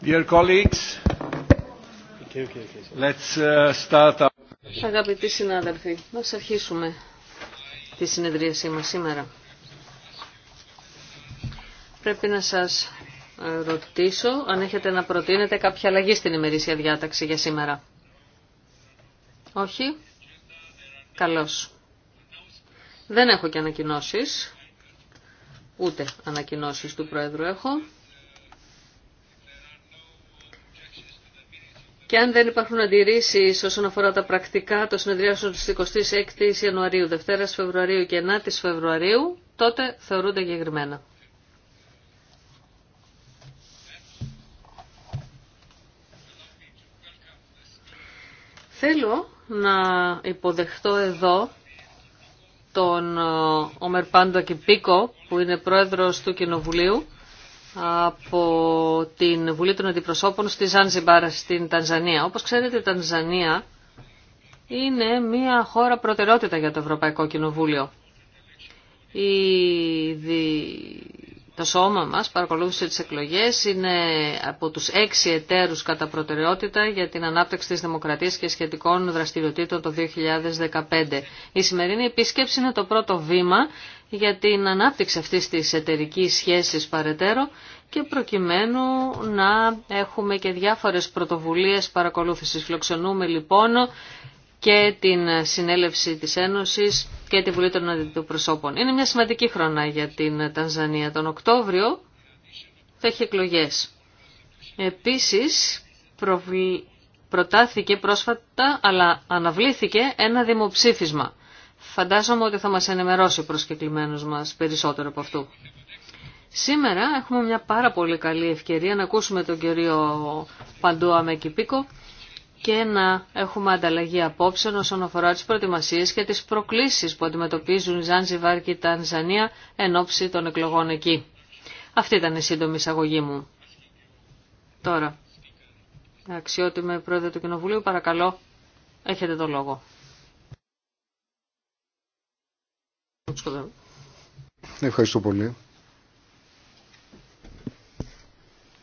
Uh, Αγαπητοί συνάδελφοι, να αρχίσουμε τη συνεδρίασή μας σήμερα. Πρέπει να σας ε, ρωτήσω αν έχετε να προτείνετε κάποια αλλαγή στην ημερήσια διάταξη για σήμερα. Όχι. Καλώς. Δεν έχω και ανακοινώσεις. Ούτε ανακοινώσεις του Πρόεδρου έχω. Και αν δεν υπάρχουν αντιρρήσει όσον αφορά τα πρακτικά των συνεδριάσεων τη 26η Ιανουαρίου, Δευτέρα Φεβρουαρίου και 9η Φεβρουαρίου, τότε θεωρούνται εγκεκριμένα. Θέλω να υποδεχτώ εδώ τον ε, Ομερπάντο Κιπίκο, που είναι πρόεδρος του Κοινοβουλίου από την Βουλή των Αντιπροσώπων στη Ζάνζιμπαρ στην Τανζανία. Όπως ξέρετε η Τανζανία είναι μια χώρα προτεραιότητα για το Ευρωπαϊκό Κοινοβούλιο. Η το σώμα μας παρακολούθησε τις εκλογές, είναι από τους έξι εταίρους κατά προτεραιότητα για την ανάπτυξη της δημοκρατίας και σχετικών δραστηριοτήτων το 2015. Η σημερινή επίσκεψη είναι το πρώτο βήμα για την ανάπτυξη αυτής της εταιρική σχέσης παρετέρω και προκειμένου να έχουμε και διάφορες πρωτοβουλίες παρακολούθησης. Φιλοξενούμε λοιπόν και την συνέλευση της Ένωσης και τη Βουλή των Αντιπροσώπων. Είναι μια σημαντική χρονιά για την Τανζανία. Τον Οκτώβριο θα έχει εκλογές. Επίσης προτάθηκε πρόσφατα αλλά αναβλήθηκε ένα δημοψήφισμα. Φαντάζομαι ότι θα μας ενημερώσει ο μας περισσότερο από αυτού. Σήμερα έχουμε μια πάρα πολύ καλή ευκαιρία να ακούσουμε τον κύριο Παντούα Μεκυπίκο και να έχουμε ανταλλαγή απόψεων όσον αφορά τις προετοιμασίες και τις προκλήσεις που αντιμετωπίζουν Ζάνζιβάρ και η Τανζανία εν ώψη των εκλογών εκεί. Αυτή ήταν η σύντομη εισαγωγή μου. Τώρα, αξιότιμε πρόεδρε του Κοινοβουλίου, παρακαλώ, έχετε το λόγο. Ευχαριστώ πολύ.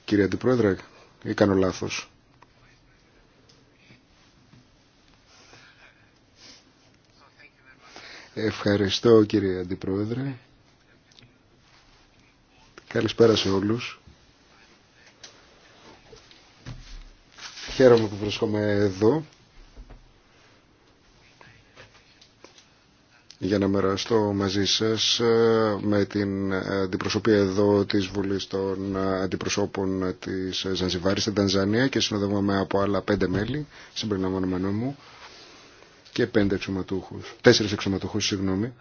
Κύριε Αντιπρόεδρε, ή κάνω λάθος. Ευχαριστώ κύριε Αντιπρόεδρε. Καλησπέρα σε όλους. Χαίρομαι που βρίσκομαι εδώ για να μοιραστώ μαζί σας ε, με την αντιπροσωπεία εδώ της Βουλής των Αντιπροσώπων της Ζανζιβάρης στην Τανζανία και συνοδεύομαι από άλλα πέντε μέλη, συμπεριλαμβανομένου μου και πέντε εξωματούχου. τέσσερις εξωματούχους, συγγνώμη,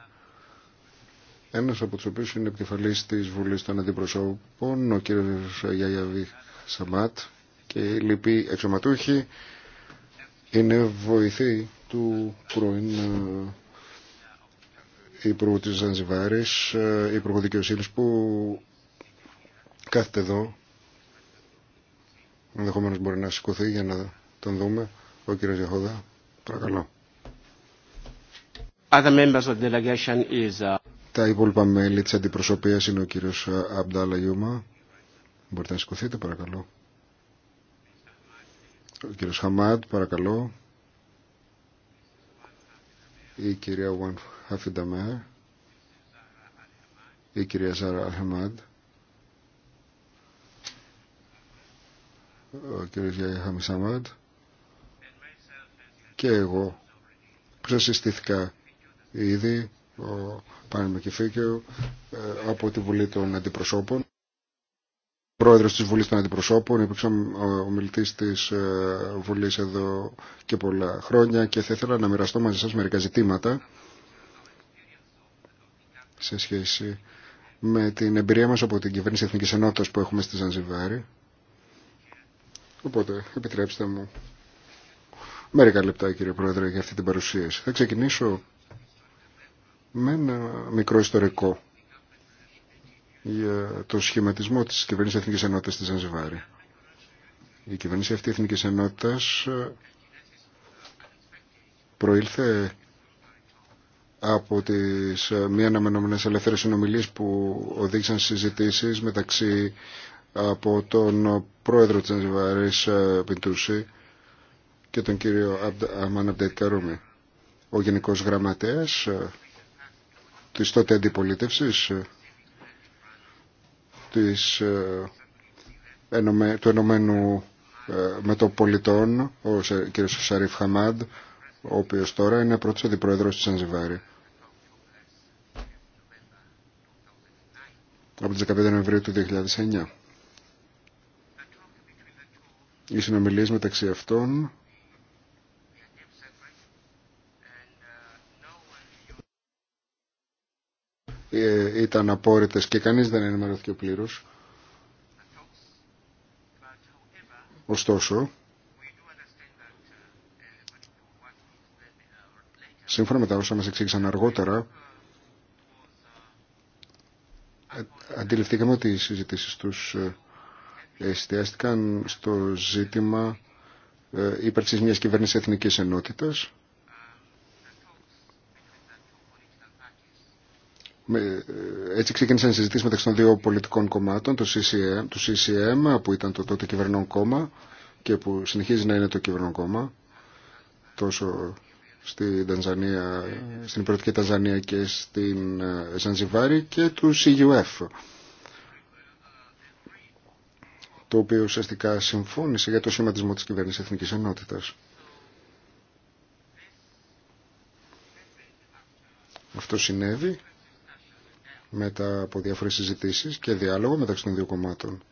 ένας από του οποίου είναι επικεφαλή τη βουλή των Αντιπροσώπων, ο κύριος Γιαγιαβή Σαμάτ, και οι λοιποί εξωματούχοι είναι βοηθοί του πρώην ε, Υπουργού τη Ζανζιβάρης, ε, Υπουργού Δικαιοσύνη που κάθεται εδώ Ενδεχομένω μπορεί να σηκωθεί για να τον δούμε ο κύριος Γιαχώδα, παρακαλώ Uh, Τα υπόλοιπα μέλη της αντιπροσωπείας είναι ο κύριος Αμπτάλα Γιούμα. Μπορείτε να σηκωθείτε παρακαλώ. Ο κύριος Χαμάτ παρακαλώ. Η κυρία Ουαν Χαφινταμέρ. Η κυρία Ζάρα Αλχαμάτ. Ο κύριος Γιάννη Χαμισαμάτ. Και εγώ που ήδη ο κεφίκιο ε, από τη Βουλή των Αντιπροσώπων. Πρόεδρος της Βουλής των Αντιπροσώπων, υπήρξα ε, ομιλητής της ε, Βουλής εδώ και πολλά χρόνια και θα ήθελα να μοιραστώ μαζί σας μερικά ζητήματα σε σχέση με την εμπειρία μας από την κυβέρνηση Εθνικής Ενότητας που έχουμε στη Ζανζιβάρη. Οπότε, επιτρέψτε μου μερικά λεπτά κύριε Πρόεδρε για αυτή την παρουσίαση. Θα ξεκινήσω με ένα μικρό ιστορικό για το σχηματισμό της κυβέρνησης Εθνικής Ενότητας της Ζανζιβάρη. Η κυβέρνηση αυτή Εθνικής Ενότητας προήλθε από τις ε, μη αναμενόμενες ελεύθερες συνομιλίες που οδήγησαν συζητήσεις μεταξύ από τον πρόεδρο της Ζανζιβάρης ε, Πιντούση και τον κύριο Αμάν Αμπτέτ Καρούμι. Ο Γενικός Γραμματέας ε, της τότε αντιπολίτευσης ε, της, ε, του Ενωμένου ε, Μετοπολιτών, ο κ. Σαρίφ Χαμάντ, ο οποίος τώρα είναι πρώτος αντιπρόεδρος της Ανζιβάρη. από τις 15 Νοεμβρίου του 2009. Οι συνομιλίες μεταξύ αυτών Ε, ήταν απόρριτες και κανείς δεν ενημερώθηκε πλήρως. Ωστόσο, σύμφωνα με τα όσα μας εξήγησαν αργότερα, ε, αντιληφθήκαμε ότι οι συζητήσεις τους ε, εστιάστηκαν στο ζήτημα ύπαρξης μιας κυβέρνησης εθνικής ενότητας Ε, έτσι ξεκίνησαν οι συζητήσει μεταξύ των δύο πολιτικών κομμάτων, του CCM, το CCM που ήταν το τότε κυβερνών κόμμα και που συνεχίζει να είναι το κυβερνών κόμμα τόσο στην, Τανζανία, στην υπηρετική Τανζανία και στην ε, Ζανζιβάρη και του CUF το οποίο ουσιαστικά συμφώνησε για το σχηματισμό της κυβέρνησης Εθνικής Ενότητας. Αυτό συνέβη μετά από διάφορες συζητήσεις και διάλογο μεταξύ των δύο κομμάτων.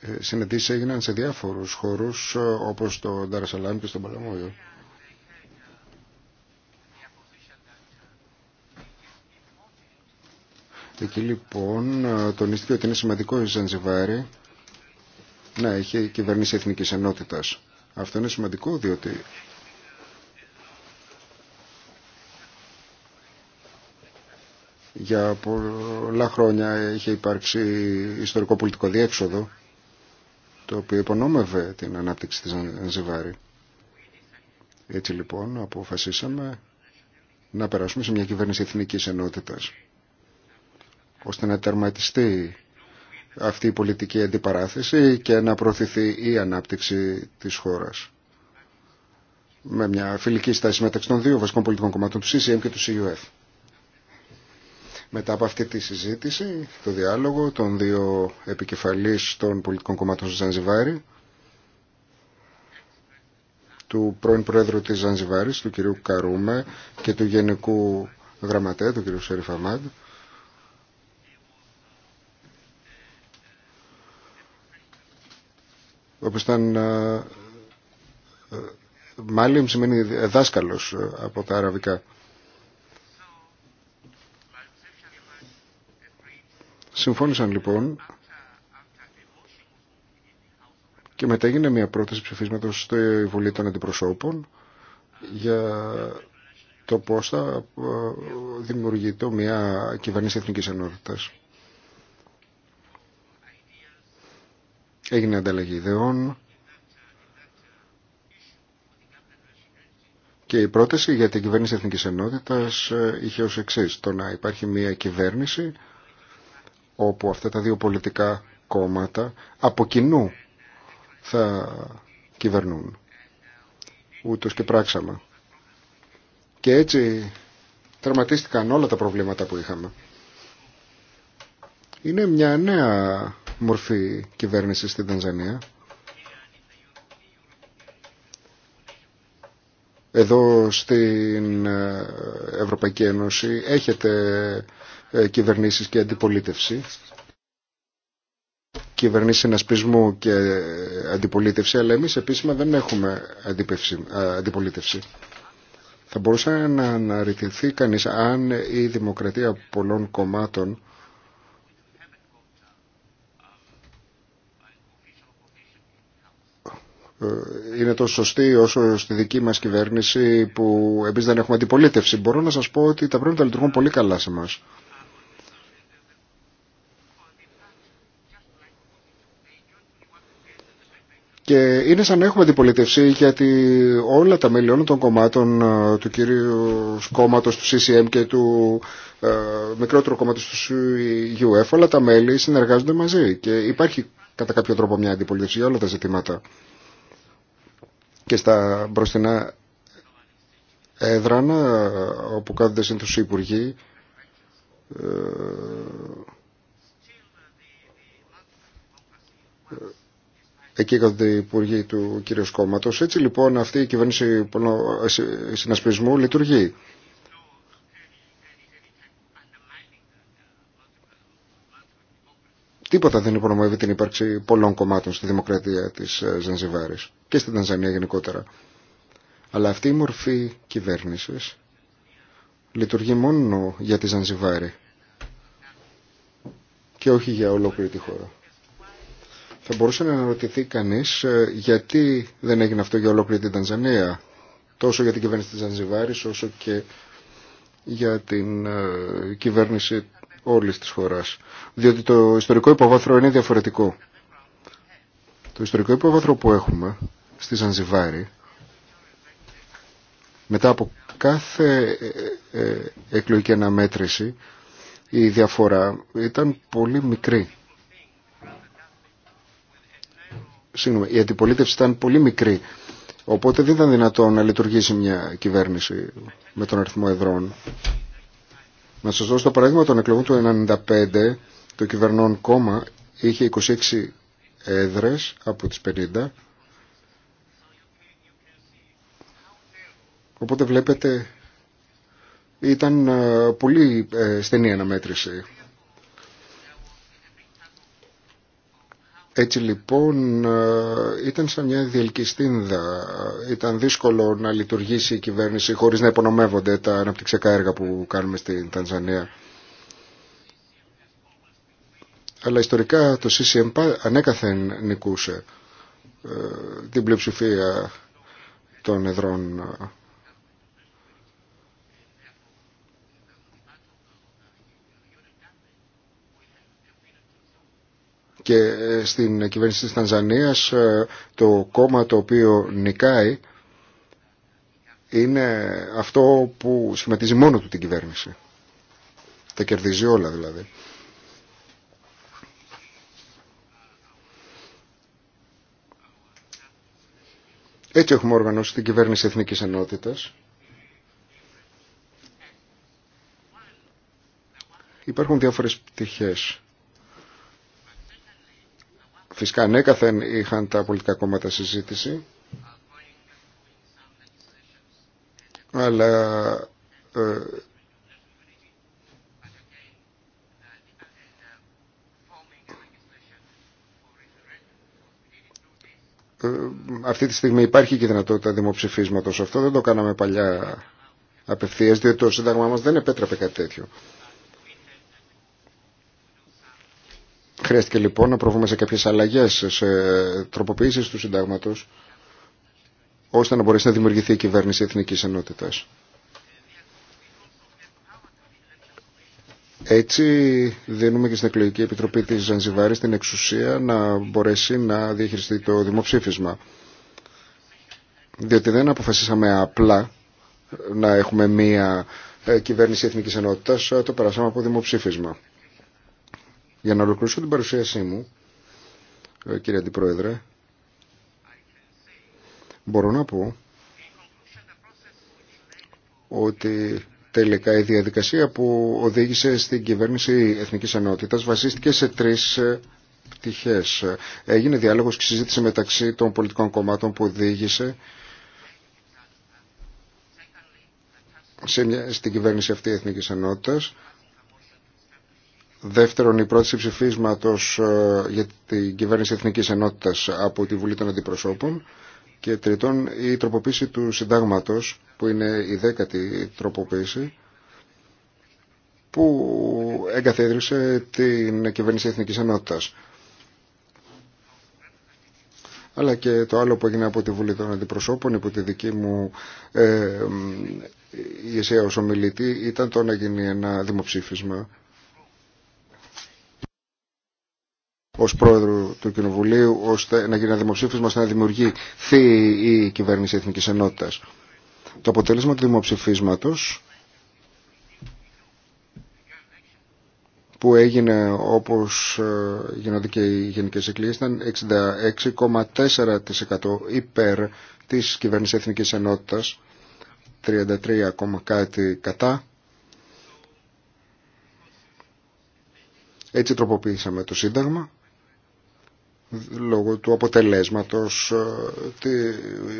Ε, συναντήσεις έγιναν σε διάφορους χώρους ε, όπως το Νταρασαλάμ και στον Παλαμόδιο. Εκεί λοιπόν ε, τονίστηκε ότι είναι σημαντικό η Ζανζιβάρη να έχει κυβέρνηση εθνικής ενότητας. Αυτό είναι σημαντικό διότι Για πολλά χρόνια είχε υπάρξει ιστορικό πολιτικό διέξοδο το οποίο υπονόμευε την ανάπτυξη της Ζεβάρη. Έτσι λοιπόν αποφασίσαμε να περάσουμε σε μια κυβέρνηση εθνικής ενότητας ώστε να τερματιστεί αυτή η πολιτική αντιπαράθεση και να προωθηθεί η ανάπτυξη της χώρας. Με μια φιλική στάση μεταξύ των δύο βασικών πολιτικών κομμάτων του CCM και του CUF. Μετά από αυτή τη συζήτηση, το διάλογο των δύο επικεφαλής των πολιτικών κομμάτων του Ζανζιβάρη, του πρώην Πρόεδρου της Ζανζιβάρης, του κυρίου Καρούμε και του Γενικού Γραμματέα, του κυρίου Σεριφαμάντ, όπως ήταν ε, ε, Μάλιμ σημαίνει δάσκαλος από τα αραβικά. Συμφώνησαν λοιπόν και μετά έγινε μια πρόταση ψηφίσματος στο Βουλή των Αντιπροσώπων για το πώς θα ε, δημιουργείται μια κυβέρνηση εθνικής ενότητας. Έγινε ανταλλαγή ιδεών και η πρόταση για την κυβέρνηση εθνικής ενότητας ε, είχε ως εξής το να υπάρχει μια κυβέρνηση όπου αυτά τα δύο πολιτικά κόμματα από κοινού θα κυβερνούν. Ούτως και πράξαμε. Και έτσι τερματίστηκαν όλα τα προβλήματα που είχαμε. Είναι μια νέα μορφή κυβέρνησης στην Τανζανία. Εδώ στην ε, Ευρωπαϊκή Ένωση έχετε ε, κυβερνήσεις και αντιπολίτευση. κυβερνήσει συνασπισμού και ε, αντιπολίτευση, αλλά εμείς επίσημα δεν έχουμε ε, αντιπολίτευση. Θα μπορούσε να αναρριτηθεί κανείς αν η δημοκρατία πολλών κομμάτων είναι τόσο σωστή όσο στη δική μας κυβέρνηση που εμείς δεν έχουμε αντιπολίτευση. Μπορώ να σας πω ότι τα πράγματα λειτουργούν πολύ καλά σε μας. Και είναι σαν να έχουμε αντιπολίτευση γιατί όλα τα μέλη όλων των κομμάτων ε, του κυρίου κόμματο του CCM και του ε, μικρότερου κόμματο του UF, όλα τα μέλη συνεργάζονται μαζί και υπάρχει κατά κάποιο τρόπο μια αντιπολίτευση για όλα τα ζητήματα. Και στα μπροστινά έδρανα ε, όπου κάθονται συνθουσοί υπουργοί ε, Εκεί έκαναν οι υπουργοί του κυρίου κόμματο. Έτσι λοιπόν αυτή η κυβέρνηση συνασπισμού λειτουργεί. Τίποτα δεν υπονομεύει την ύπαρξη πολλών κομμάτων στη δημοκρατία της ε, Ζανζιβάρης και στην Τανζανία γενικότερα. Αλλά αυτή η μορφή κυβέρνησης λειτουργεί μόνο για τη Ζανζιβάρη και όχι για ολόκληρη τη χώρα. Θα μπορούσε να αναρωτηθεί κανείς ε, γιατί δεν έγινε αυτό για ολόκληρη την Τανζανία, τόσο για την κυβέρνηση της Ζανζιβάρης όσο και για την ε, κυβέρνηση όλης της χώρας. Διότι το ιστορικό υποβάθρο είναι διαφορετικό. Το ιστορικό υποβάθρο που έχουμε στη Ζανζιβάρη μετά από κάθε ε, εκλογική αναμέτρηση η διαφορά ήταν πολύ μικρή. συγγνώμη, η αντιπολίτευση ήταν πολύ μικρή. Οπότε δεν ήταν δυνατόν να λειτουργήσει μια κυβέρνηση με τον αριθμό εδρών. Να σας δώσω το παράδειγμα των εκλογών του 1995, το κυβερνών κόμμα είχε 26 έδρες από τις 50. Οπότε βλέπετε ήταν ε, πολύ ε, στενή αναμέτρηση. Έτσι λοιπόν ε, ήταν σαν μια διελκυστίνδα. Ήταν δύσκολο να λειτουργήσει η κυβέρνηση χωρίς να υπονομεύονται τα αναπτυξιακά έργα που κάνουμε στην Τανζανία. Αλλά ιστορικά το CCM ανέκαθεν νικούσε ε, την πλειοψηφία των εδρών ε, και ε, στην κυβέρνηση της Τανζανίας ε, το κόμμα το οποίο νικάει είναι αυτό που σχηματίζει μόνο του την κυβέρνηση. Τα κερδίζει όλα δηλαδή. Έτσι έχουμε οργανώσει την κυβέρνηση Εθνικής Ενότητας. Υπάρχουν διάφορες πτυχές. Φυσικά ναι, καθεν είχαν τα πολιτικά κόμματα συζήτηση. Αλλά ε, ε, αυτή τη στιγμή υπάρχει και δυνατότητα δημοψηφίσματος. Αυτό δεν το κάναμε παλιά απευθείας, διότι το Σύνταγμα μας δεν επέτρεπε κάτι τέτοιο. Χρειάστηκε λοιπόν να προβούμε σε κάποιες αλλαγές, σε τροποποιήσεις του συντάγματος, ώστε να μπορέσει να δημιουργηθεί η κυβέρνηση εθνικής ενότητας. Έτσι δίνουμε και στην εκλογική επιτροπή της Ζανζιβάρης την εξουσία να μπορέσει να διαχειριστεί το δημοψήφισμα. Διότι δεν αποφασίσαμε απλά να έχουμε μία ε, κυβέρνηση εθνικής ενότητας, ε, το περάσαμε από δημοψήφισμα. Για να ολοκληρώσω την παρουσίασή μου, ε, κύριε Αντιπρόεδρε, μπορώ να πω ότι τελικά η διαδικασία που οδήγησε στην κυβέρνηση Εθνικής Ενότητας βασίστηκε σε τρεις ε, πτυχές. Έγινε διάλογος και συζήτηση μεταξύ των πολιτικών κομμάτων που οδήγησε στην κυβέρνηση αυτή Εθνικής Ενότητας. Δεύτερον, η πρόταση ψηφίσματο ε, για την κυβέρνηση εθνική ενότητα από τη Βουλή των Αντιπροσώπων. Και τρίτον, η τροποποίηση του συντάγματος, που είναι η δέκατη τροποποίηση, που εγκαθίδρυσε την κυβέρνηση εθνική ενότητα. Αλλά και το άλλο που έγινε από τη Βουλή των Αντιπροσώπων, υπό τη δική μου ε, ηγεσία ως ομιλητή, ήταν το να γίνει ένα δημοψήφισμα ως πρόεδρο του Κοινοβουλίου ώστε να γίνει ένα δημοψήφισμα ώστε να δημιουργηθεί η κυβέρνηση Εθνικής Ενότητας. Το αποτέλεσμα του δημοψηφίσματος που έγινε όπως ε, γίνονται και οι γενικές εκλογές ήταν 66,4% υπέρ της κυβέρνηση Εθνικής Ενότητας 33, κάτι κατά έτσι τροποποιήσαμε το Σύνταγμα λόγω του αποτελέσματος ε, του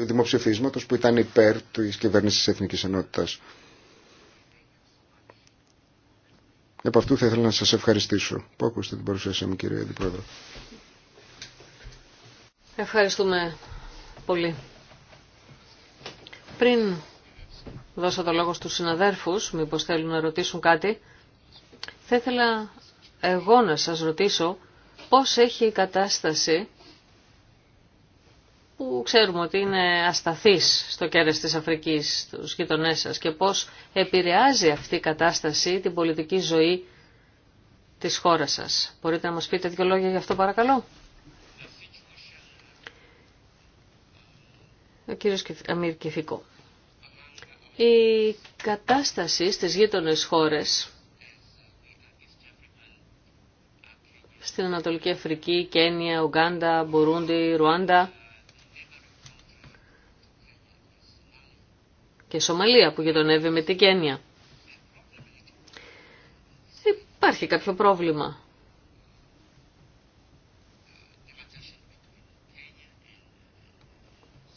δημοψηφίσματος που ήταν υπέρ της κυβέρνησης της Εθνικής Ενότητας. Επ' αυτού θα ήθελα να σας ευχαριστήσω που ακούσατε την παρουσίασή μου κύριε Αντιπρόεδρο. Ευχαριστούμε πολύ. Πριν δώσω το λόγο στους συναδέρφους, μήπως θέλουν να ρωτήσουν κάτι, θα ήθελα εγώ να σας ρωτήσω πώς έχει η κατάσταση που ξέρουμε ότι είναι ασταθής στο κέντρο της Αφρικής, στους γειτονές σας και πώς επηρεάζει αυτή η κατάσταση την πολιτική ζωή της χώρας σας. Μπορείτε να μας πείτε δύο λόγια για αυτό παρακαλώ. Ο κύριος Η κατάσταση στις γείτονες χώρες στην Ανατολική Αφρική, Κένια, Ουγκάντα, Μπουρούντι, Ρουάντα και Σομαλία που γειτονεύει με την Κένια. Υπάρχει κάποιο πρόβλημα.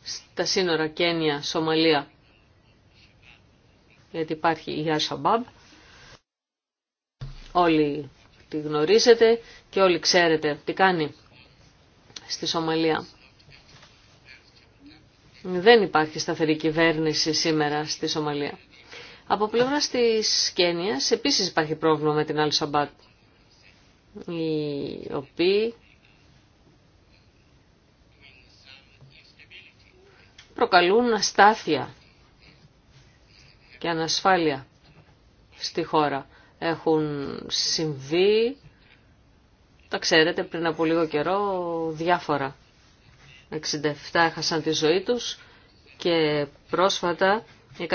Στα σύνορα Κένια, Σομαλία. Γιατί υπάρχει η al Όλοι τη γνωρίζετε και όλοι ξέρετε τι κάνει στη Σομαλία. Δεν υπάρχει σταθερή κυβέρνηση σήμερα στη Σομαλία. Από πλευρά της Κένια επίσης υπάρχει πρόβλημα με την Al Shabaab, οι οποίοι προκαλούν αστάθεια και ανασφάλεια στη χώρα έχουν συμβεί, τα ξέρετε, πριν από λίγο καιρό διάφορα. 67 έχασαν τη ζωή τους και πρόσφατα 141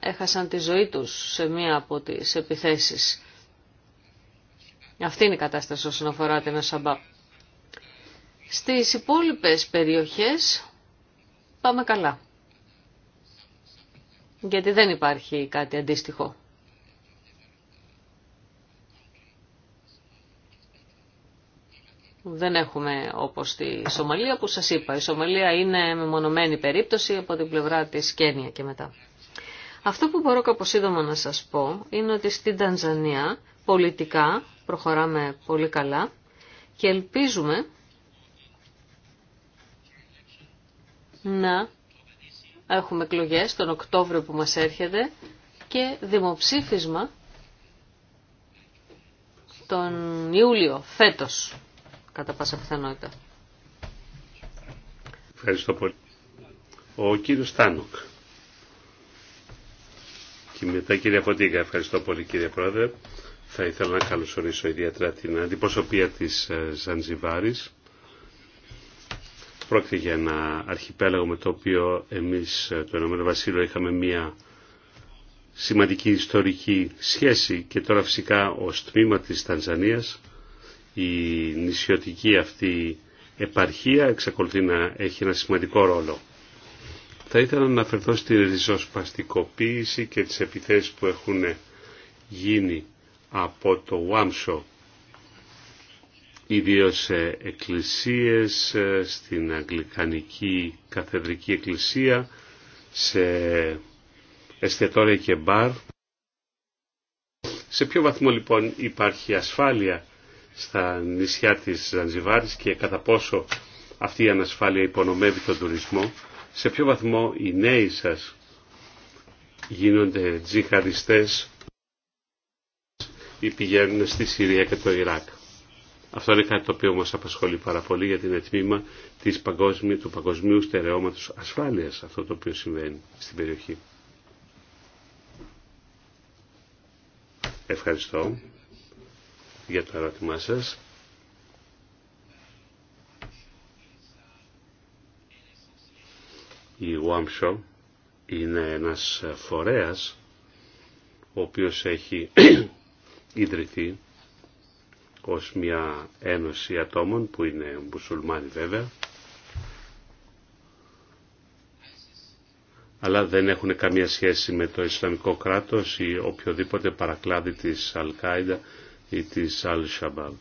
έχασαν τη ζωή τους σε μία από τις επιθέσεις. Αυτή είναι η κατάσταση όσον αφορά την Ασαμπά. Στις υπόλοιπες περιοχές πάμε καλά. Γιατί δεν υπάρχει κάτι αντίστοιχο. Δεν έχουμε όπως τη Σομαλία που σας είπα. Η Σομαλία είναι μεμονωμένη περίπτωση από την πλευρά της Κένια και μετά. Αυτό που μπορώ κάπως σύντομα να σας πω είναι ότι στην Τανζανία πολιτικά προχωράμε πολύ καλά και ελπίζουμε να έχουμε εκλογέ τον Οκτώβριο που μας έρχεται και δημοψήφισμα τον Ιούλιο φέτος κατά πάσα πιθανότητα. Ευχαριστώ πολύ. Ο κύριος Τάνοκ. Και μετά κύριε Φωτίγα, ευχαριστώ πολύ κύριε Πρόεδρε. Θα ήθελα να καλωσορίσω ιδιαίτερα την αντιπροσωπεία της ε, Ζανζιβάρης. Πρόκειται για ένα αρχιπέλαγο με το οποίο εμείς ε, το Ηνωμένο Βασίλειο είχαμε μία σημαντική ιστορική σχέση και τώρα φυσικά ως τμήμα της Τανζανίας η νησιωτική αυτή επαρχία εξακολουθεί να έχει ένα σημαντικό ρόλο. Θα ήθελα να αναφερθώ στη ριζοσπαστικοποίηση και τις επιθέσεις που έχουν γίνει από το Βάμσο ιδίως σε εκκλησίες, στην Αγγλικανική Καθεδρική Εκκλησία, σε εστιατόρια και μπαρ. Σε ποιο βαθμό λοιπόν υπάρχει ασφάλεια στα νησιά της Ζανζιβάρης και κατά πόσο αυτή η ανασφάλεια υπονομεύει τον τουρισμό, σε ποιο βαθμό οι νέοι σας γίνονται τζιχαριστές ή πηγαίνουν στη Συρία και το Ιράκ. Αυτό είναι κάτι το οποίο μας απασχολεί πάρα πολύ γιατί είναι τμήμα της παγκόσμια, του παγκοσμίου στερεώματος ασφάλειας αυτό το οποίο συμβαίνει στην περιοχή. Ευχαριστώ για το ερώτημά σας. Η ΟΑΜΣΟ είναι ένας φορέας ο οποίος έχει ιδρυθεί ως μια ένωση ατόμων που είναι μουσουλμάνοι βέβαια αλλά δεν έχουν καμία σχέση με το Ισλαμικό κράτος ή οποιοδήποτε παρακλάδι της Αλκάιντα ή της Al-Shabaab.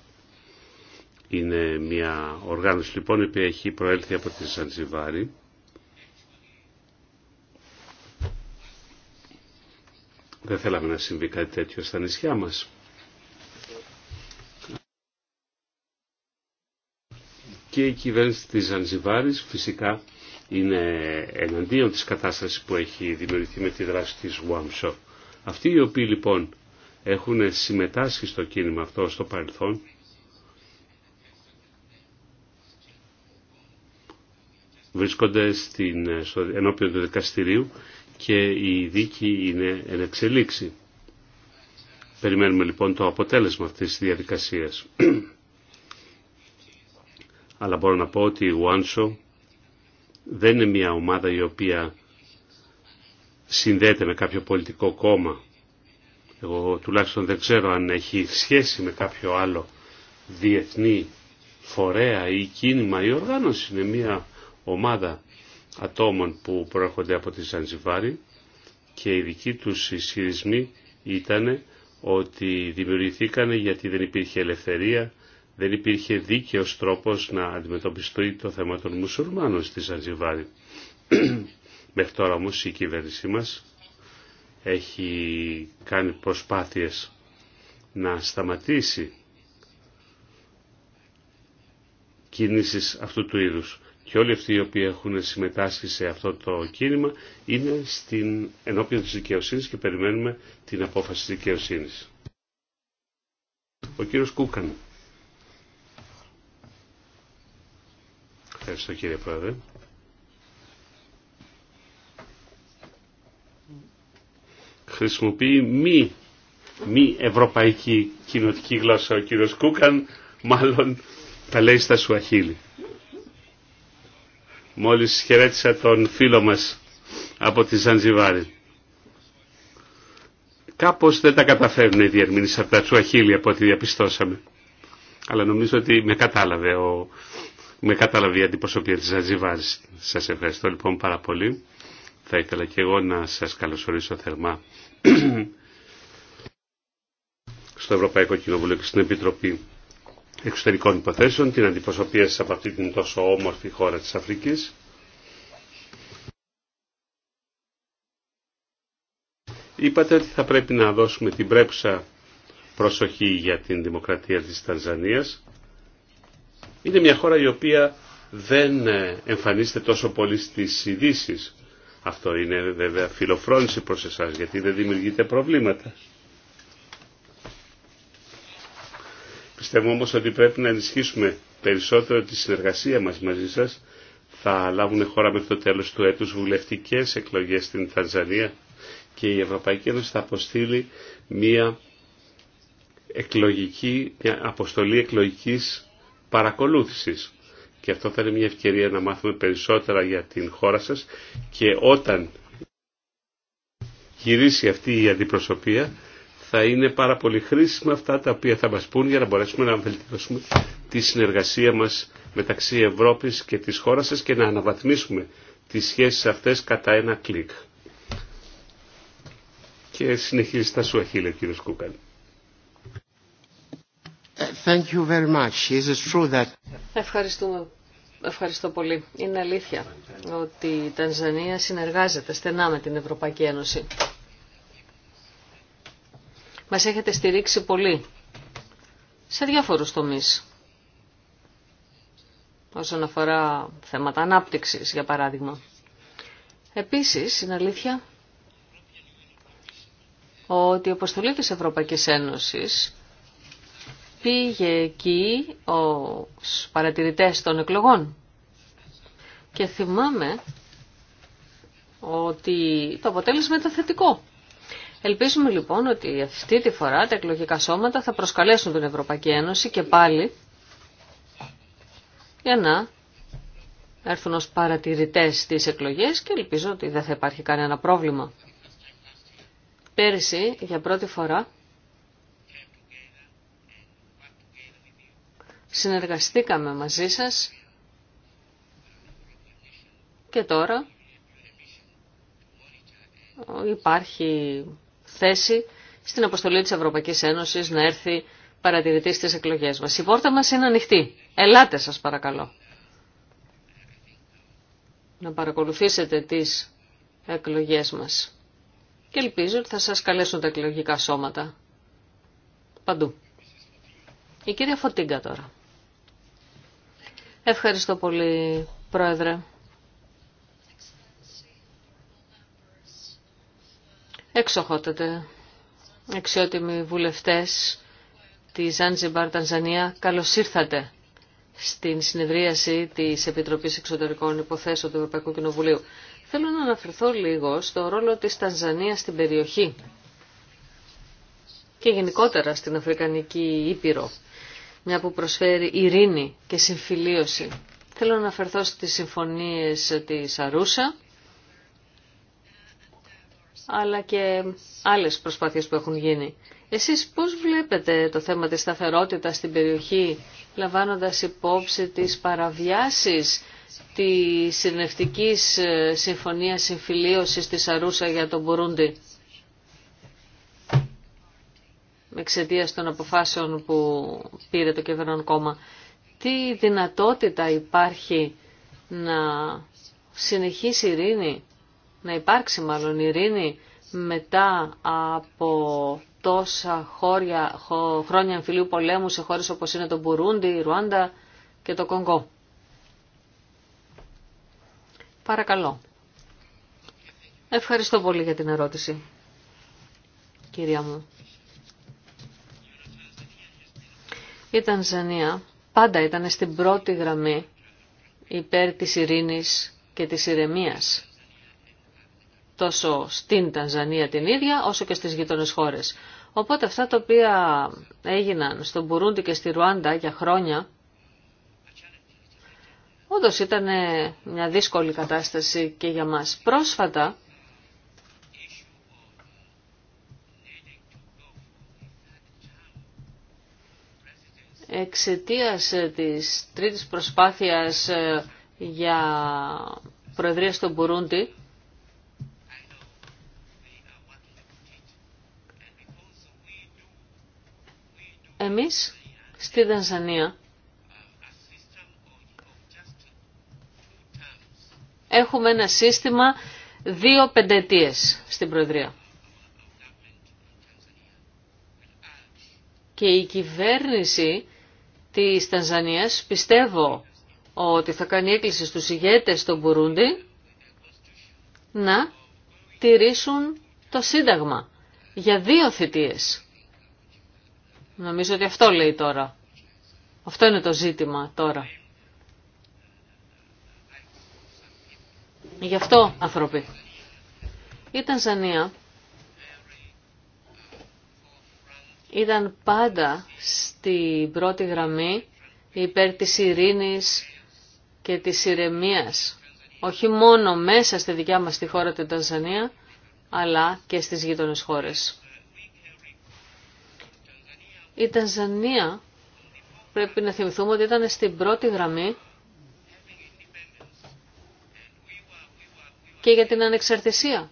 Είναι μια οργάνωση λοιπόν η οποία έχει προέλθει από τη Ζανζιβάρη Δεν θέλαμε να συμβεί κάτι τέτοιο στα νησιά μας. Και η κυβέρνηση της Ζανζιβάρης φυσικά είναι εναντίον της κατάστασης που έχει δημιουργηθεί με τη δράση της Γουάμσο. Αυτοί οι οποίοι λοιπόν έχουν συμμετάσχει στο κίνημα αυτό στο παρελθόν. Βρίσκονται στην, στο, ενώπιον του δικαστηρίου και η δίκη είναι εν εξελίξη. Περιμένουμε λοιπόν το αποτέλεσμα αυτής της διαδικασίας. Αλλά μπορώ να πω ότι η Ουάνσο δεν είναι μια ομάδα η οποία συνδέεται με κάποιο πολιτικό κόμμα εγώ τουλάχιστον δεν ξέρω αν έχει σχέση με κάποιο άλλο διεθνή φορέα ή κίνημα ή οργάνωση. Είναι μια ομάδα ατόμων που προέρχονται από τη Ζανζιβάρη και οι δικοί τους ισχυρισμοί ήταν ότι δημιουργηθήκανε γιατί δεν υπήρχε ελευθερία, δεν υπήρχε δίκαιος τρόπος να αντιμετωπιστεί το θέμα των μουσουλμάνων στη Ζανζιβάρη. Μέχρι τώρα όμως η κυβέρνησή μας έχει κάνει προσπάθειες να σταματήσει κινήσεις αυτού του είδους. Και όλοι αυτοί οι οποίοι έχουν συμμετάσχει σε αυτό το κίνημα είναι στην ενώπιον της δικαιοσύνης και περιμένουμε την απόφαση της δικαιοσύνης. Ο κύριος Κούκαν. Ευχαριστώ κύριε Πρόεδρε. χρησιμοποιεί μη, μη ευρωπαϊκή κοινοτική γλώσσα. Ο κύριος Κούκαν μάλλον τα λέει στα Σουαχίλη. Μόλις χαιρέτησα τον φίλο μας από τη Ζανζιβάρη. Κάπως δεν τα καταφέρνουν οι διερμήνες από τα Σουαχίλη από ό,τι διαπιστώσαμε. Αλλά νομίζω ότι με κατάλαβε ο... Με κατάλαβε η αντιπροσωπεία της Ζαζιβάρης. Σας ευχαριστώ λοιπόν πάρα πολύ. Θα ήθελα και εγώ να σας καλωσορίσω θερμά στο Ευρωπαϊκό Κοινοβούλιο και στην Επιτροπή Εξωτερικών Υποθέσεων, την αντιπροσωπεία σας από αυτή την τόσο όμορφη χώρα της Αφρικής. Είπατε ότι θα πρέπει να δώσουμε την πρέπουσα προσοχή για την δημοκρατία της Τανζανίας. Είναι μια χώρα η οποία δεν εμφανίζεται τόσο πολύ στις ειδήσει. Αυτό είναι βέβαια φιλοφρόνηση προς εσάς γιατί δεν δημιουργείται προβλήματα. Πιστεύω όμως ότι πρέπει να ενισχύσουμε περισσότερο τη συνεργασία μας μαζί σας. Θα λάβουν χώρα μέχρι το τέλος του έτους βουλευτικές εκλογές στην Τανζανία και η Ευρωπαϊκή Ένωση θα αποστείλει μια, εκλογική, μια αποστολή εκλογικής παρακολούθησης και αυτό θα είναι μια ευκαιρία να μάθουμε περισσότερα για την χώρα σας και όταν γυρίσει αυτή η αντιπροσωπεία θα είναι πάρα πολύ χρήσιμα αυτά τα οποία θα μας πούν για να μπορέσουμε να βελτιώσουμε τη συνεργασία μας μεταξύ Ευρώπης και της χώρας σας και να αναβαθμίσουμε τις σχέσεις αυτές κατά ένα κλικ. Και συνεχίζει στα σου αχίλια κύριος you very much. Ευχαριστούμε. Ευχαριστώ πολύ. Είναι αλήθεια ότι η Τανζανία συνεργάζεται στενά με την Ευρωπαϊκή Ένωση. Μας έχετε στηρίξει πολύ σε διάφορους τομείς. Όσον αφορά θέματα ανάπτυξης, για παράδειγμα. Επίσης, είναι αλήθεια ότι η αποστολή της Ευρωπαϊκής Ένωσης πήγε εκεί ο παρατηρητές των εκλογών. Και θυμάμαι ότι το αποτέλεσμα ήταν θετικό. Ελπίζουμε λοιπόν ότι αυτή τη φορά τα εκλογικά σώματα θα προσκαλέσουν την Ευρωπαϊκή Ένωση και πάλι για να έρθουν ως παρατηρητές στις εκλογές και ελπίζω ότι δεν θα υπάρχει κανένα πρόβλημα. Πέρυσι για πρώτη φορά Συνεργαστήκαμε μαζί σας και τώρα υπάρχει θέση στην αποστολή της Ευρωπαϊκής Ένωσης να έρθει παρατηρητή στις εκλογές μας. Η πόρτα μας είναι ανοιχτή. Ελάτε σας παρακαλώ. Να παρακολουθήσετε τις εκλογές μας. Και ελπίζω ότι θα σας καλέσουν τα εκλογικά σώματα. Παντού. Η κυρία Φωτίγκα τώρα. Ευχαριστώ πολύ, Πρόεδρε. Εξοχότατε, εξιότιμοι βουλευτές τη Ζάντζιμπαρ Τανζανία, καλώς ήρθατε στην συνεδρίαση της Επιτροπής Εξωτερικών Υποθέσεων του Ευρωπαϊκού Κοινοβουλίου. Θέλω να αναφερθώ λίγο στο ρόλο της Τανζανίας στην περιοχή και γενικότερα στην Αφρικανική Ήπειρο μια που προσφέρει ειρήνη και συμφιλίωση. Θέλω να αφαιρθώ στις συμφωνίες της Αρούσα, αλλά και άλλες προσπάθειες που έχουν γίνει. Εσείς πώς βλέπετε το θέμα της σταθερότητας στην περιοχή, λαμβάνοντας υπόψη τις παραβιάσεις της συνευτικής ε, συμφωνίας συμφιλίωσης της Αρούσα για τον Μπουρούντι εξαιτία των αποφάσεων που πήρε το κυβερνόν κόμμα. Τι δυνατότητα υπάρχει να συνεχίσει η ειρήνη, να υπάρξει μάλλον η ειρήνη μετά από τόσα χώρια, χρόνια εμφυλίου πολέμου σε χώρες όπως είναι το Μπουρούντι, η Ρουάντα και το Κονγκό. Παρακαλώ. Ευχαριστώ πολύ για την ερώτηση, κυρία μου. Η Τανζανία πάντα ήταν στην πρώτη γραμμή υπέρ της ειρήνης και της ηρεμίας. Τόσο στην Τανζανία την ίδια, όσο και στις γειτονές χώρες. Οπότε αυτά τα οποία έγιναν στο Μπουρούντι και στη Ρουάντα για χρόνια, όντως ήταν μια δύσκολη κατάσταση και για μας. Πρόσφατα Εξαιτίας της τρίτης προσπάθειας ε, για προεδρία στο Μπουρούντι, εμείς στη Δανζανία έχουμε ένα σύστημα δύο πεντετίες στην Προεδρία. Και η κυβέρνηση Τη Τανζανίας. Πιστεύω ότι θα κάνει έκκληση στους ηγέτες των Μπουρούντι να τηρήσουν το Σύνταγμα για δύο θητείες. Νομίζω ότι αυτό λέει τώρα. Αυτό είναι το ζήτημα τώρα. Γι' αυτό, άνθρωποι. Η Τανζανία ήταν πάντα στην πρώτη γραμμή υπέρ της ειρήνης και της ηρεμίας. Όχι μόνο μέσα στη δικιά μας τη χώρα την Τανζανία, αλλά και στις γείτονες χώρες. Η Τανζανία πρέπει να θυμηθούμε ότι ήταν στην πρώτη γραμμή και για την ανεξαρτησία.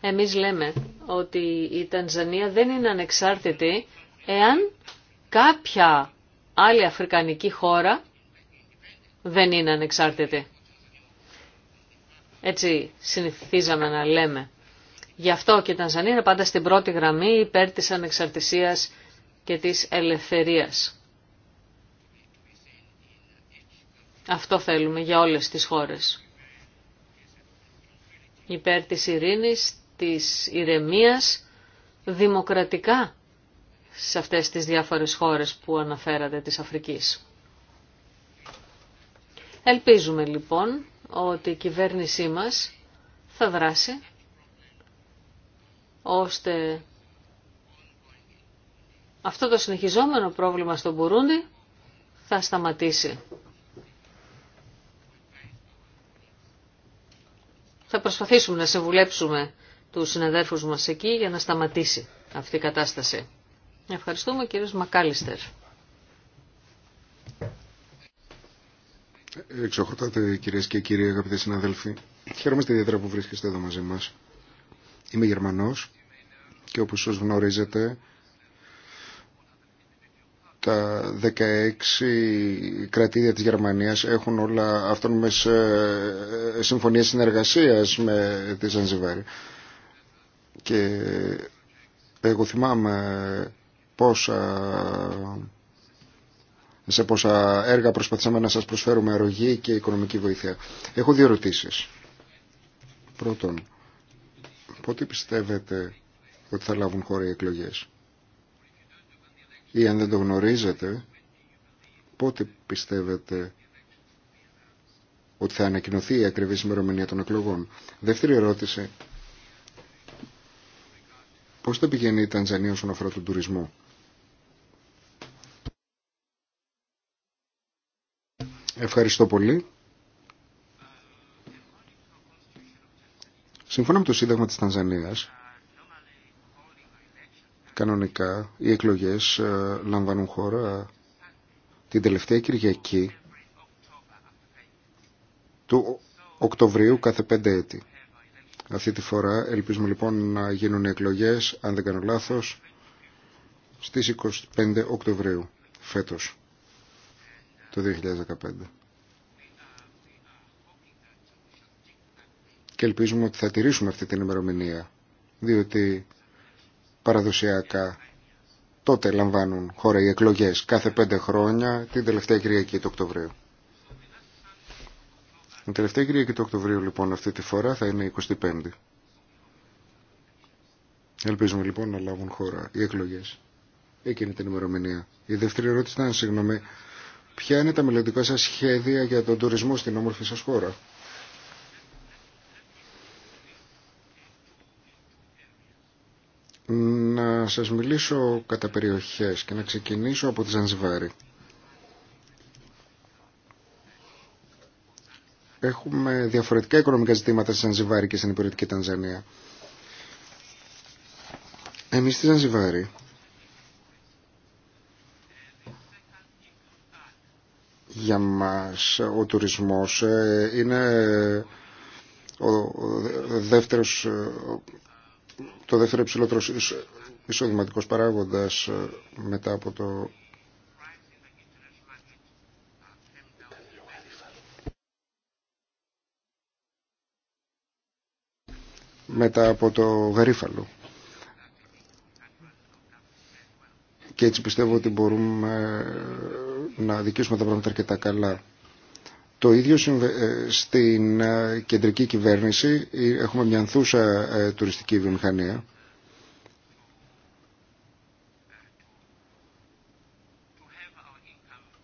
Εμείς λέμε ότι η Τανζανία δεν είναι ανεξάρτητη εάν κάποια άλλη αφρικανική χώρα δεν είναι ανεξάρτητη. Έτσι συνηθίζαμε να λέμε. Γι' αυτό και η Τανζανία είναι πάντα στην πρώτη γραμμή υπέρ της ανεξαρτησίας και της ελευθερίας. Αυτό θέλουμε για όλες τις χώρες. Υπέρ της ειρήνης, της ηρεμίας δημοκρατικά σε αυτές τις διάφορες χώρες που αναφέρατε της Αφρικής. Ελπίζουμε λοιπόν ότι η κυβέρνησή μας θα δράσει ώστε αυτό το συνεχιζόμενο πρόβλημα στον Μπουρούντι θα σταματήσει. Θα προσπαθήσουμε να συμβουλέψουμε του συναδέρφους μας εκεί για να σταματήσει αυτή η κατάσταση. Ευχαριστούμε κύριος Μακάλιστερ. Εξοχρωτάτε κυρίες και κύριοι αγαπητοί συναδέλφοι. Χαίρομαστε ιδιαίτερα που βρίσκεστε εδώ μαζί μας. Είμαι Γερμανός και όπως σας γνωρίζετε τα 16 κρατήδια της Γερμανίας έχουν όλα με ε, συμφωνίες συνεργασίας με τη Ζανζιβάρη. Και εγώ θυμάμαι πόσα, σε πόσα έργα προσπαθήσαμε να σας προσφέρουμε αρρωγή και οικονομική βοήθεια. Έχω δύο ερωτήσεις. Πρώτον, πότε πιστεύετε ότι θα λάβουν χώρα οι εκλογές. Ή αν δεν το γνωρίζετε, πότε πιστεύετε ότι θα ανακοινωθεί η ακριβή ημερομηνία των εκλογών. Δεύτερη ερώτηση, Πώς θα πηγαίνει η Τανζανία όσον αφορά τον τουρισμό. Ευχαριστώ πολύ. Σύμφωνα με το Σύνταγμα της Τανζανίας, κανονικά οι εκλογές ε, λαμβάνουν χώρα την τελευταία Κυριακή του Οκτωβρίου κάθε πέντε έτη. Αυτή τη φορά ελπίζουμε λοιπόν να γίνουν οι εκλογές, αν δεν κάνω λάθος, στις 25 Οκτωβρίου φέτος, το 2015. Και ελπίζουμε ότι θα τηρήσουμε αυτή την ημερομηνία, διότι παραδοσιακά τότε λαμβάνουν χώρα οι εκλογές κάθε πέντε χρόνια την τελευταία Κυριακή του Οκτωβρίου. Η τελευταία Κυριακή του Οκτωβρίου λοιπόν αυτή τη φορά θα είναι 25η. Ελπίζουμε λοιπόν να λάβουν χώρα οι εκλογές. Εκείνη την ημερομηνία. Η δεύτερη ερώτηση ήταν, συγγνώμη, ποια είναι τα μελλοντικά σα σχέδια για τον τουρισμό στην όμορφη σας χώρα. Να σας μιλήσω κατά περιοχές και να ξεκινήσω από τη Ζανζιβάρη. έχουμε διαφορετικά οικονομικά ζητήματα στη Ζανζιβάρη και στην υπηρετική Τανζανία. Εμείς στη Ζανζιβάρη για μας ο τουρισμός ε, είναι ο δεύτερος, ε, το δεύτερο υψηλότερο εισοδηματικός παράγοντας ε, μετά από το μετά από το γαρίφαλο. Και έτσι πιστεύω ότι μπορούμε ε, να δικήσουμε τα πράγματα αρκετά καλά. Το ίδιο ε, στην ε, κεντρική κυβέρνηση. Έχουμε μια ανθούσα τουριστική βιομηχανία.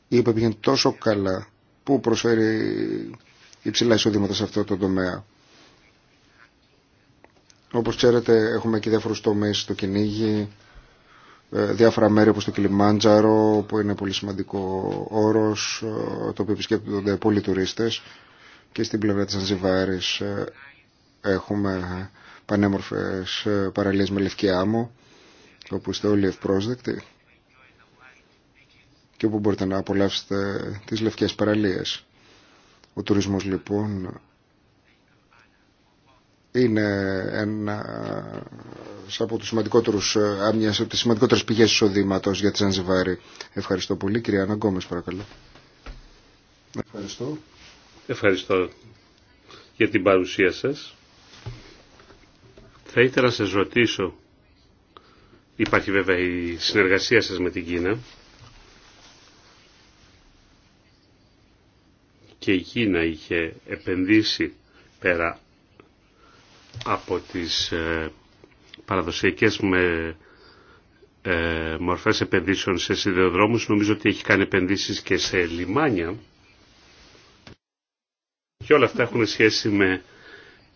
Η οποία πήγαινε τόσο καλά που προσφέρει υψηλά εισοδήματα σε αυτό το τομέα. Όπως ξέρετε έχουμε και διάφορους τομείς στο κυνήγι, ε, διάφορα μέρη όπως το Κιλιμάντζαρο που είναι πολύ σημαντικό όρος, ε, το οποίο επισκέπτονται πολλοί τουρίστες και στην πλευρά της Ανζιβάρης ε, έχουμε πανέμορφες παραλίες με λευκή άμμο όπου είστε όλοι ευπρόσδεκτοι και όπου μπορείτε να απολαύσετε τις λευκές παραλίες. Ο τουρισμός λοιπόν είναι ένα από τους σημαντικότερους, ε, πηγέ τις σημαντικότερες πηγές εισοδήματο για τη Ζανζιβάρη. Ευχαριστώ πολύ. Κυρία Αναγκόμες, παρακαλώ. Ευχαριστώ. Ευχαριστώ για την παρουσία σας. Θα ήθελα να σας ρωτήσω, υπάρχει βέβαια η συνεργασία σας με την Κίνα και η Κίνα είχε επενδύσει πέρα από τις ε, παραδοσιακές με ε, μορφές επενδύσεων σε σιδεοδρόμους. Νομίζω ότι έχει κάνει επενδύσεις και σε λιμάνια. Και όλα αυτά έχουν σχέση με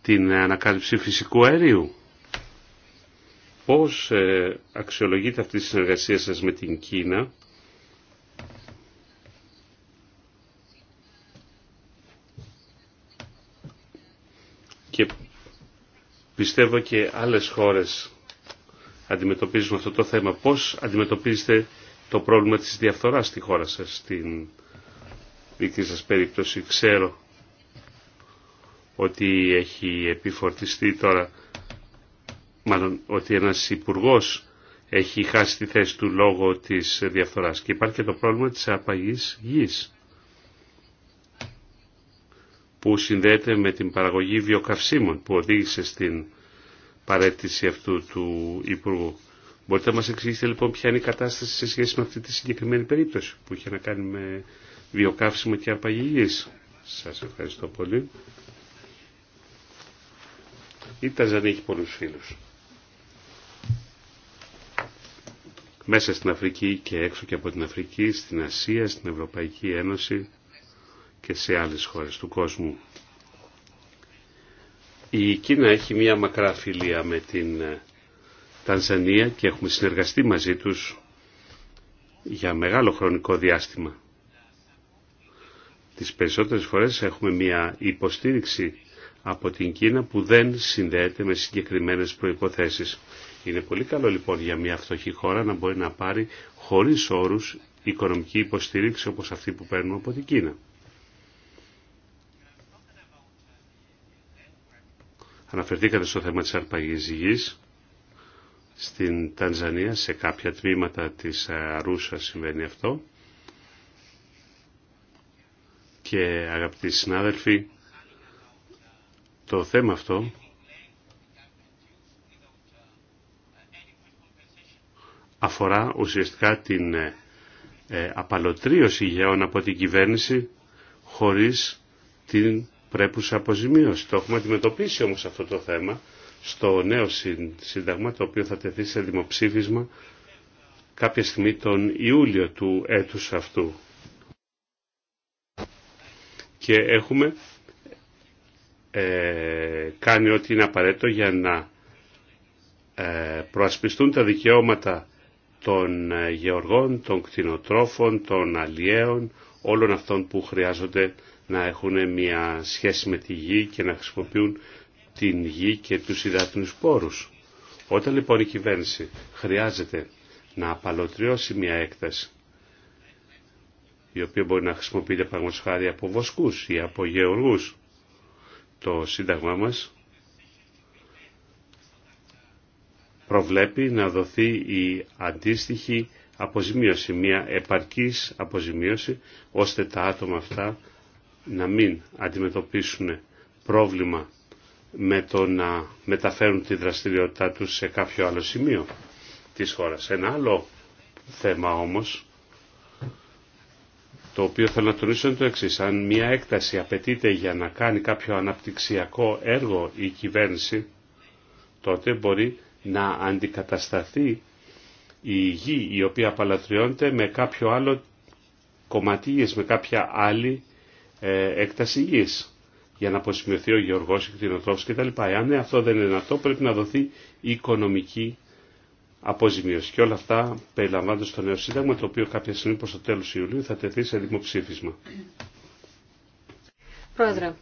την ανακάλυψη φυσικού αερίου. Πώς ε, αξιολογείται αυτή η συνεργασία σας με την Κίνα Πιστεύω και άλλες χώρες αντιμετωπίζουν αυτό το θέμα. Πώς αντιμετωπίζετε το πρόβλημα της διαφθοράς στη χώρα σας, στην δική σας περίπτωση. Ξέρω ότι έχει επιφορτιστεί τώρα, μάλλον ότι ένας υπουργός έχει χάσει τη θέση του λόγω της διαφθοράς. Και υπάρχει και το πρόβλημα της απαγής γης που συνδέεται με την παραγωγή βιοκαυσίμων που οδήγησε στην παρέτηση αυτού του Υπουργού. Μπορείτε να μας εξηγήσετε λοιπόν ποια είναι η κατάσταση σε σχέση με αυτή τη συγκεκριμένη περίπτωση που είχε να κάνει με βιοκαύσιμο και αρπαγηγής. Σας ευχαριστώ πολύ. Η Ταζανία έχει πολλούς φίλους. Μέσα στην Αφρική και έξω και από την Αφρική, στην Ασία, στην Ευρωπαϊκή Ένωση και σε άλλες χώρες του κόσμου. Η Κίνα έχει μια μακρά φιλία με την ε, Τανζανία και έχουμε συνεργαστεί μαζί τους για μεγάλο χρονικό διάστημα. Τις περισσότερες φορές έχουμε μια υποστήριξη από την Κίνα που δεν συνδέεται με συγκεκριμένες προϋποθέσεις. Είναι πολύ καλό λοιπόν για μια φτωχή χώρα να μπορεί να πάρει χωρίς όρους οικονομική υποστήριξη όπως αυτή που παίρνουμε από την Κίνα. Αναφερθήκατε στο θέμα της αρπαγής γης στην Τανζανία, σε κάποια τμήματα της ε, Αρούσα συμβαίνει αυτό. Και αγαπητοί συνάδελφοι, το θέμα αυτό αφορά ουσιαστικά την ε, ε, απαλωτρίωση γεών από την κυβέρνηση χωρίς την πρέπουσα αποζημίωση. Το έχουμε αντιμετωπίσει όμως αυτό το θέμα στο νέο σύνταγμα το οποίο θα τεθεί σε δημοψήφισμα κάποια στιγμή τον Ιούλιο του έτους αυτού. Και έχουμε ε, κάνει ό,τι είναι απαραίτητο για να ε, προασπιστούν τα δικαιώματα των ε, γεωργών, των κτηνοτρόφων, των αλλιέων, όλων αυτών που χρειάζονται να έχουν μια σχέση με τη γη και να χρησιμοποιούν την γη και τους υδάτινους πόρους. Όταν λοιπόν η κυβέρνηση χρειάζεται να απαλωτριώσει μια έκταση η οποία μπορεί να χρησιμοποιείται πραγματικά από βοσκούς ή από γεωργούς το Σύνταγμά μας προβλέπει να δοθεί η αντίστοιχη αποζημίωση, μια επαρκής αποζημίωση, ώστε τα άτομα αυτά να μην αντιμετωπίσουν πρόβλημα με το να μεταφέρουν τη δραστηριότητά τους σε κάποιο άλλο σημείο της χώρας. Ένα άλλο θέμα όμως, το οποίο θέλω να τονίσω είναι το εξή. Αν μια έκταση απαιτείται για να κάνει κάποιο αναπτυξιακό έργο η κυβέρνηση, τότε μπορεί να αντικατασταθεί η γη η οποία απαλατριώνεται με κάποιο άλλο κομματίες, με κάποια άλλη ε, έκταση γης για να αποσημειωθεί ο γεωργός, η τα κτλ. Εάν ναι, αυτό δεν είναι αυτό πρέπει να δοθεί οικονομική αποζημίωση. Και όλα αυτά περιλαμβάνονται στο νέο σύνταγμα το οποίο κάποια στιγμή προς το τέλος Ιουλίου θα τεθεί σε δημοψήφισμα. Πρόεδρε,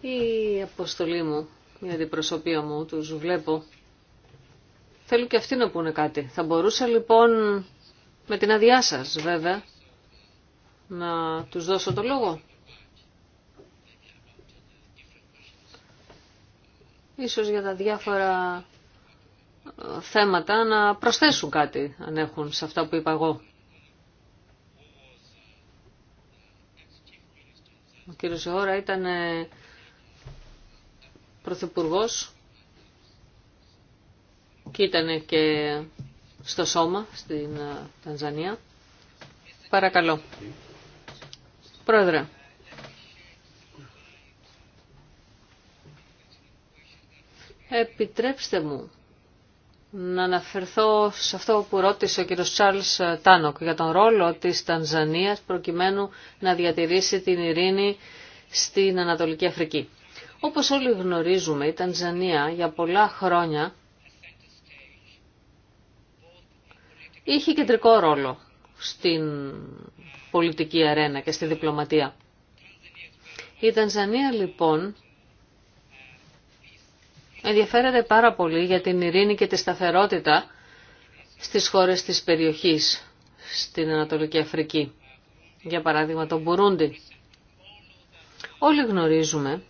η αποστολή μου, η αντιπροσωπεία μου, τους βλέπω, Θέλω και αυτοί να πούνε κάτι. Θα μπορούσα λοιπόν με την αδειά σας βέβαια να τους δώσω το λόγο. Ίσως για τα διάφορα ε, θέματα να προσθέσουν κάτι αν έχουν σε αυτά που είπα εγώ. Ο κύριος Ζεώρα ήταν ε, πρωθυπουργός και ήταν και στο σώμα στην ε, Τανζανία. Παρακαλώ. Πρόεδρε. Επιτρέψτε μου να αναφερθώ σε αυτό που ρώτησε ο κ. Τσάρλς Τάνοκ για τον ρόλο της Τανζανίας προκειμένου να διατηρήσει την ειρήνη στην Ανατολική Αφρική. Όπως όλοι γνωρίζουμε, η Τανζανία για πολλά χρόνια είχε κεντρικό ρόλο στην πολιτική αρένα και στη διπλωματία. Η Τανζανία λοιπόν ενδιαφέρεται πάρα πολύ για την ειρήνη και τη σταθερότητα στις χώρες της περιοχής, στην Ανατολική Αφρική. Για παράδειγμα τον Μπουρούντι. Όλοι γνωρίζουμε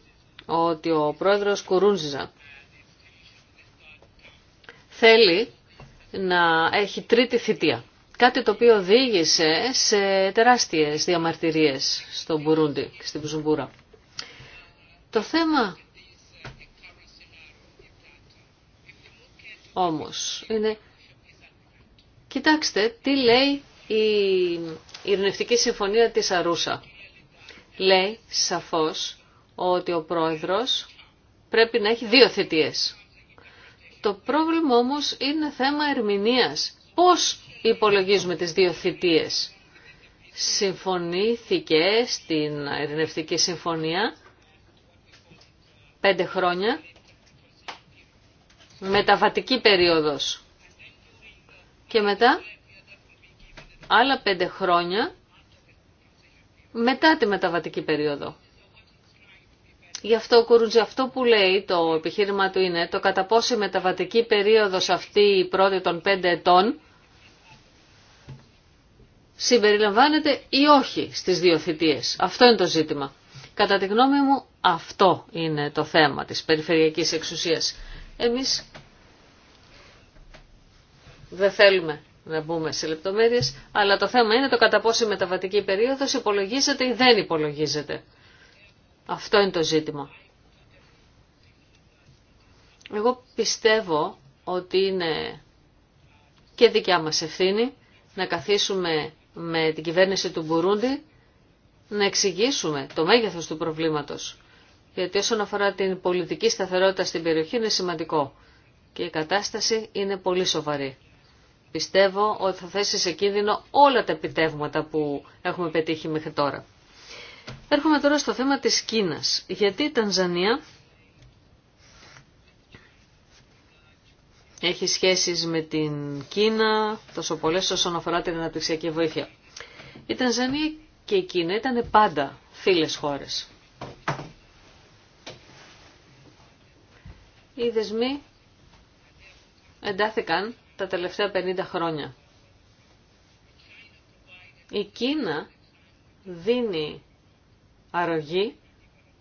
ότι ο πρόεδρος Κουρούνζιζα θέλει να έχει τρίτη θητεία. Κάτι το οποίο οδήγησε σε τεράστιες διαμαρτυρίες στο Μπουρούντι και στην Πουζουμπούρα. Το θέμα όμως είναι... Κοιτάξτε τι λέει η ειρνευτική Συμφωνία της Αρούσα. Λέει σαφώς ότι ο πρόεδρος πρέπει να έχει δύο θητείες. Το πρόβλημα όμως είναι θέμα ερμηνείας. Πώς υπολογίζουμε τις δύο θητείες. Συμφωνήθηκε στην Ειρηνευτική Συμφωνία πέντε χρόνια μεταβατική περίοδος και μετά άλλα πέντε χρόνια μετά τη μεταβατική περίοδο. Γι' αυτό, Κουρούτζη, αυτό που λέει το επιχείρημα του είναι το κατά πόσο η μεταβατική περίοδος αυτή η πρώτη των πέντε ετών συμπεριλαμβάνεται ή όχι στις δύο θητείες. Αυτό είναι το ζήτημα. Κατά τη γνώμη μου αυτό είναι το θέμα της περιφερειακής εξουσίας. Εμείς δεν θέλουμε να μπούμε σε λεπτομέρειες, αλλά το θέμα είναι το κατά πόσο η μεταβατική περίοδος υπολογίζεται ή δεν υπολογίζεται. Αυτό είναι το ζήτημα. Εγώ πιστεύω ότι είναι και δικιά μας ευθύνη να καθίσουμε με την κυβέρνηση του Μπουρούντι να εξηγήσουμε το μέγεθος του προβλήματος. Γιατί όσον αφορά την πολιτική σταθερότητα στην περιοχή είναι σημαντικό και η κατάσταση είναι πολύ σοβαρή. Πιστεύω ότι θα θέσει σε κίνδυνο όλα τα επιτεύγματα που έχουμε πετύχει μέχρι τώρα. Έρχομαι τώρα στο θέμα της Κίνας. Γιατί η Τανζανία έχει σχέσεις με την Κίνα, τόσο πολλές όσον αφορά την αναπτυξιακή βοήθεια. Η Τανζανία και η Κίνα ήταν πάντα φίλες χώρες. Οι δεσμοί εντάθηκαν τα τελευταία 50 χρόνια. Η Κίνα δίνει αρρωγή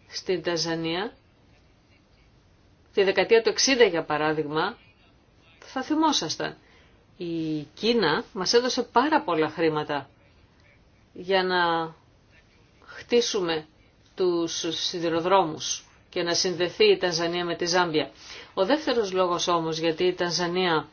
στην Ταζανία τη δεκαετία του 60 για παράδειγμα θα θυμόσασταν. Η Κίνα μας έδωσε πάρα πολλά χρήματα για να χτίσουμε τους σιδηροδρόμους και να συνδεθεί η Τανζανία με τη Ζάμπια. Ο δεύτερος λόγος όμως γιατί η Τανζανία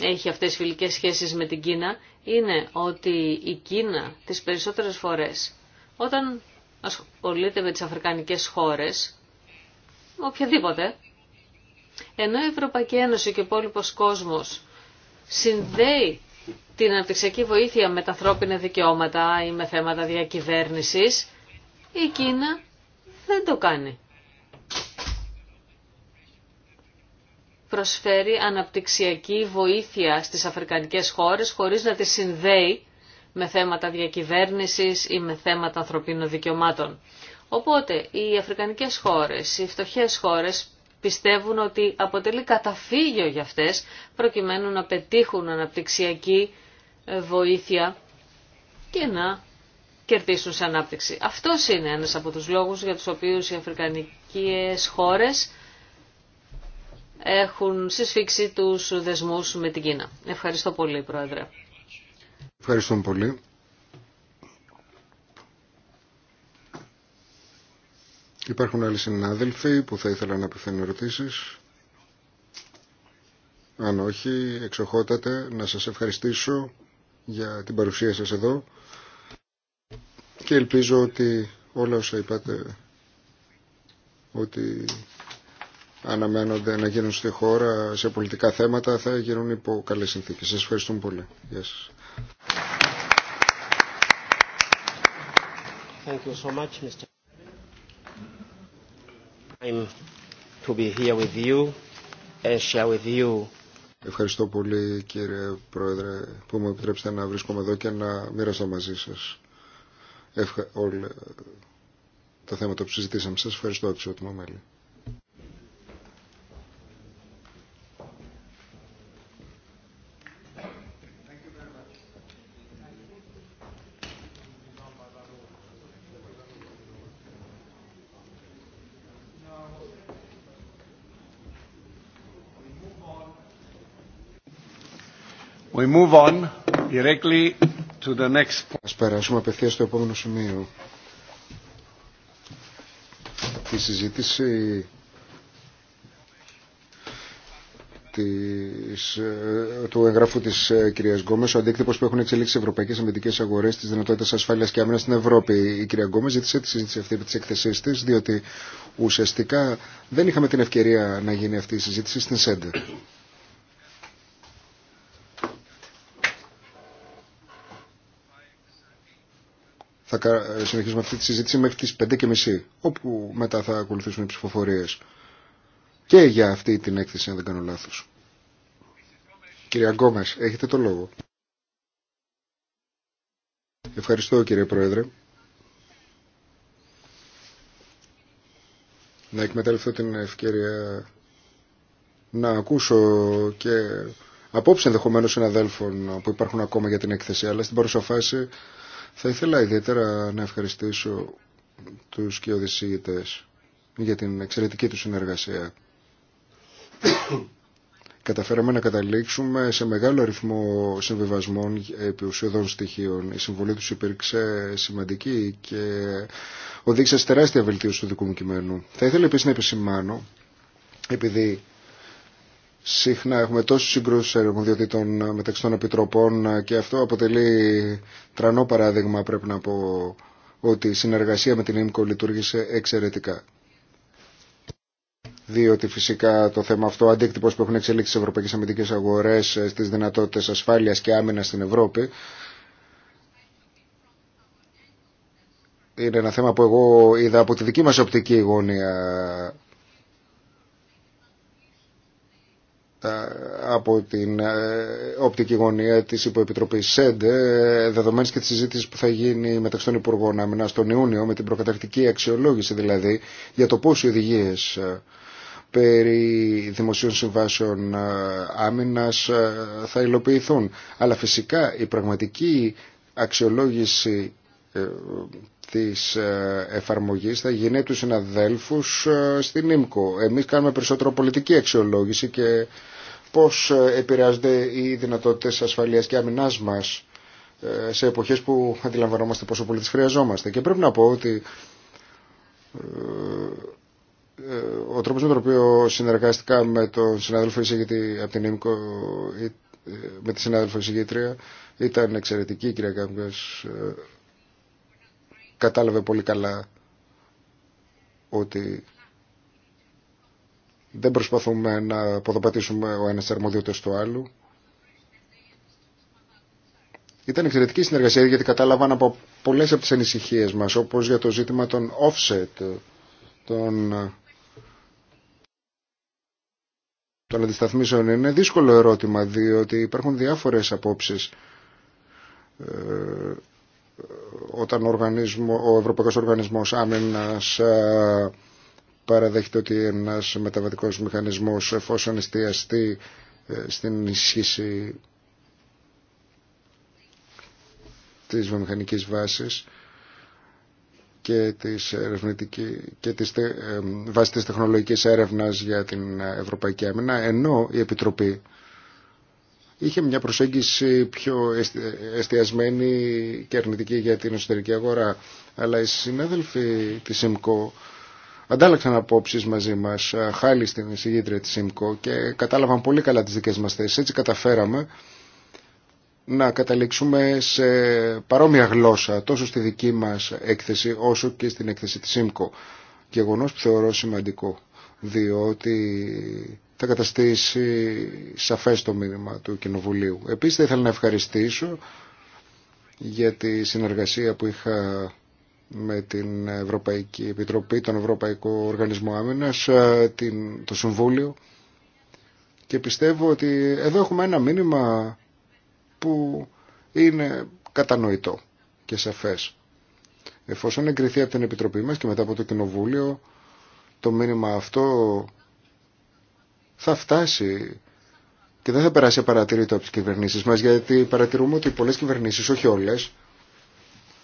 έχει αυτές τις φιλικές σχέσεις με την Κίνα είναι ότι η Κίνα τις περισσότερες φορές όταν ασχολείται με τις αφρικανικές χώρες οποιαδήποτε ενώ η Ευρωπαϊκή Ένωση και ο υπόλοιπο κόσμος συνδέει την αναπτυξιακή βοήθεια με τα ανθρώπινα δικαιώματα ή με θέματα διακυβέρνησης, η Κίνα δεν το κάνει. Προσφέρει αναπτυξιακή βοήθεια στις αφρικανικές χώρες χωρίς να τη συνδέει με θέματα διακυβέρνησης ή με θέματα ανθρωπίνων δικαιωμάτων. Οπότε οι αφρικανικές χώρες, οι φτωχές χώρες πιστεύουν ότι αποτελεί καταφύγιο για αυτές προκειμένου να πετύχουν αναπτυξιακή ε, βοήθεια και να κερδίσουν σε ανάπτυξη. Αυτό είναι ένας από τους λόγους για τους οποίους οι αφρικανικές χώρες έχουν συσφίξει τους δεσμούς με την Κίνα. Ευχαριστώ πολύ, Πρόεδρε. Ευχαριστώ πολύ. Υπάρχουν άλλοι συνάδελφοι που θα ήθελαν να απευθύνουν ερωτήσει. Αν όχι, εξοχότατε να σας ευχαριστήσω για την παρουσία σας εδώ και ελπίζω ότι όλα όσα είπατε ότι αναμένονται να γίνουν στη χώρα σε πολιτικά θέματα θα γίνουν υπό καλές συνθήκες. Σας ευχαριστούμε πολύ. Γεια σας. To be here with you and share with you. Ευχαριστώ πολύ κύριε Πρόεδρε που μου επιτρέψετε να βρίσκομαι εδώ και να μοιραστώ μαζί σας όλα τα θέματα που συζητήσαμε. Σας ευχαριστώ αξιότιμα μέλη. Ας περάσουμε απευθείας στο επόμενο σημείο. Τη συζήτηση ε, του εγγράφου της ε, κυρίας Γκόμες, ο αντίκτυπος που έχουν εξελίξει οι ευρωπαϊκές αμυντικές αγορές, τις δυνατότητες ασφάλειας και άμυνας στην Ευρώπη. Η κυρία Γκόμες ζήτησε τη συζήτηση αυτή της εκθεσής της, διότι ουσιαστικά δεν είχαμε την ευκαιρία να γίνει αυτή η συζήτηση στην ΣΕΝΤΕΡ. Θα συνεχίσουμε αυτή τη συζήτηση μέχρι τις 5.30 όπου μετά θα ακολουθήσουν οι ψηφοφορίες και για αυτή την έκθεση αν δεν κάνω λάθος. Κυρία Γκόμες, έχετε το λόγο. Ευχαριστώ κύριε Πρόεδρε. Να εκμεταλλευτώ την ευκαιρία να ακούσω και απόψε ενδεχομένω συναδέλφων που υπάρχουν ακόμα για την έκθεση, αλλά στην παρουσιαφάση θα ήθελα ιδιαίτερα να ευχαριστήσω τους και για την εξαιρετική του συνεργασία. Καταφέραμε να καταλήξουμε σε μεγάλο αριθμό συμβιβασμών επί ουσιοδών στοιχείων. Η συμβολή τους υπήρξε σημαντική και οδήγησε σε τεράστια βελτίωση του δικού μου κειμένου. Θα ήθελα επίσης να επισημάνω, επειδή Συχνά έχουμε τόσους συγκρούσεις αρμοδιοτήτων μεταξύ των επιτροπών και αυτό αποτελεί τρανό παράδειγμα πρέπει να πω ότι η συνεργασία με την ΕΜΚΟ λειτουργήσε εξαιρετικά. Διότι φυσικά το θέμα αυτό, αντίκτυπος που έχουν εξελίξει στις ευρωπαϊκές αμυντικές αγορές, ε, στις δυνατότητες ασφάλειας και άμυνας στην Ευρώπη, είναι ένα θέμα που εγώ είδα από τη δική μας οπτική γωνία από την ε, οπτική γωνία της υποεπιτροπής ΣΕΝΤΕ δεδομένης και της συζήτηση που θα γίνει μεταξύ των Υπουργών Άμυνα τον Ιούνιο με την προκαταρκτική αξιολόγηση δηλαδή για το πώς οι οδηγίες ε, περί δημοσίων συμβάσεων ε, άμυνας θα υλοποιηθούν. Αλλά φυσικά η πραγματική αξιολόγηση ε, της ε, εφαρμογής θα γίνει του συναδέλφους ε, στην ΙΜΚΟ. Εμείς κάνουμε περισσότερο πολιτική αξιολόγηση και πώς επηρεάζονται οι δυνατότητες ασφαλείας και αμυνάς μας σε εποχές που αντιλαμβανόμαστε πόσο πολύ τις χρειαζόμαστε. Και πρέπει να πω ότι ο τρόπος με τον οποίο συνεργάστηκα με τον συνάδελφο εισηγητή από την ΙΜΚΟ με τη συνάδελφο εισηγήτρια ήταν εξαιρετική κυρία Κάμπιας κατάλαβε πολύ καλά ότι δεν προσπαθούμε να ποδοπατήσουμε ο ένας αρμοδιότητας του άλλου. Ήταν εξαιρετική συνεργασία γιατί κατάλαβαν από πολλές από τις ανησυχίες μας όπως για το ζήτημα των offset, των, αντισταθμίσεων. Είναι δύσκολο ερώτημα διότι υπάρχουν διάφορες απόψεις ε, όταν ο, οργανισμο, ο Ευρωπαϊκός Οργανισμός Άμυνας ε, παραδέχεται ότι ένας μεταβατικός μηχανισμός εφόσον εστιαστεί ε, στην ισχύση της βιομηχανικής βάσης και της, και της ε, βάσης της τεχνολογικής έρευνας για την Ευρωπαϊκή Άμυνα ενώ η Επιτροπή είχε μια προσέγγιση πιο εστιασμένη και αρνητική για την εσωτερική αγορά. Αλλά οι συνάδελφοι της ΕΜΚΟ αντάλλαξαν απόψεις μαζί μας, χάλι στην εισηγήτρια της ΣΥΜΚΟ και κατάλαβαν πολύ καλά τις δικές μας θέσεις. Έτσι καταφέραμε να καταλήξουμε σε παρόμοια γλώσσα τόσο στη δική μας έκθεση όσο και στην έκθεση της ΣΥΜΚΟ. Γεγονός που θεωρώ σημαντικό διότι θα καταστήσει σαφές το μήνυμα του Κοινοβουλίου. Επίσης θα ήθελα να ευχαριστήσω για τη συνεργασία που είχα με την Ευρωπαϊκή Επιτροπή, τον Ευρωπαϊκό Οργανισμό Άμυνας, ε, το Συμβούλιο και πιστεύω ότι εδώ έχουμε ένα μήνυμα που είναι κατανοητό και σαφές. Εφόσον εγκριθεί από την Επιτροπή μας και μετά από το Κοινοβούλιο, το μήνυμα αυτό θα φτάσει και δεν θα περάσει απαρατηρήτω από τι κυβερνήσεις μας γιατί παρατηρούμε ότι πολλέ κυβερνήσει, όχι όλες,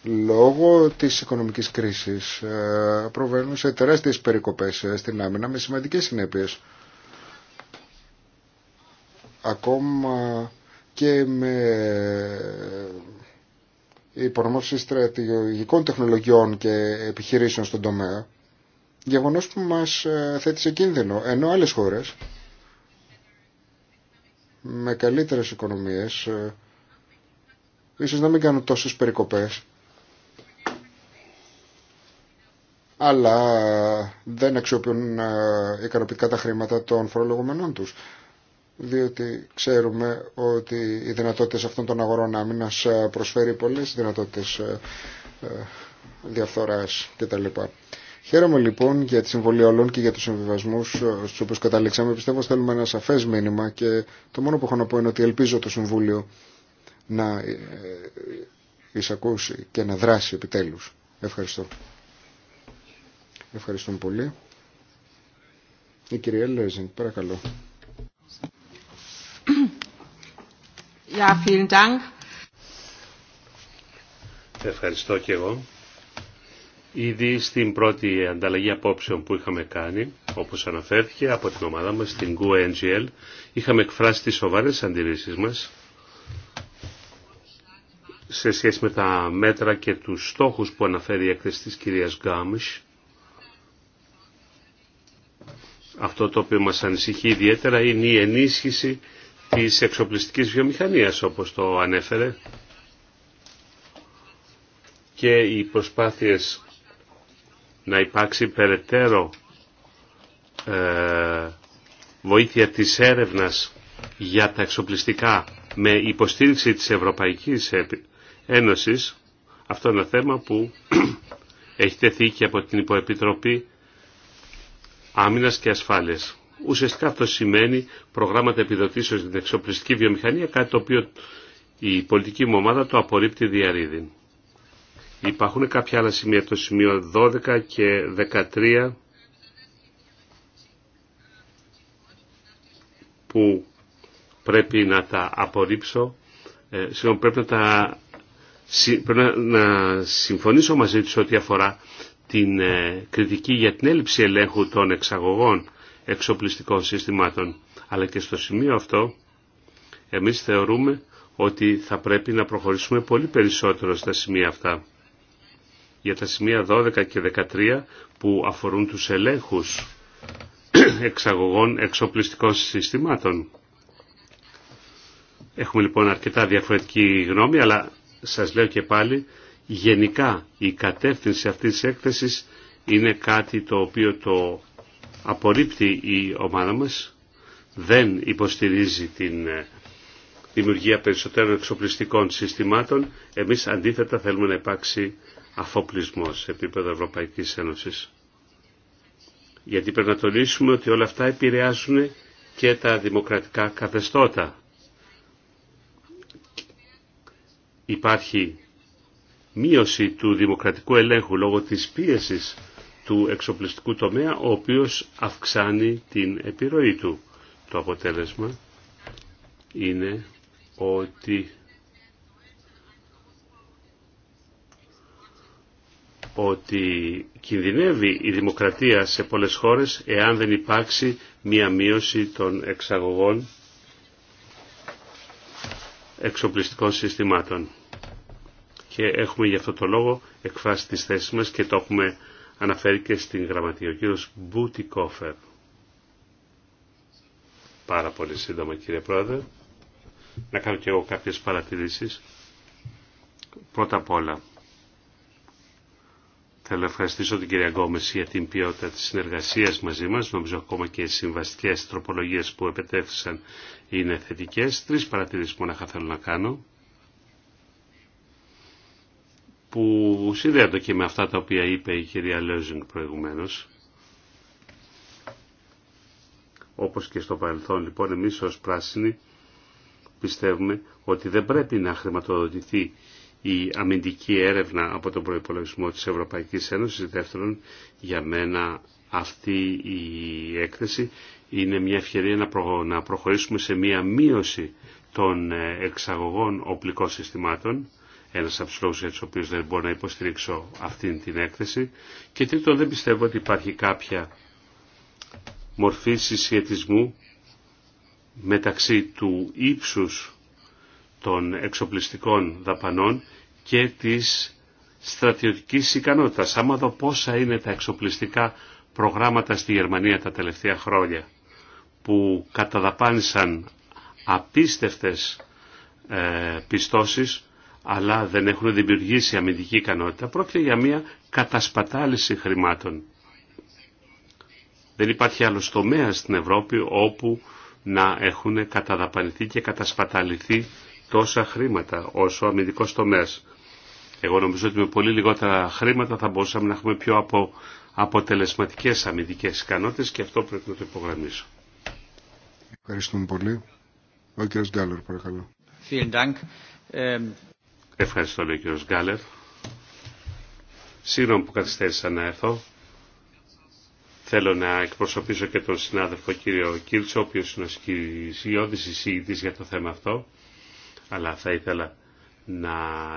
λόγω της οικονομικής κρίσης ε, προβαίνουν σε τεράστιε περικοπές ε, στην άμυνα με σημαντικές συνέπειες. Ακόμα και με υπονομώσεις στρατηγικών τεχνολογιών και επιχειρήσεων στον τομέα, γεγονός που μας ε, θέτει σε κίνδυνο, ενώ άλλες χώρες με καλύτερες οικονομίες ε, ίσως να μην κάνουν τόσες περικοπές αλλά δεν αξιοποιούν ε, ικανοποιητικά τα χρήματα των φορολογουμένων τους διότι ξέρουμε ότι οι δυνατότητες αυτών των αγορών άμυνας ε, προσφέρει πολλές δυνατότητες διαφθοράς κτλ. Χαίρομαι λοιπόν για τη συμβολή όλων και για του συμβιβασμού ε, στου οποίου καταλήξαμε. Πιστεύω θέλουμε ένα σαφέ μήνυμα και το μόνο που έχω να πω είναι ότι ελπίζω το Συμβούλιο να ε, ε, εισακούσει και να δράσει επιτέλου. Ευχαριστώ. Ευχαριστούμε πολύ. Η κυρία Λέζιν, παρακαλώ. vielen Dank. Ευχαριστώ και εγώ. Ήδη στην πρώτη ανταλλαγή απόψεων που είχαμε κάνει, όπως αναφέρθηκε από την ομάδα μας, την GUNGL, είχαμε εκφράσει τις σοβαρές αντιρρήσεις μας σε σχέση με τα μέτρα και τους στόχους που αναφέρει η έκθεση της κυρίας Αυτό το οποίο μας ανησυχεί ιδιαίτερα είναι η ενίσχυση της εξοπλιστικής βιομηχανίας, όπως το ανέφερε, και οι προσπάθειες να υπάρξει περαιτέρω ε, βοήθεια της έρευνας για τα εξοπλιστικά με υποστήριξη της Ευρωπαϊκής Ένωσης. Αυτό είναι ένα θέμα που έχει τεθεί και από την Υποεπιτροπή Άμυνας και Ασφάλειας. Ουσιαστικά αυτό σημαίνει προγράμματα επιδοτήσεως στην εξοπλιστική βιομηχανία, κάτι το οποίο η πολιτική μου ομάδα το απορρίπτει διαρρήδη. Υπάρχουν κάποια άλλα σημεία, το σημείο 12 και 13 που πρέπει να τα απορρίψω, ε, συγγνώμη, πρέπει να τα να συμφωνήσω μαζί τους ό,τι αφορά την ε, κριτική για την έλλειψη ελέγχου των εξαγωγών εξοπλιστικών συστημάτων. Αλλά και στο σημείο αυτό εμείς θεωρούμε ότι θα πρέπει να προχωρήσουμε πολύ περισσότερο στα σημεία αυτά για τα σημεία 12 και 13 που αφορούν τους ελέγχους εξαγωγών εξοπλιστικών συστημάτων. Έχουμε λοιπόν αρκετά διαφορετική γνώμη, αλλά σας λέω και πάλι, γενικά η κατεύθυνση αυτής της έκθεσης είναι κάτι το οποίο το απορρίπτει η ομάδα μας, δεν υποστηρίζει την ε, δημιουργία περισσότερων εξοπλιστικών συστημάτων. Εμείς αντίθετα θέλουμε να υπάρξει αφοπλισμό σε επίπεδο Ευρωπαϊκής Ένωση. Γιατί πρέπει να τονίσουμε ότι όλα αυτά επηρεάζουν και τα δημοκρατικά καθεστώτα. Υπάρχει μείωση του δημοκρατικού ελέγχου λόγω της πίεσης του εξοπλιστικού τομέα, ο οποίος αυξάνει την επιρροή του. Το αποτέλεσμα είναι ότι ότι κινδυνεύει η δημοκρατία σε πολλές χώρες εάν δεν υπάρξει μία μείωση των εξαγωγών εξοπλιστικών συστημάτων. Και έχουμε γι' αυτό το λόγο εκφράσει τις θέσεις μας και το έχουμε αναφέρει και στην γραμματεία. Ο κύριος Μπουτικόφερ. Πάρα πολύ σύντομα κύριε Πρόεδρε. Να κάνω και εγώ κάποιες παρατηρήσεις. Πρώτα απ' όλα, Θέλω να ευχαριστήσω την κυρία Γκόμες για την ποιότητα της συνεργασίας μαζί μας. Νομίζω ακόμα και οι συμβαστικές τροπολογίες που επετέφθησαν είναι θετικές. Τρεις παρατηρήσεις μονάχα θέλω να κάνω που συνδέονται και με αυτά τα οποία είπε η κυρία Λέζινγκ προηγουμένως. Όπως και στο παρελθόν λοιπόν εμείς ως πράσινοι πιστεύουμε ότι δεν πρέπει να χρηματοδοτηθεί η αμυντική έρευνα από τον προϋπολογισμό της Ευρωπαϊκής Ένωσης. Δεύτερον, για μένα αυτή η έκθεση είναι μια ευκαιρία να προχωρήσουμε σε μια μείωση των ε, εξαγωγών οπλικών συστημάτων, ένας από τους λόγους για τους οποίους δεν μπορώ να υποστηρίξω αυτήν την έκθεση. Και τρίτον, δεν πιστεύω ότι υπάρχει κάποια μορφή συσχετισμού μεταξύ του ύψους των εξοπλιστικών δαπανών και της στρατιωτικής ικανότητας. Άμα δω πόσα είναι τα εξοπλιστικά προγράμματα στη Γερμανία τα τελευταία χρόνια που καταδαπάνησαν απίστευτες ε, πιστώσεις αλλά δεν έχουν δημιουργήσει αμυντική ικανότητα. Πρόκειται για μια κατασπατάληση χρημάτων. Δεν υπάρχει άλλο τομέα στην Ευρώπη όπου να έχουν καταδαπανηθεί και κατασπαταληθεί τόσα χρήματα όσο ο αμυντικός τομέας. Εγώ νομίζω ότι με πολύ λιγότερα χρήματα θα μπορούσαμε να έχουμε πιο απο, αποτελεσματικές αμυντικές ικανότητες και αυτό πρέπει να το υπογραμμίσω. Ευχαριστούμε πολύ. Ο κ. Γκάλερ, παρακαλώ. Ε, Ευχαριστώ, λέει ο κ. Γκάλερ. Συγγνώμη που καθυστέρησα να έρθω. Θέλω να εκπροσωπήσω και τον συνάδελφο κύριο Κίρτσο, ο οποίος είναι ο σκηριώδης εισηγητής για το θέμα αυτό, αλλά θα ήθελα να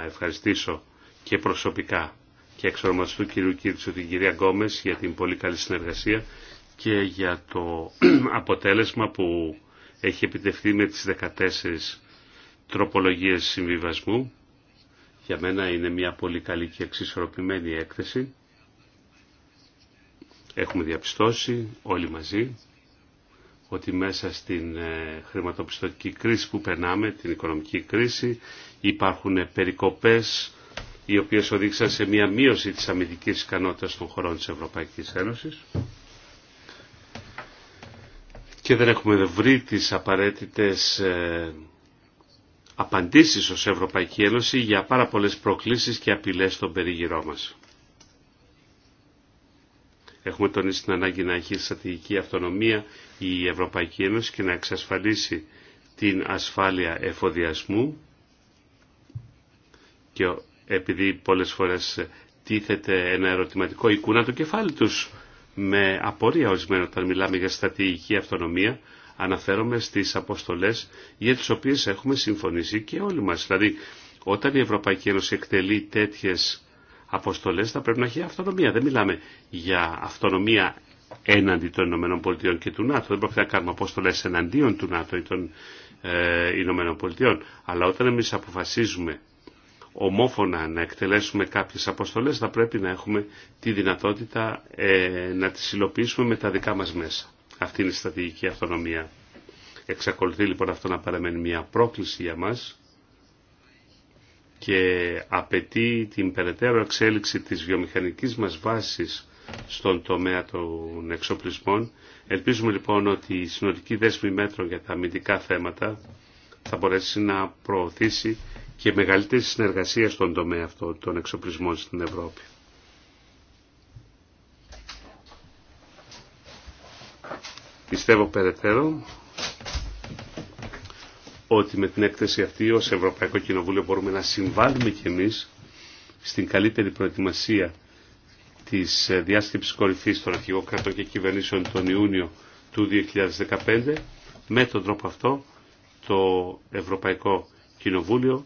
ευχαριστήσω και προσωπικά και εξορμαστού κυρίου Κίρτσου την κυρία Γκόμες για την πολύ καλή συνεργασία και για το αποτέλεσμα που έχει επιτευχθεί με τις 14 τροπολογίες συμβιβασμού. Για μένα είναι μια πολύ καλή και εξισορροπημένη έκθεση. Έχουμε διαπιστώσει όλοι μαζί ότι μέσα στην ε, χρηματοπιστωτική κρίση που περνάμε, την οικονομική κρίση, υπάρχουν περικοπές οι οποίε οδήγησαν σε μια μείωση της αμυντικής ικανότητα των χωρών τη Ευρωπαϊκή Ένωση. και δεν έχουμε βρει τις απαραίτητες ε, απαντήσεις ως Ευρωπαϊκή Ένωση για πάρα πολλέ προκλήσεις και απειλές στον περίγυρό μας. Έχουμε τονίσει την ανάγκη να έχει στρατηγική αυτονομία η Ευρωπαϊκή Ένωση και να εξασφαλίσει την ασφάλεια εφοδιασμού και επειδή πολλές φορές τίθεται ένα ερωτηματικό εικόνα το κεφάλι τους με απορία ορισμένα όταν μιλάμε για στρατηγική αυτονομία αναφέρομαι στις αποστολές για τις οποίες έχουμε συμφωνήσει και όλοι μας. Δηλαδή όταν η Ευρωπαϊκή Ένωση εκτελεί τέτοιες αποστολές θα πρέπει να έχει αυτονομία. Δεν μιλάμε για αυτονομία έναντι των ΗΠΑ και του ΝΑΤΟ. Δεν πρέπει να κάνουμε αποστολές εναντίον του ΝΑΤΟ ή των ε, Πολιτειών. Αλλά όταν εμείς αποφασίζουμε ομόφωνα να εκτελέσουμε κάποιες αποστολές θα πρέπει να έχουμε τη δυνατότητα ε, να τις υλοποιήσουμε με τα δικά μας μέσα. Αυτή είναι η στρατηγική αυτονομία. Εξακολουθεί λοιπόν αυτό να παραμένει μια πρόκληση για μας και απαιτεί την περαιτέρω εξέλιξη της βιομηχανικής μας βάσης στον τομέα των εξοπλισμών. Ελπίζουμε λοιπόν ότι η συνολική δέσμη μέτρων για τα αμυντικά θέματα θα μπορέσει να προωθήσει και μεγαλύτερη συνεργασία στον τομέα αυτό των εξοπλισμών στην Ευρώπη. Πιστεύω περαιτέρω ότι με την έκθεση αυτή ως Ευρωπαϊκό Κοινοβούλιο μπορούμε να συμβάλλουμε κι εμείς στην καλύτερη προετοιμασία της ε, διάσκεψης κορυφής των αρχηγών κρατών και κυβερνήσεων τον Ιούνιο του 2015. Με τον τρόπο αυτό το Ευρωπαϊκό Κοινοβούλιο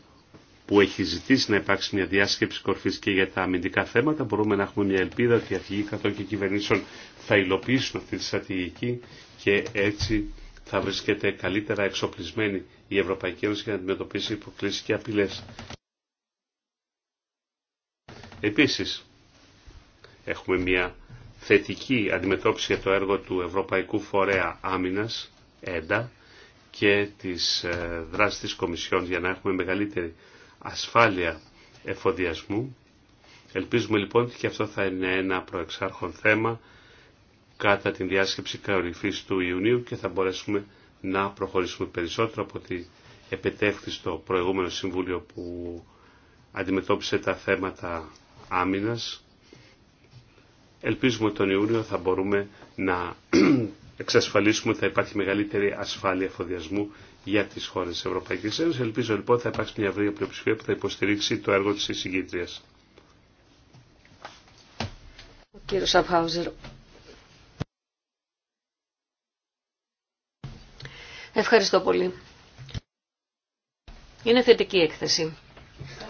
που έχει ζητήσει να υπάρξει μια διάσκεψη κορφής και για τα αμυντικά θέματα. Μπορούμε να έχουμε μια ελπίδα ότι οι αρχηγοί κρατών και κυβερνήσεων θα υλοποιήσουν αυτή τη στρατηγική και έτσι θα βρίσκεται καλύτερα εξοπλισμένη η Ευρωπαϊκή Ένωση για να αντιμετωπίσει υποκλήσεις και απειλές. Επίσης, έχουμε μια θετική αντιμετώπιση για το έργο του Ευρωπαϊκού Φορέα Άμυνας, ΕΝΤΑ, και της ε, δράση τη Κομισιόν για να έχουμε μεγαλύτερη ασφάλεια εφοδιασμού. Ελπίζουμε λοιπόν ότι και αυτό θα είναι ένα προεξάρχον θέμα κατά την διάσκεψη κορυφής του Ιουνίου και θα μπορέσουμε να προχωρήσουμε περισσότερο από ότι επετέχθη στο προηγούμενο Συμβούλιο που αντιμετώπισε τα θέματα άμυνας. Ελπίζουμε ότι τον Ιούνιο θα μπορούμε να εξασφαλίσουμε ότι θα υπάρχει μεγαλύτερη ασφάλεια εφοδιασμού για τις χώρες της Ευρωπαϊκής Ένωσης. Ελπίζω λοιπόν θα υπάρξει μια βρήκα πλειοψηφία που θα υποστηρίξει το έργο της εισηγήτριας. κύριος Ευχαριστώ πολύ. Είναι θετική έκθεση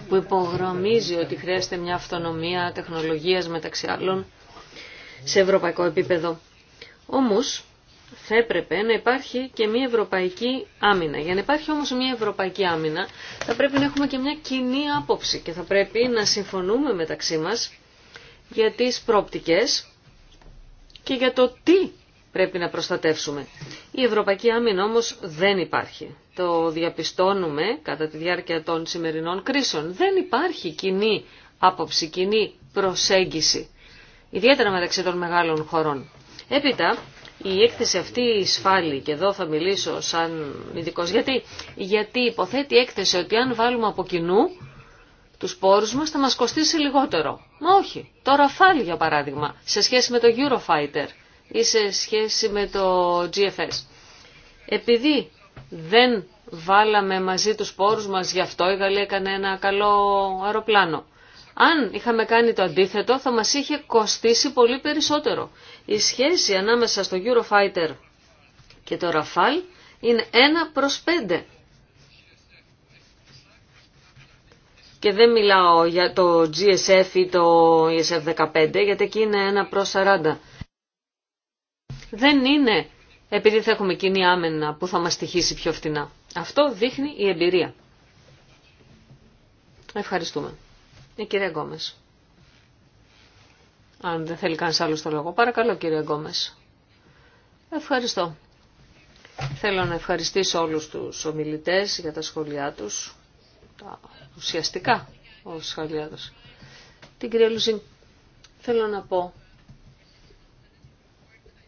που υπογραμμίζει ότι χρειάζεται μια αυτονομία τεχνολογίας μεταξύ άλλων σε ευρωπαϊκό επίπεδο. Όμως, θα έπρεπε να υπάρχει και μια ευρωπαϊκή άμυνα. Για να υπάρχει όμως μια ευρωπαϊκή άμυνα θα πρέπει να έχουμε και μια κοινή άποψη και θα πρέπει να συμφωνούμε μεταξύ μας για τις πρόπτικες και για το τι πρέπει να προστατεύσουμε. Η ευρωπαϊκή άμυνα όμως δεν υπάρχει. Το διαπιστώνουμε κατά τη διάρκεια των σημερινών κρίσεων. Δεν υπάρχει κοινή άποψη, κοινή προσέγγιση, ιδιαίτερα μεταξύ των μεγάλων χωρών. Έπειτα, η έκθεση αυτή εισφάλει και εδώ θα μιλήσω σαν ειδικό γιατί, γιατί υποθέτει έκθεση ότι αν βάλουμε από κοινού τους πόρους μας θα μας κοστίσει λιγότερο. Μα όχι. Το φάλει για παράδειγμα σε σχέση με το Eurofighter ή σε σχέση με το GFS. Επειδή δεν βάλαμε μαζί τους πόρους μας γι' αυτό η Γαλλία έκανε ένα καλό αεροπλάνο. Αν είχαμε κάνει το αντίθετο θα μας είχε κοστίσει πολύ περισσότερο. Η σχέση ανάμεσα στο Eurofighter και το Rafale είναι 1 προς 5. Και δεν μιλάω για το GSF ή το ESF-15 γιατί εκεί είναι 1 προς 40. Δεν είναι επειδή θα έχουμε κοινή άμενα που θα μας στοιχήσει πιο φτηνά. Αυτό δείχνει η εμπειρία. Ευχαριστούμε. Η κυρία Γκόμες. Αν δεν θέλει κανείς άλλο το λόγο. Παρακαλώ κυρία Γκόμε. Ευχαριστώ. Θέλω να ευχαριστήσω όλους τους ομιλητές για τα σχόλιά τους, τα ουσιαστικά ο σχόλιά τους. Την κυρία Λουζίν, θέλω να πω,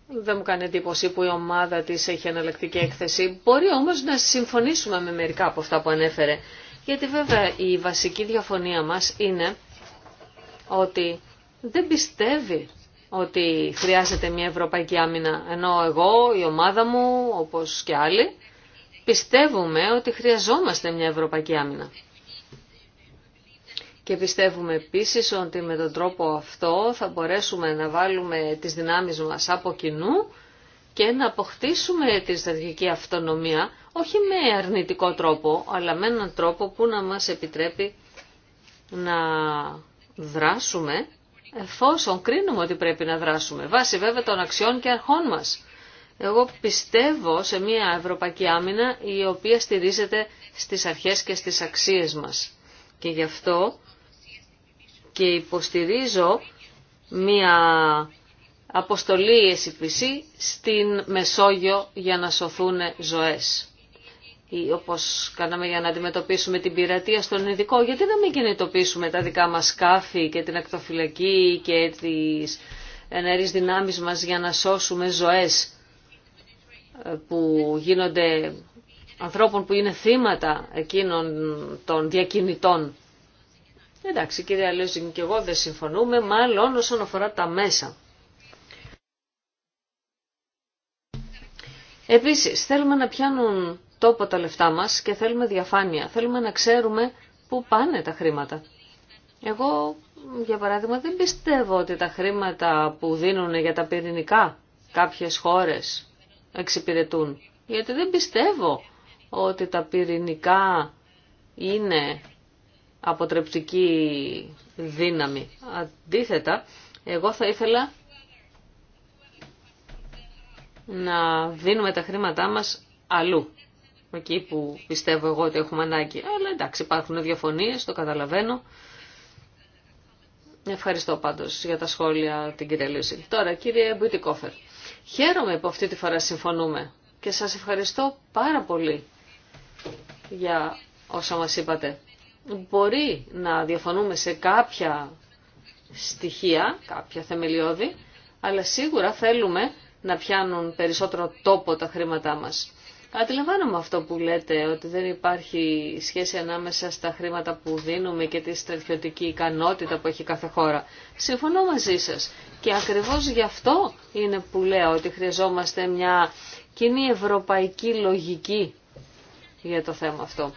δεν μου κάνει εντύπωση που η ομάδα της έχει αναλλακτική έκθεση, μπορεί όμως να συμφωνήσουμε με μερικά από αυτά που ανέφερε. Γιατί βέβαια η βασική διαφωνία μας είναι ότι δεν πιστεύει ότι χρειάζεται μια ευρωπαϊκή άμυνα, ενώ εγώ, η ομάδα μου, όπως και άλλοι, πιστεύουμε ότι χρειαζόμαστε μια ευρωπαϊκή άμυνα. Και πιστεύουμε επίσης ότι με τον τρόπο αυτό θα μπορέσουμε να βάλουμε τις δυνάμεις μας από κοινού και να αποκτήσουμε τη στρατηγική αυτονομία όχι με αρνητικό τρόπο, αλλά με έναν τρόπο που να μας επιτρέπει να δράσουμε εφόσον κρίνουμε ότι πρέπει να δράσουμε, βάσει βέβαια των αξιών και αρχών μας. Εγώ πιστεύω σε μια ευρωπαϊκή άμυνα η οποία στηρίζεται στις αρχές και στις αξίες μας. Και γι' αυτό και υποστηρίζω μια αποστολή SPC στην Μεσόγειο για να σωθούν ζωές ή όπως κάναμε για να αντιμετωπίσουμε την πειρατεία στον ειδικό, γιατί να μην κινητοποιήσουμε τα δικά μας σκάφη και την ακτοφυλακή και τις ενεργείς δυνάμεις μας για να σώσουμε ζωές ε, που γίνονται ανθρώπων που είναι θύματα εκείνων των διακινητών. Εντάξει κυρία Αλέζιν και εγώ δεν συμφωνούμε, μάλλον όσον αφορά τα μέσα. Επίσης θέλουμε να πιάνουν τόπο τα λεφτά μας και θέλουμε διαφάνεια. Θέλουμε να ξέρουμε πού πάνε τα χρήματα. Εγώ, για παράδειγμα, δεν πιστεύω ότι τα χρήματα που δίνουν για τα πυρηνικά κάποιες χώρες εξυπηρετούν. Γιατί δεν πιστεύω ότι τα πυρηνικά είναι αποτρεπτική δύναμη. Αντίθετα, εγώ θα ήθελα να δίνουμε τα χρήματά μας αλλού εκεί που πιστεύω εγώ ότι έχουμε ανάγκη. Αλλά εντάξει, υπάρχουν διαφωνίες, το καταλαβαίνω. Ευχαριστώ πάντω για τα σχόλια την κυρία Τώρα, κύριε Μπουτικόφερ, χαίρομαι που αυτή τη φορά συμφωνούμε και σα ευχαριστώ πάρα πολύ για όσα μας είπατε. Μπορεί να διαφωνούμε σε κάποια στοιχεία, κάποια θεμελιώδη, αλλά σίγουρα θέλουμε να πιάνουν περισσότερο τόπο τα χρήματά μας. Αντιλαμβάνομαι αυτό που λέτε, ότι δεν υπάρχει σχέση ανάμεσα στα χρήματα που δίνουμε και τη στρατιωτική ικανότητα που έχει κάθε χώρα. Συμφωνώ μαζί σας. Και ακριβώς γι' αυτό είναι που λέω ότι χρειαζόμαστε μια κοινή ευρωπαϊκή λογική για το θέμα αυτό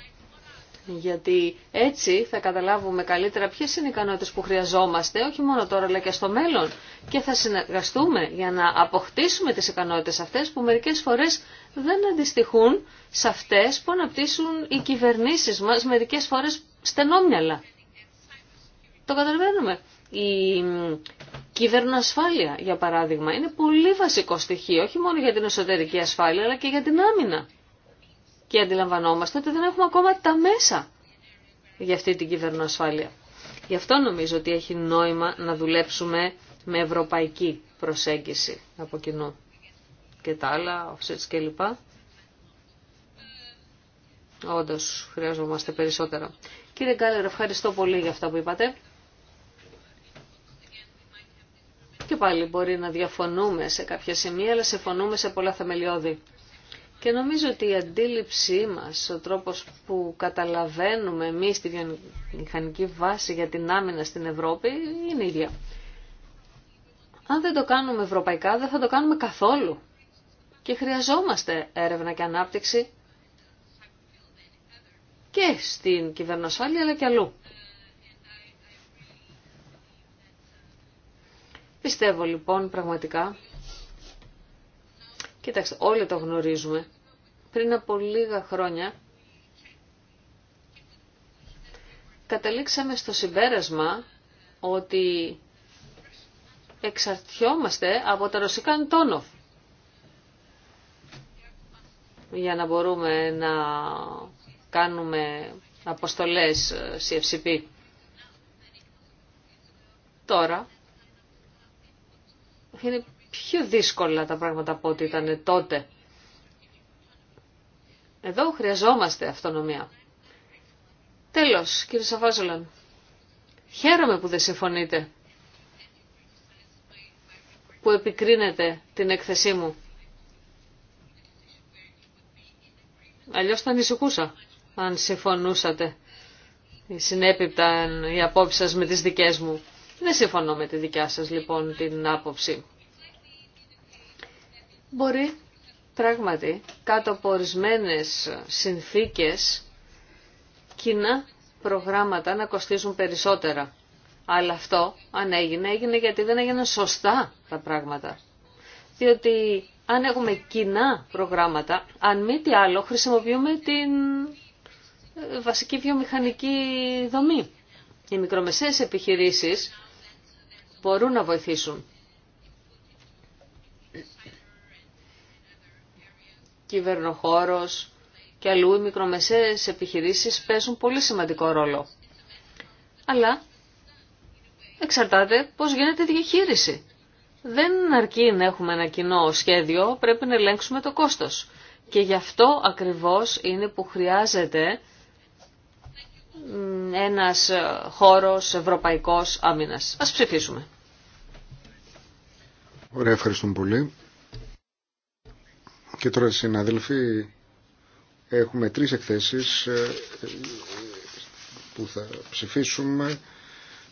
γιατί έτσι θα καταλάβουμε καλύτερα ποιες είναι οι ικανότητες που χρειαζόμαστε, όχι μόνο τώρα αλλά και στο μέλλον και θα συνεργαστούμε για να αποκτήσουμε τις ικανότητες αυτές που μερικές φορές δεν αντιστοιχούν σε αυτές που αναπτύσσουν οι κυβερνήσεις μας μερικές φορές στενόμυαλα. Το καταλαβαίνουμε. Η κυβερνοασφάλεια, για παράδειγμα, είναι πολύ βασικό στοιχείο, όχι μόνο για την εσωτερική ασφάλεια, αλλά και για την άμυνα και αντιλαμβανόμαστε ότι δεν έχουμε ακόμα τα μέσα για αυτή την κυβερνοασφάλεια. Γι' αυτό νομίζω ότι έχει νόημα να δουλέψουμε με ευρωπαϊκή προσέγγιση από κοινού και τα άλλα, offsets κλπ. Όντω χρειαζόμαστε περισσότερα. Κύριε Γκάλερ, ευχαριστώ πολύ για αυτά που είπατε. Και πάλι μπορεί να διαφωνούμε σε κάποια σημεία, αλλά συμφωνούμε σε πολλά θεμελιώδη. Και νομίζω ότι η αντίληψή μας, ο τρόπος που καταλαβαίνουμε εμείς τη βιομηχανική βάση για την άμυνα στην Ευρώπη είναι ίδια. Αν δεν το κάνουμε ευρωπαϊκά δεν θα το κάνουμε καθόλου. Και χρειαζόμαστε έρευνα και ανάπτυξη και στην κυβερνοσφάλεια αλλά και αλλού. Πιστεύω λοιπόν πραγματικά, κοιτάξτε όλοι το γνωρίζουμε, πριν από λίγα χρόνια καταλήξαμε στο συμπέρασμα ότι εξαρτιόμαστε από τα ρωσικά Αντόνοφ για να μπορούμε να κάνουμε αποστολές ε, CFCP. Τώρα είναι πιο δύσκολα τα πράγματα από ό,τι ήταν τότε. Εδώ χρειαζόμαστε αυτονομία. Τέλος, κύριε Σαφάζολαν, χαίρομαι που δεν συμφωνείτε, που επικρίνετε την έκθεσή μου. Αλλιώς θα ανησυχούσα αν συμφωνούσατε συνέπειπτα οι απόψεις σας με τις δικές μου. Δεν συμφωνώ με τη δικιά σας λοιπόν την άποψη. Μπορεί Πράγματι, κάτω από ορισμένε συνθήκες, κοινά προγράμματα να κοστίζουν περισσότερα. Αλλά αυτό, αν έγινε, έγινε γιατί δεν έγιναν σωστά τα πράγματα. Διότι αν έχουμε κοινά προγράμματα, αν μη τι άλλο, χρησιμοποιούμε την ε, βασική βιομηχανική δομή. Οι μικρομεσαίες επιχειρήσεις μπορούν να βοηθήσουν. κυβερνοχώρος και αλλού οι μικρομεσαίες επιχειρήσεις παίζουν πολύ σημαντικό ρόλο. Αλλά εξαρτάται πώς γίνεται η διαχείριση. Δεν αρκεί να έχουμε ένα κοινό σχέδιο, πρέπει να ελέγξουμε το κόστος. Και γι' αυτό ακριβώς είναι που χρειάζεται ένας χώρος ευρωπαϊκός άμυνας. Ας ψηφίσουμε. Ωραία, ευχαριστούμε πολύ. Και τώρα συναδελφοί έχουμε τρεις εκθέσεις ε, που θα ψηφίσουμε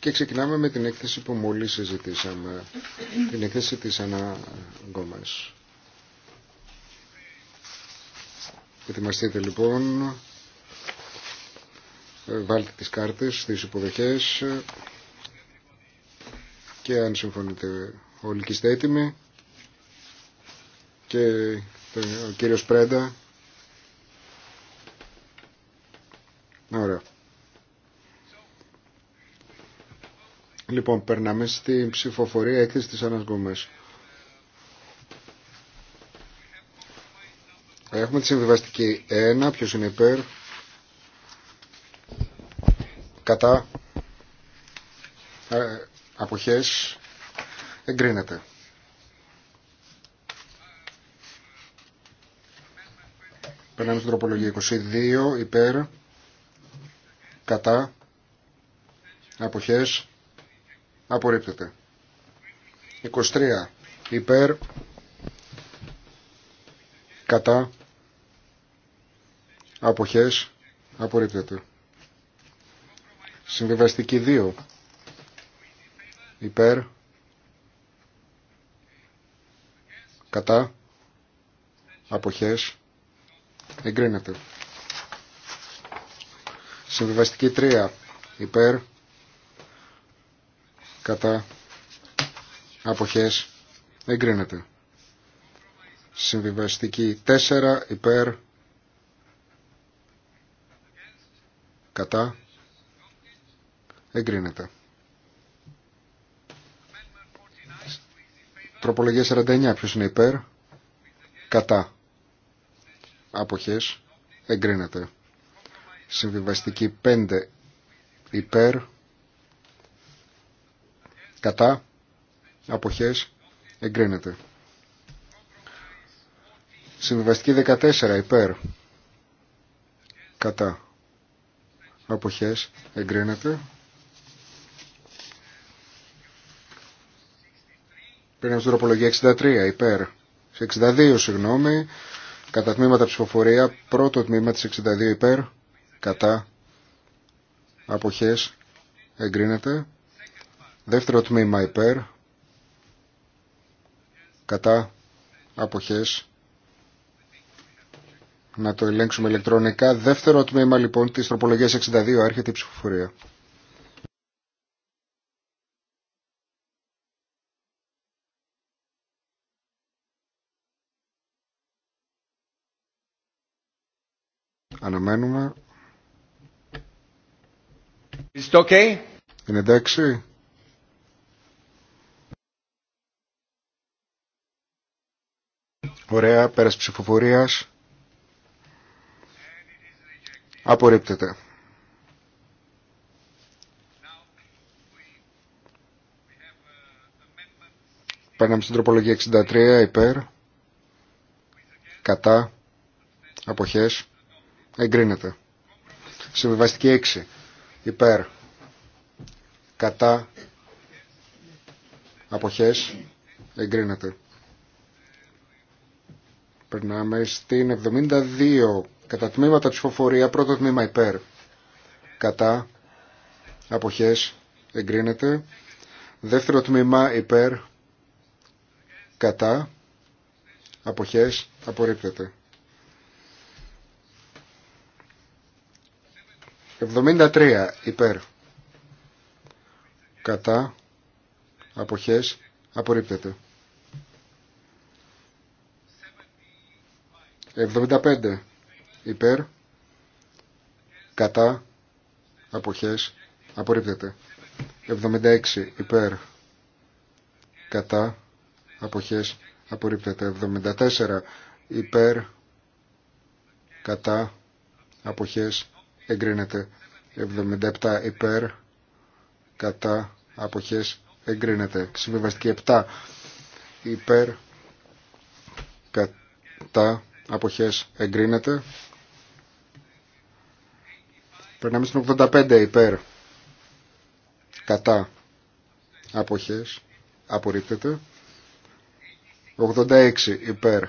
και ξεκινάμε με την έκθεση που μόλις συζητήσαμε, την έκθεση της Ανά Γκόμες. Ετοιμαστείτε λοιπόν, ε, βάλτε τις κάρτες στις υποδοχές και αν συμφωνείτε όλοι και είστε έτοιμοι και ο κύριος Πρέντα. Ωραία. Λοιπόν, περνάμε στην ψηφοφορία έκθεση της Ανασγκομές. Έχουμε τη συμβιβαστική 1, ποιος είναι υπέρ, κατά, ε, αποχές, εγκρίνεται. Περνάμε στην τροπολογία 22 υπέρ κατά αποχές απορρίπτεται. 23 υπέρ κατά αποχές απορρίπτεται. Συμβιβαστική 2 υπέρ κατά αποχές Εγκρίνεται. Συμβιβαστική 3. Υπέρ. Κατά. Αποχές. Εγκρίνεται. Συμβιβαστική 4. Υπέρ. Κατά. Εγκρίνεται. Τροπολογία 49. Ποιος είναι υπέρ. Κατά αποχές εγκρίνεται. Συμβιβαστική 5 υπέρ κατά αποχές εγκρίνεται. Συμβιβαστική 14 υπέρ κατά αποχές εγκρίνεται. Πριν από τροπολογία 63 υπέρ, 62 συγγνώμη, Κατά τμήματα ψηφοφορία, πρώτο τμήμα της 62 υπέρ, κατά, αποχές, εγκρίνεται. Δεύτερο τμήμα υπέρ, κατά, αποχές, να το ελέγξουμε ηλεκτρονικά. Δεύτερο τμήμα λοιπόν της τροπολογίας 62, άρχεται η ψηφοφορία. Περιμένουμε. okay. Είναι εντάξει. Ωραία, πέρας ψηφοφορίας. Απορρίπτεται. Παίρναμε στην τροπολογία 63 υπέρ, κατά, αποχές, Εγκρίνεται. Συμβιβαστική 6. Υπέρ. Κατά. Αποχές. Εγκρίνεται. Περνάμε στην 72. Κατά τμήματα ψηφοφορία. Πρώτο τμήμα υπέρ. Κατά. Αποχές. Εγκρίνεται. Δεύτερο τμήμα υπέρ. Κατά. Αποχές. Απορρίπτεται. 73 υπέρ κατά αποχές απορρίπτεται 75 υπέρ κατά αποχές απορρίπτεται 76 υπέρ κατά αποχές απορρίπτεται 74 υπέρ κατά αποχές εγκρίνεται 77 υπέρ κατά αποχές εγκρίνεται συμβιβαστική 7 υπέρ κατά αποχές εγκρίνεται περνάμε στην 85 υπέρ κατά αποχές απορρίπτεται 86 υπέρ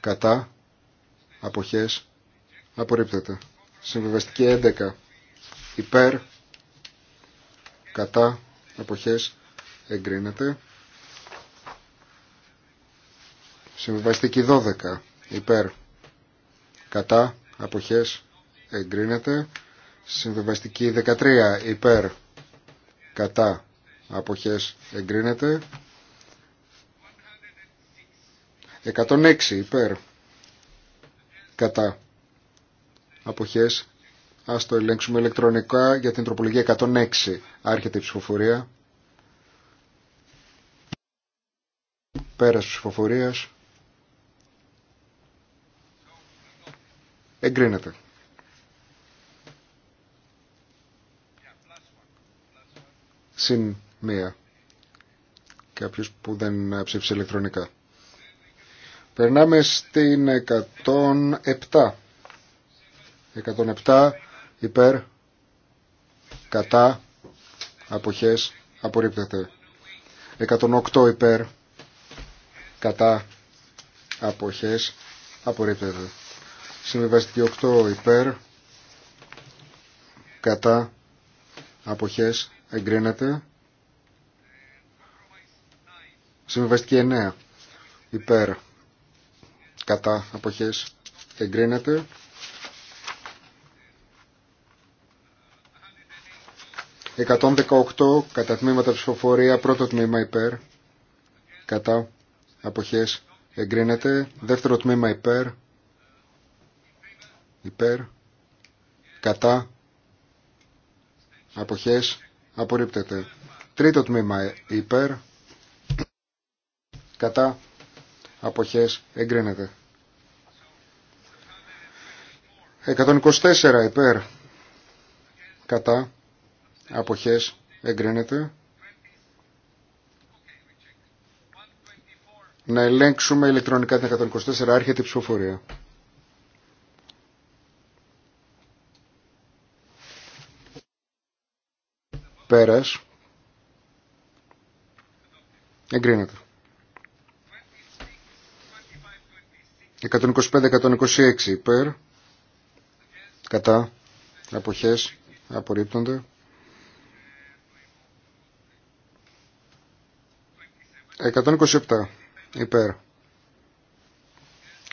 κατά αποχές Απορρίπτεται. Συμβιβαστική 11. Υπέρ. Κατά. Αποχές. Εγκρίνεται. Συμβιβαστική 12. Υπέρ. Κατά. Αποχές. Εγκρίνεται. Συμβιβαστική 13. Υπέρ. Κατά. Αποχές. Εγκρίνεται. 106. Υπέρ. Κατά αποχές ας το ελέγξουμε ηλεκτρονικά για την τροπολογία 106 άρχεται η ψηφοφορία πέρας ψηφοφορία. ψηφοφορίας εγκρίνεται συν μία κάποιος που δεν ψήφισε ηλεκτρονικά περνάμε στην 107 107 υπέρ κατά αποχές απορρίπτεται 108 υπέρ κατά αποχές απορρίπτεται συμβιβαστική 8 υπέρ κατά αποχές εγκρίνεται συμβιβαστική 9 υπέρ κατά αποχές εγκρίνεται 118 κατά τμήματα ψηφοφορία, πρώτο τμήμα υπέρ, κατά αποχές εγκρίνεται, δεύτερο τμήμα υπέρ, υπέρ, κατά αποχές απορρίπτεται. Τρίτο τμήμα υπέρ, κατά αποχές εγκρίνεται. 124 υπέρ, κατά αποχές εγκρίνεται. Να ελέγξουμε ηλεκτρονικά την 124 άρχεται η ψηφοφορία. Πέρας. Εγκρίνεται. 125-126 υπέρ. Κατά. Αποχές. Απορρίπτονται. 127 υπέρ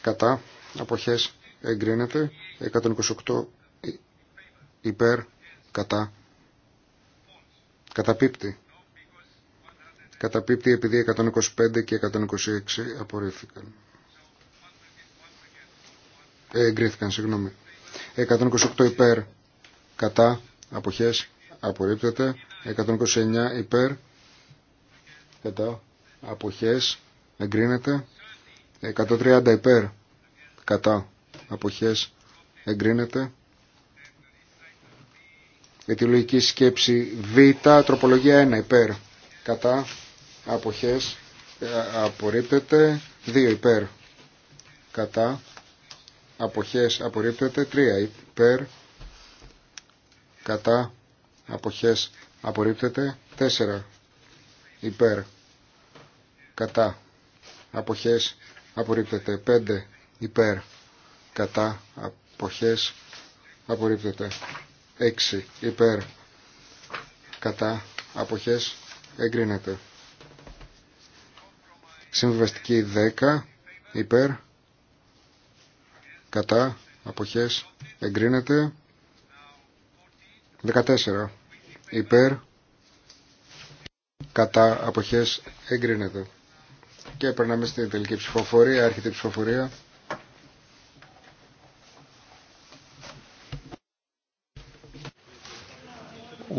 κατά αποχές εγκρίνεται 128 ε, υπέρ κατά καταπίπτει καταπίπτει επειδή 125 και 126 απορρίφθηκαν ε, εγκρίθηκαν συγγνώμη 128 υπέρ κατά αποχές απορρίπτεται 129 υπέρ κατά αποχές εγκρίνεται 130 υπέρ κατά αποχές εγκρίνεται αιτιολογική σκέψη β τροπολογία 1 ε, υπέρ κατά αποχές απορρίπτεται 2 υπέρ κατά αποχές απορρίπτεται 3 υπέρ κατά αποχές απορρίπτεται 4 υπέρ κατά αποχές απορρίπτεται 5 υπέρ κατά αποχές απορρίπτεται 6 υπέρ κατά αποχές εγκρίνεται συμβιβαστική 10 υπέρ κατά αποχές εγκρίνεται 14 υπέρ κατά αποχές εγκρίνεται και περνάμε στην τελική ψηφοφορία, άρχεται η ψηφοφορία.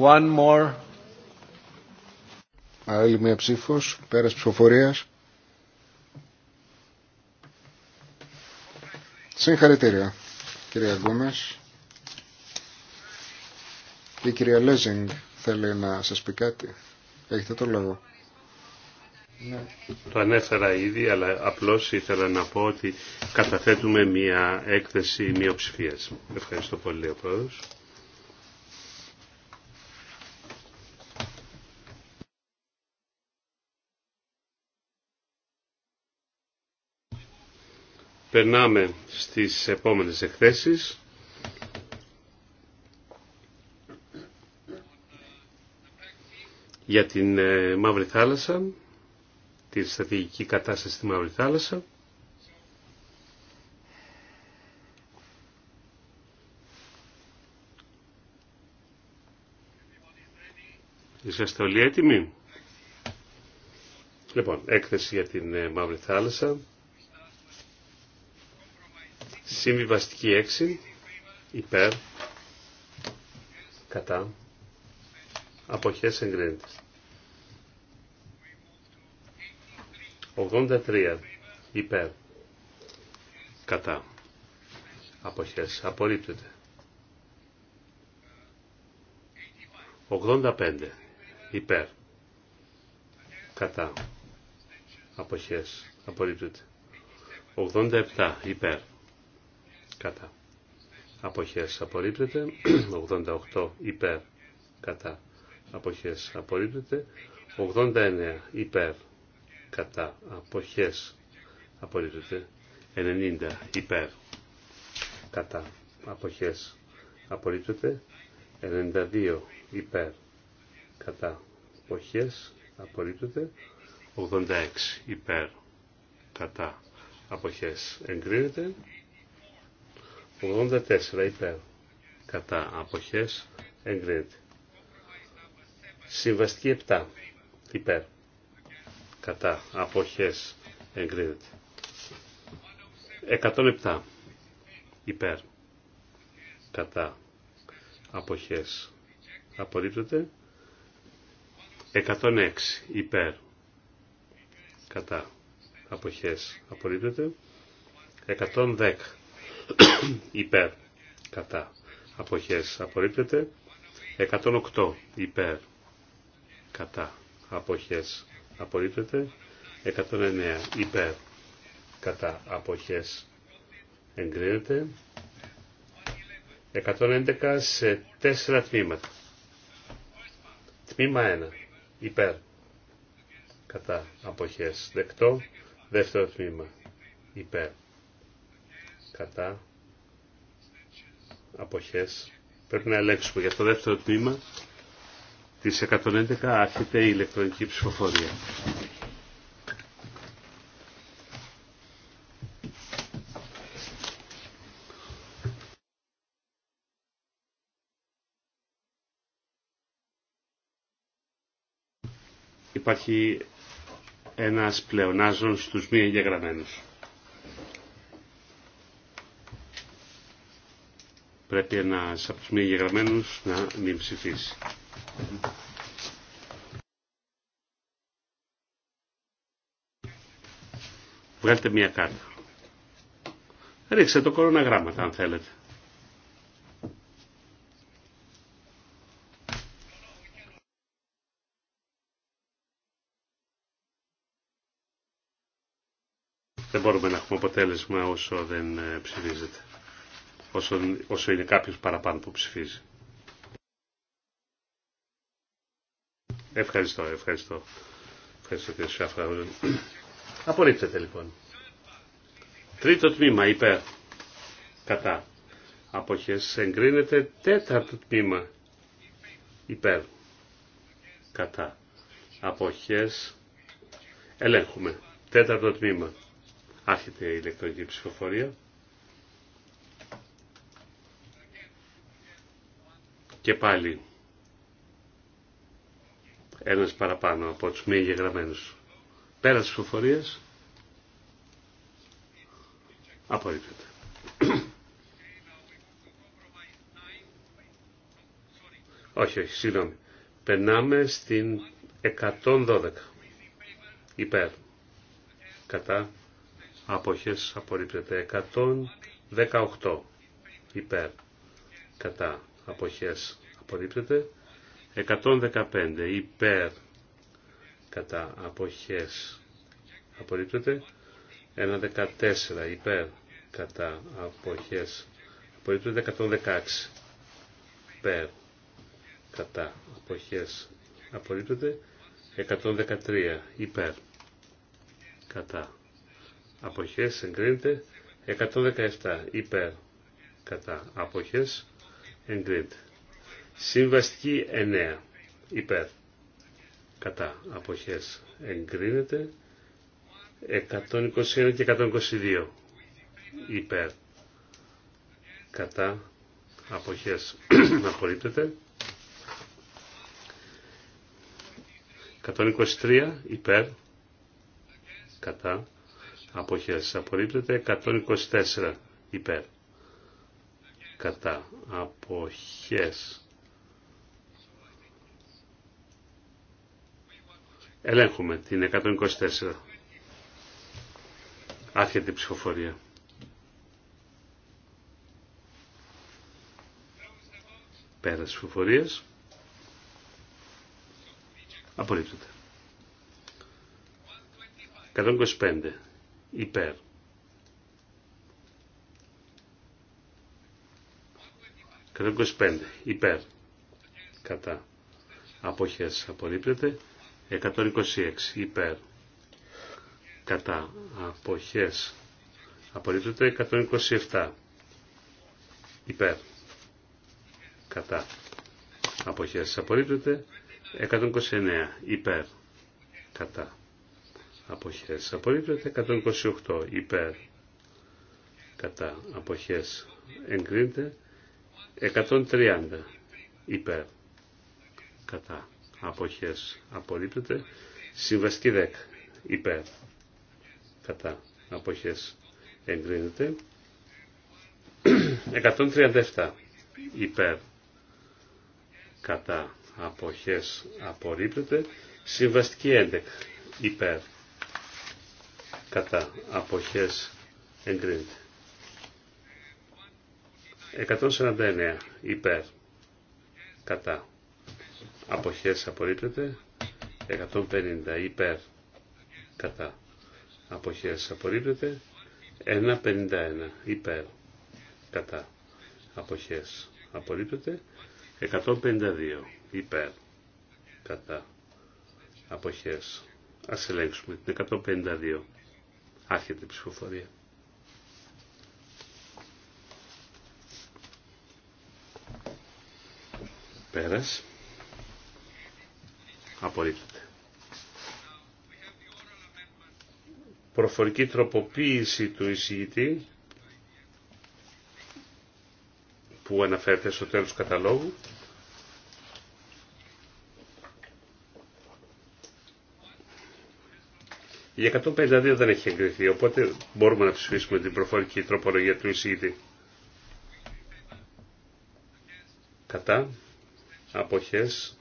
One more. Άλλη μια ψήφος, πέρας ψηφοφορίας. Συγχαρητήρια, κυρία Γκόμες. Η κυρία Λέζινγκ θέλει να σας πει κάτι. Έχετε το λόγο. Ναι. Το ανέφερα ήδη, αλλά απλώς ήθελα να πω ότι καταθέτουμε μια έκθεση μειοψηφία. Ευχαριστώ πολύ, ο Πρόεδρος. Περνάμε στις επόμενες εκθέσεις. Για την ε, Μαύρη Θάλασσα. Τη στρατηγική κατάσταση στη Μαύρη Θάλασσα. Είσαστε όλοι έτοιμοι. Λοιπόν, έκθεση για την ε, Μαύρη Θάλασσα. Συμβιβαστική 6. Υπέρ. Κατά. Αποχές εγκρίνητες. 83 υπέρ κατά αποχές απορρίπτεται 85 υπέρ κατά αποχές απορρίπτεται 87 υπέρ κατά αποχές απορρίπτεται 88 υπέρ κατά αποχές απορρίπτεται 89 υπέρ κατά αποχές απορρίπτεται 90 υπέρ κατά αποχές απορρίπτεται 92 υπέρ κατά αποχές απορρίπτεται 86 υπέρ κατά αποχές εγκρίνεται 84 υπέρ κατά αποχές εγκρίνεται συμβαστική 7 υπέρ κατά αποχές εγκρίνεται 107 υπέρ κατά αποχές απορρίπτεται 106 υπέρ κατά αποχές απορρίπτεται 110 υπέρ κατά αποχές απορρίπτεται 108 υπέρ κατά αποχές απορρίπτεται 109 υπέρ κατά αποχές εγκρίνεται 111 σε τέσσερα τμήματα τμήμα 1 υπέρ κατά αποχές δεκτό δεύτερο τμήμα υπέρ κατά αποχές πρέπει να ελέγξουμε για το δεύτερο τμήμα της 111 άρχεται η ηλεκτρονική ψηφοφορία. Υπάρχει ένας πλεονάζων στους μη εγγεγραμμένους. πρέπει ένα από του μη εγγεγραμμένου να μην ψηφίσει. Βγάλτε μία κάρτα. Ρίξτε το κοροναγράμματα αν θέλετε. Δεν μπορούμε να έχουμε αποτέλεσμα όσο δεν ε, ψηφίζεται όσο, όσο είναι κάποιος παραπάνω που ψηφίζει. Ευχαριστώ, ευχαριστώ. Ευχαριστώ κύριε Σιάφρα. Απορρίπτεται λοιπόν. Τρίτο τμήμα υπέρ. Κατά. Αποχές εγκρίνεται τέταρτο τμήμα υπέρ. Κατά. Αποχές ελέγχουμε. Τέταρτο τμήμα. Άρχεται η ηλεκτρονική ψηφοφορία. Και πάλι ένας παραπάνω από τους μη εγγεγραμμένους. Πέρα της ψηφοφορίας απορρίπτεται. όχι, όχι, συγγνώμη. Περνάμε στην 112. Υπέρ. Κατά. Αποχές απορρίπτεται. 118. Υπέρ. Κατά αποχές απορρίπτεται 115 υπέρ κατά αποχές απορρίπτεται 114 υπέρ κατά αποχές απορρίπτεται 116 υπέρ κατά αποχές απορρίπτεται 113 υπέρ κατά αποχές εγκρίνεται 117 υπέρ κατά αποχές εγκρίνεται. Συμβαστική 9 υπέρ κατά αποχές εγκρίνεται. 121 και 122 υπέρ κατά αποχές απορρίπτεται. 123 υπέρ κατά αποχές απορρίπτεται. 124 υπέρ κατά αποχές. Ελέγχουμε την 124. Άρχεται η ψηφοφορία. Πέρα ψηφοφορίες. Απορρίπτεται. 125. Υπέρ. 125 υπέρ κατά αποχές απορρίπτεται 126 υπέρ κατά αποχές απορρίπτεται 127 υπέρ κατά αποχές απορρίπτεται 129 υπέρ κατά αποχές απορρίπτεται 128 υπέρ κατά αποχές εγκρίνεται 130 υπέρ κατά αποχές απορρίπτεται. Συμβαστική 10 υπέρ κατά αποχές εγκρίνεται. 137 υπέρ κατά αποχές απορρίπτεται. Συμβαστική 11 υπέρ κατά αποχές εγκρίνεται. 149 υπέρ κατά αποχές απορρίπτεται 150 υπέρ κατά αποχές απορρίπτεται 151 υπέρ κατά αποχές απορρίπτεται 152 υπέρ κατά αποχές ας ελέγξουμε την 152 άρχεται η ψηφοφορία Πέρας. Απορρίπτεται. Προφορική τροποποίηση του εισηγητή που αναφέρεται στο τέλος καταλόγου. Η 152 δεν έχει εγκριθεί, οπότε μπορούμε να ψηφίσουμε την προφορική τροπολογία του εισηγητή. Κατά αποχές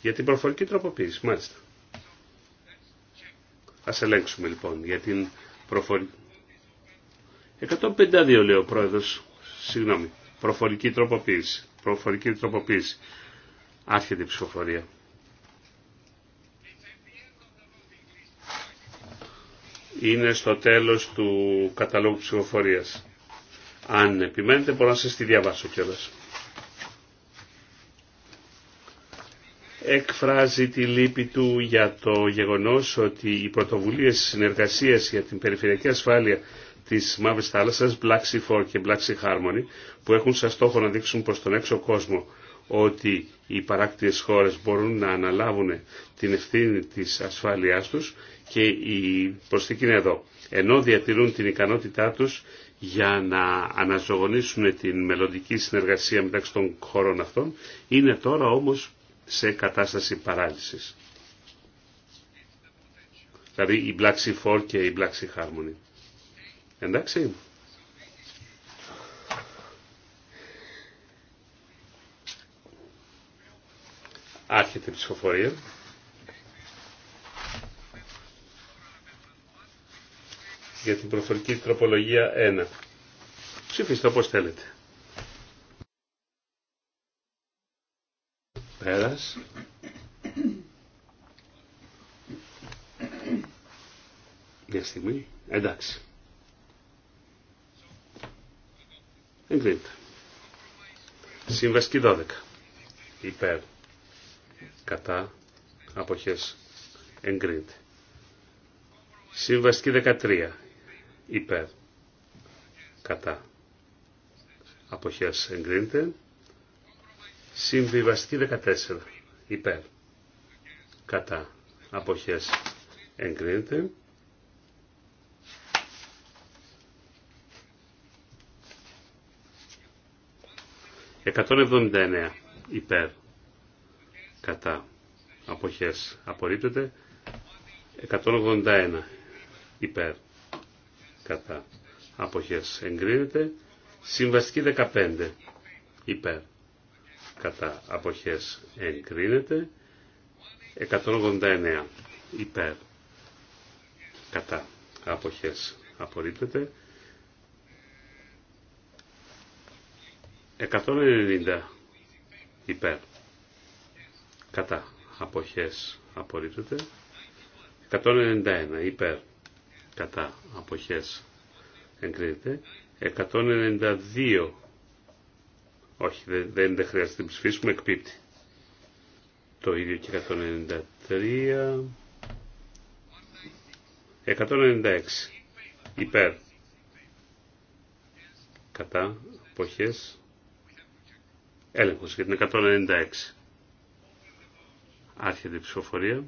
για την προφορική τροποποίηση, μάλιστα. Ας ελέγξουμε λοιπόν για την προφορική. 152 λέει ο πρόεδρος, συγγνώμη, προφορική τροποποίηση, προφορική τροποποίηση. Άρχεται η ψηφοφορία. Είναι στο τέλος του καταλόγου ψηφοφορίας. Αν επιμένετε μπορώ να σας τη διαβάσω κιόλας. εκφράζει τη λύπη του για το γεγονός ότι οι πρωτοβουλίες συνεργασίας για την περιφερειακή ασφάλεια της Μαύρης Θάλασσας, Black Sea 4 και Black Sea Harmony, που έχουν σαν στόχο να δείξουν προς τον έξω κόσμο ότι οι παράκτιες χώρες μπορούν να αναλάβουν την ευθύνη της ασφάλειάς τους και η προσθήκη είναι εδώ. Ενώ διατηρούν την ικανότητά τους για να αναζωογονήσουν την μελλοντική συνεργασία μεταξύ των χωρών αυτών, είναι τώρα όμως σε κατάσταση παράλυσης. Δηλαδή η Black Sea και η Black Sea Harmony. Εντάξει. Άρχεται η ψηφοφορία. για την προφορική τροπολογία 1. Ψηφίστε όπως θέλετε. Πέρας. Μια στιγμή. Εντάξει. Εγκρίνεται. Σύμβασκη 12. Υπέρ. Κατά. Αποχές. Εγκρίνεται. Σύμβασκη 13 υπέρ κατά αποχές εγκρίνεται συμβιβαστική 14 υπέρ κατά αποχές εγκρίνεται ...179 υπέρ κατά αποχές απορρίπτεται... ...181 υπέρ κατά αποχές εγκρίνεται. Συμβαστική 15 υπέρ κατά αποχές εγκρίνεται. 189 υπέρ κατά αποχές απορρίπτεται. 190 υπέρ κατά αποχές απορρίπτεται 191 υπέρ κατά αποχές εγκρίνεται 192 όχι δεν, δεν, χρειάζεται να ψηφίσουμε εκπίπτει το ίδιο και 193 196 υπέρ κατά αποχές έλεγχος για την 196 άρχεται η ψηφοφορία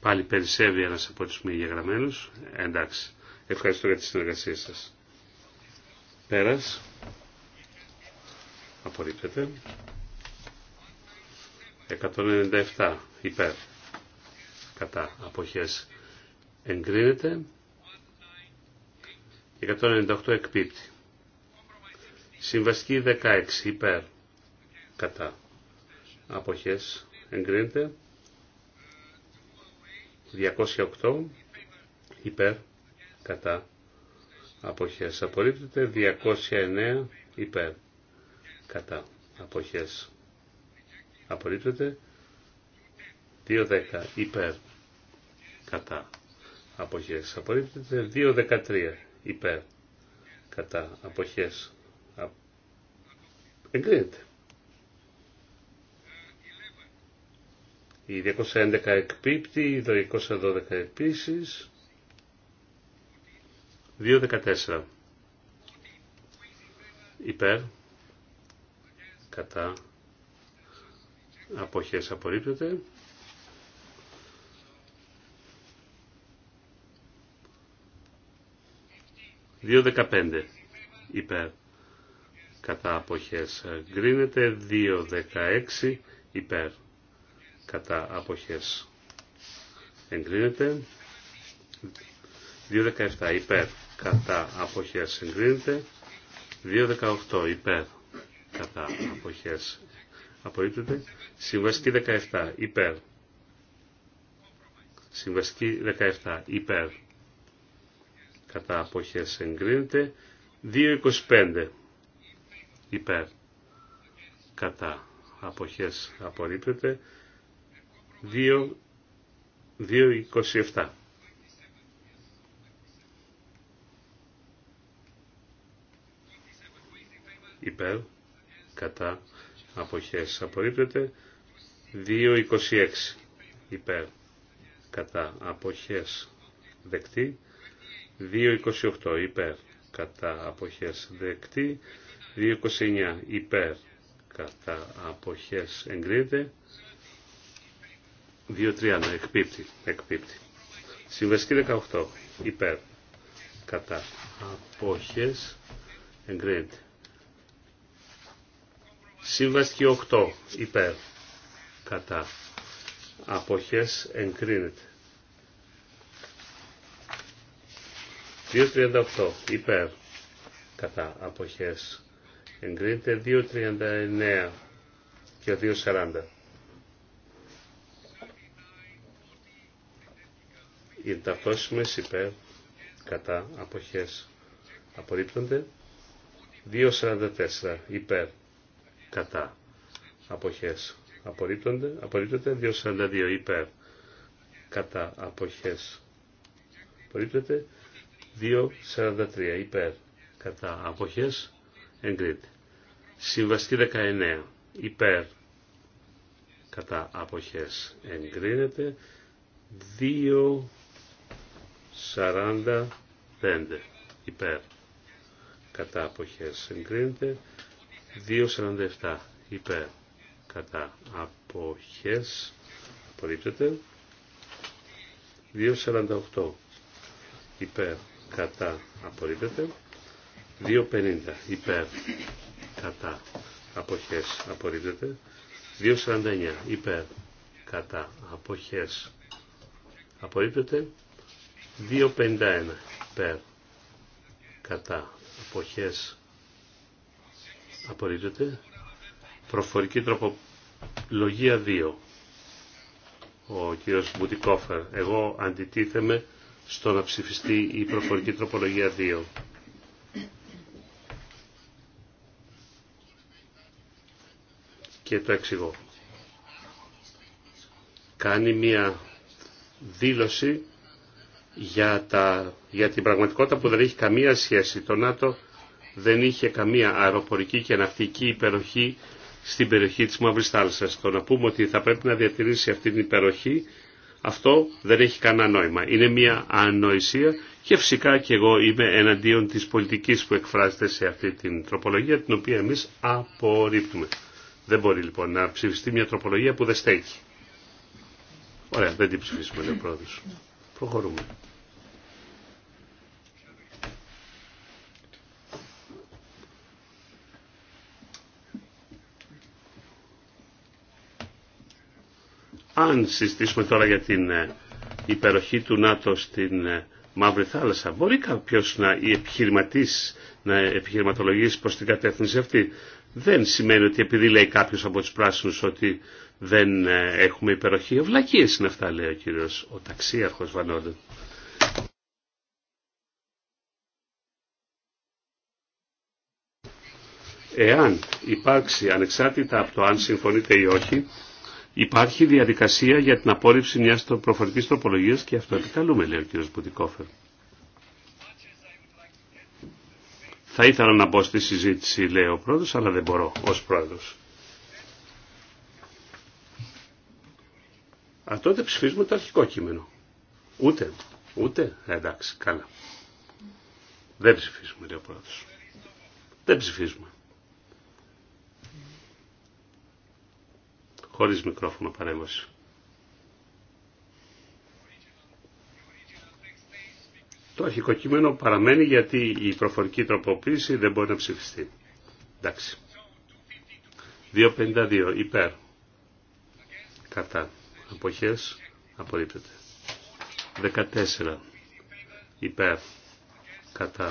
Πάλι περισσεύει ένας από τους μη γεγραμμένους. Ε, εντάξει. Ευχαριστώ για τη συνεργασία σας. Πέρας. Απορρίπτεται. 197 υπέρ. Κατά αποχές εγκρίνεται. 198 εκπίπτει. Συμβαστική 16 υπέρ. Κατά αποχές εγκρίνεται. 208 υπέρ κατά αποχές απορρίπτεται 209 υπέρ κατά αποχές απορρίπτεται 210 υπέρ κατά αποχές απορρίπτεται 213 υπέρ κατά αποχές εγκρίνεται Η 211 εκπίπτει, η 212 επίσης. 214. Υπέρ. Κατά. Αποχές απορρίπτεται. Δύο υπέρ κατά αποχές γκρίνεται, δύο δεκαέξι υπέρ κατά αποχές εγκρίνεται 2.17 υπέρ κατά αποχές εγκρίνεται 2.18 υπέρ κατά αποχές απορρίπτεται συμβαστική 17 υπέρ συμβαστική 17 υπέρ κατά αποχές εγκρίνεται 2.25 υπέρ κατά αποχές απορρίπτεται 2, Υπέρ, κατά, αποχές απορρίπτεται. 2.26 υπέρ, κατά, αποχές δεκτή. 2.28 υπέρ, κατά, αποχές δεκτή. 2.29 υπέρ, κατά, αποχές εγκρίνεται. 2 2.30 ναι, εκπίπτει, εκπίπτει. Συμβαστική 18 υπέρ κατά Αποχέ. εγκρίνεται. Συμβαστική 8 υπέρ κατά απόχες εγκρίνεται. 2.38 υπέρ κατά αποχές εγκρίνεται 2.39 και 2.40 οι ταυτόσιμες υπέρ κατά αποχές απορρίπτονται 2.44 υπέρ κατά αποχές απορρίπτονται απορρίπτονται 2.42 υπέρ κατά αποχές απορρίπτονται 2.43 υπέρ κατά αποχές εγκρίνεται συμβαστή 19 υπέρ κατά αποχές εγκρίνεται 2 45 υπέρ κατά αποχές συγκρίνετε 2.47 υπέρ κατά αποχές απορρίπτεται 2.48 υπέρ κατά απορρίπτεται 2.50 υπέρ κατά αποχές απορρίπτεται 2.49 υπέρ κατά αποχές απορρίπτεται 2.51 υπέρ κατά αποχές απορρίζεται προφορική τροπολογία 2 ο κύριος Μπουτικόφερ εγώ αντιτίθεμαι στο να ψηφιστεί η προφορική τροπολογία 2 και το εξηγώ κάνει μια δήλωση για, τα, για την πραγματικότητα που δεν έχει καμία σχέση. Το ΝΑΤΟ δεν είχε καμία αεροπορική και ναυτική υπεροχή στην περιοχή της Μαύρης Θάλασσας. Το να πούμε ότι θα πρέπει να διατηρήσει αυτή την υπεροχή, αυτό δεν έχει κανένα νόημα. Είναι μια ανοησία και φυσικά και εγώ είμαι εναντίον της πολιτικής που εκφράζεται σε αυτή την τροπολογία, την οποία εμείς απορρίπτουμε. Δεν μπορεί λοιπόν να ψηφιστεί μια τροπολογία που δεν στέκει. Ωραία, δεν την ψηφίσουμε, λέει ο Προχωρούμε. Αν συζητήσουμε τώρα για την ε, υπεροχή του ΝΑΤΟ στην ε, Μαύρη Θάλασσα, μπορεί κάποιο να η να επιχειρηματολογήσει προ την κατεύθυνση αυτή. Δεν σημαίνει ότι επειδή λέει κάποιος από του πράσινου ότι δεν ε, έχουμε υπεροχή. Ευλακίες είναι αυτά, λέει ο κύριος, ο ταξίαρχος Βανόντου. Εάν υπάρξει ανεξάρτητα από το αν συμφωνείτε ή όχι, Υπάρχει διαδικασία για την απόρριψη μια προφορική τροπολογία και αυτό επικαλούμε, λέει ο κ. Μπουτικόφερ. Θα ήθελα να μπω στη συζήτηση, λέει ο πρόεδρος, αλλά δεν μπορώ ως πρόεδρος. Α, τότε ψηφίζουμε το αρχικό κείμενο. Ούτε, ούτε, ε, εντάξει, καλά. Δεν ψηφίζουμε, λέει ο πρόεδρος. Δεν ψηφίζουμε. Χωρίς μικρόφωνο παρέμβαση. Το αρχικό κείμενο παραμένει γιατί η προφορική τροποποίηση δεν μπορεί να ψηφιστεί. Εντάξει. 2.52 υπέρ. Κατά. Αποχές. Απορρίπτεται. 14 υπέρ. Κατά.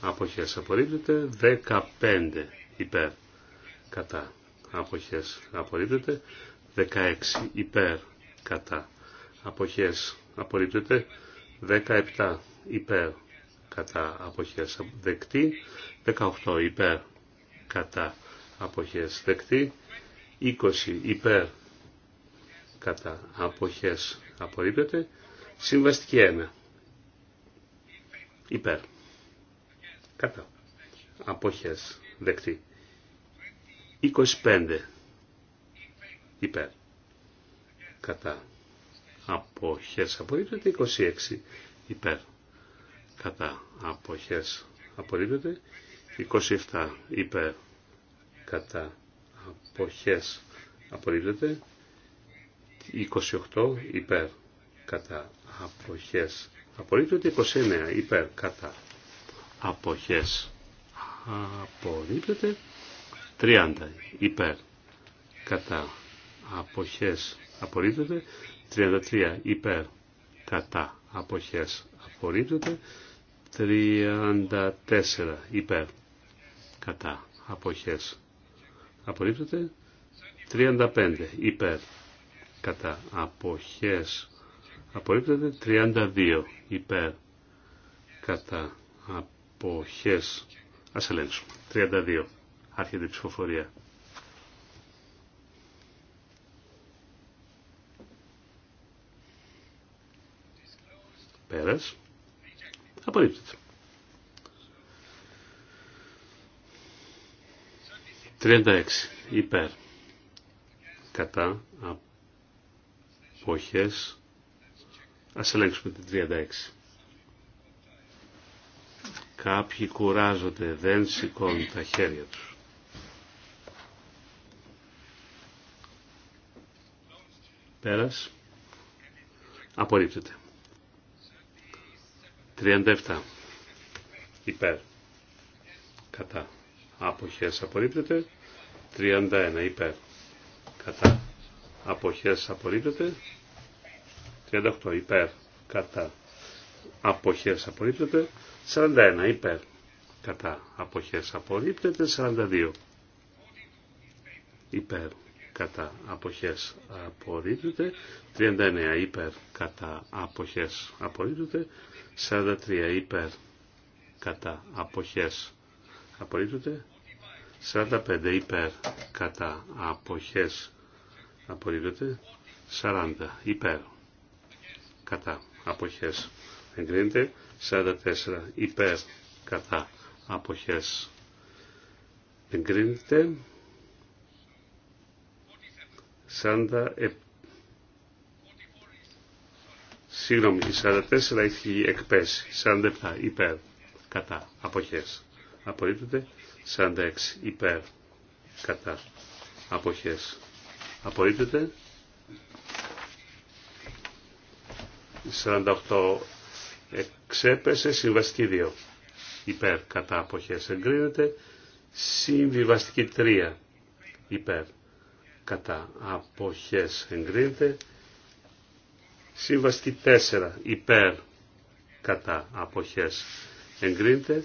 Αποχές. Απορρίπτεται. 15 υπέρ. Κατά αποχές απορρίπτεται 16 υπέρ κατά αποχές απορρίπτεται 17 υπέρ κατά αποχές δεκτή 18 υπέρ κατά αποχές δεκτή 20 υπέρ κατά αποχές απορρίπτεται συμβαστική 1 υπέρ κατά αποχές δεκτή 25 υπέρ κατά αποχές απορρίπτεται 26 υπέρ κατά αποχές απορρίπτεται 27 υπέρ κατά αποχές απορρίπτεται 28 υπέρ κατά αποχές απορρίπτεται 29 υπέρ κατά αποχές απορρίπτεται 30 υπέρ κατά αποχές απορρίπτεται 33 υπέρ κατά αποχές απορρίπτεται 34 υπέρ κατά αποχές απορρίπτεται 35 υπέρ κατά αποχές απορρίπτεται 32 υπέρ κατά αποχές ας ελέγξουμε 32 Άρχεται η ψηφοφορία. Πέρας. Απορρίπτεται. 36. Υπέρ. Κατά. Αποχές. Ας ελέγξουμε την 36. Κάποιοι κουράζονται, δεν σηκώνουν τα χέρια τους. Πέρας. Απορρίπτεται. 37. Υπέρ. Κατά. Αποχές απορρίπτεται. 31. Υπέρ. Κατά. Αποχές απορρίπτεται. 38. Υπέρ. Κατά. Αποχές απορρίπτεται. 41. Υπέρ. Κατά. Αποχές απορρίπτεται. 42. Υπέρ κατά αποχές απορρίπτουται, 39 υπέρ κατά αποχές απορρίπτουται, 43 υπέρ κατά αποχές απορρίπτουται, 45 υπέρ κατά αποχές απορρίπτουται, 40 υπέρ κατά αποχές εγκρίνεται, 44 υπέρ κατά αποχές εγκρίνεται, 47 Συγγνώμη, η 44 έχει εκπέσει. 47 υπέρ. Κατά. Αποχές. Απορρίπτεται. 46 υπέρ. Κατά. Αποχές. Απορρίπτεται. 48 εξέπεσε. Συμβαστική 2. Υπέρ. Κατά. Αποχές. Εγκρίνεται. Συμβιβαστική 3. Υπέρ κατά αποχές εγκρίνεται. Σύμβαστη 4 υπέρ κατά αποχές εγκρίνεται.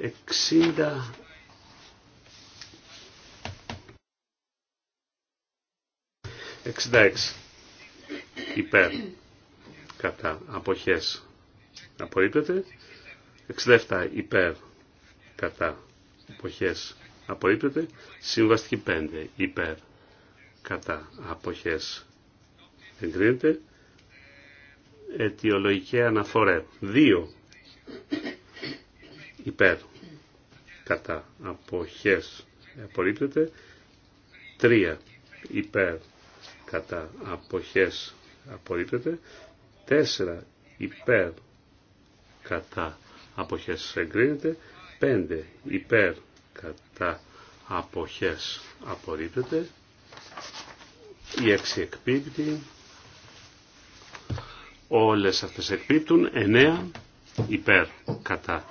60 66 υπέρ κατά αποχές απορρίπτεται 67 υπέρ κατά αποχές απορρίπτεται συμβαστική 5 υπέρ κατά αποχές εγκρίνεται αιτιολογική αναφορέ 2 υπέρ κατά αποχές απορρίπτεται 3 υπέρ κατά αποχές απορρίπτεται 4 υπέρ κατά αποχές εγκρίνεται 5 υπέρ κατά αποχές απορρίπτεται οι έξι εκπίπτει, όλες αυτές εκπίπτουν, εννέα, υπέρ, κατά,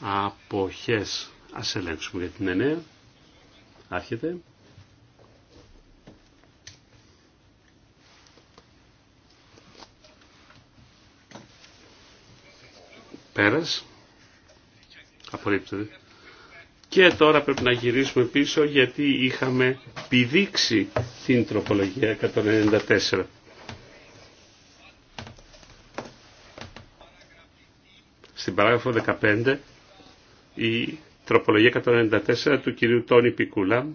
αποχές, ας ελέγξουμε για την εννέα, άρχεται. Πέρας, απορρίπτεται. Και τώρα πρέπει να γυρίσουμε πίσω γιατί είχαμε πηδήξει την τροπολογία 194. Στην παράγραφο 15 η τροπολογία 194 του κυρίου Τόνι Πικούλα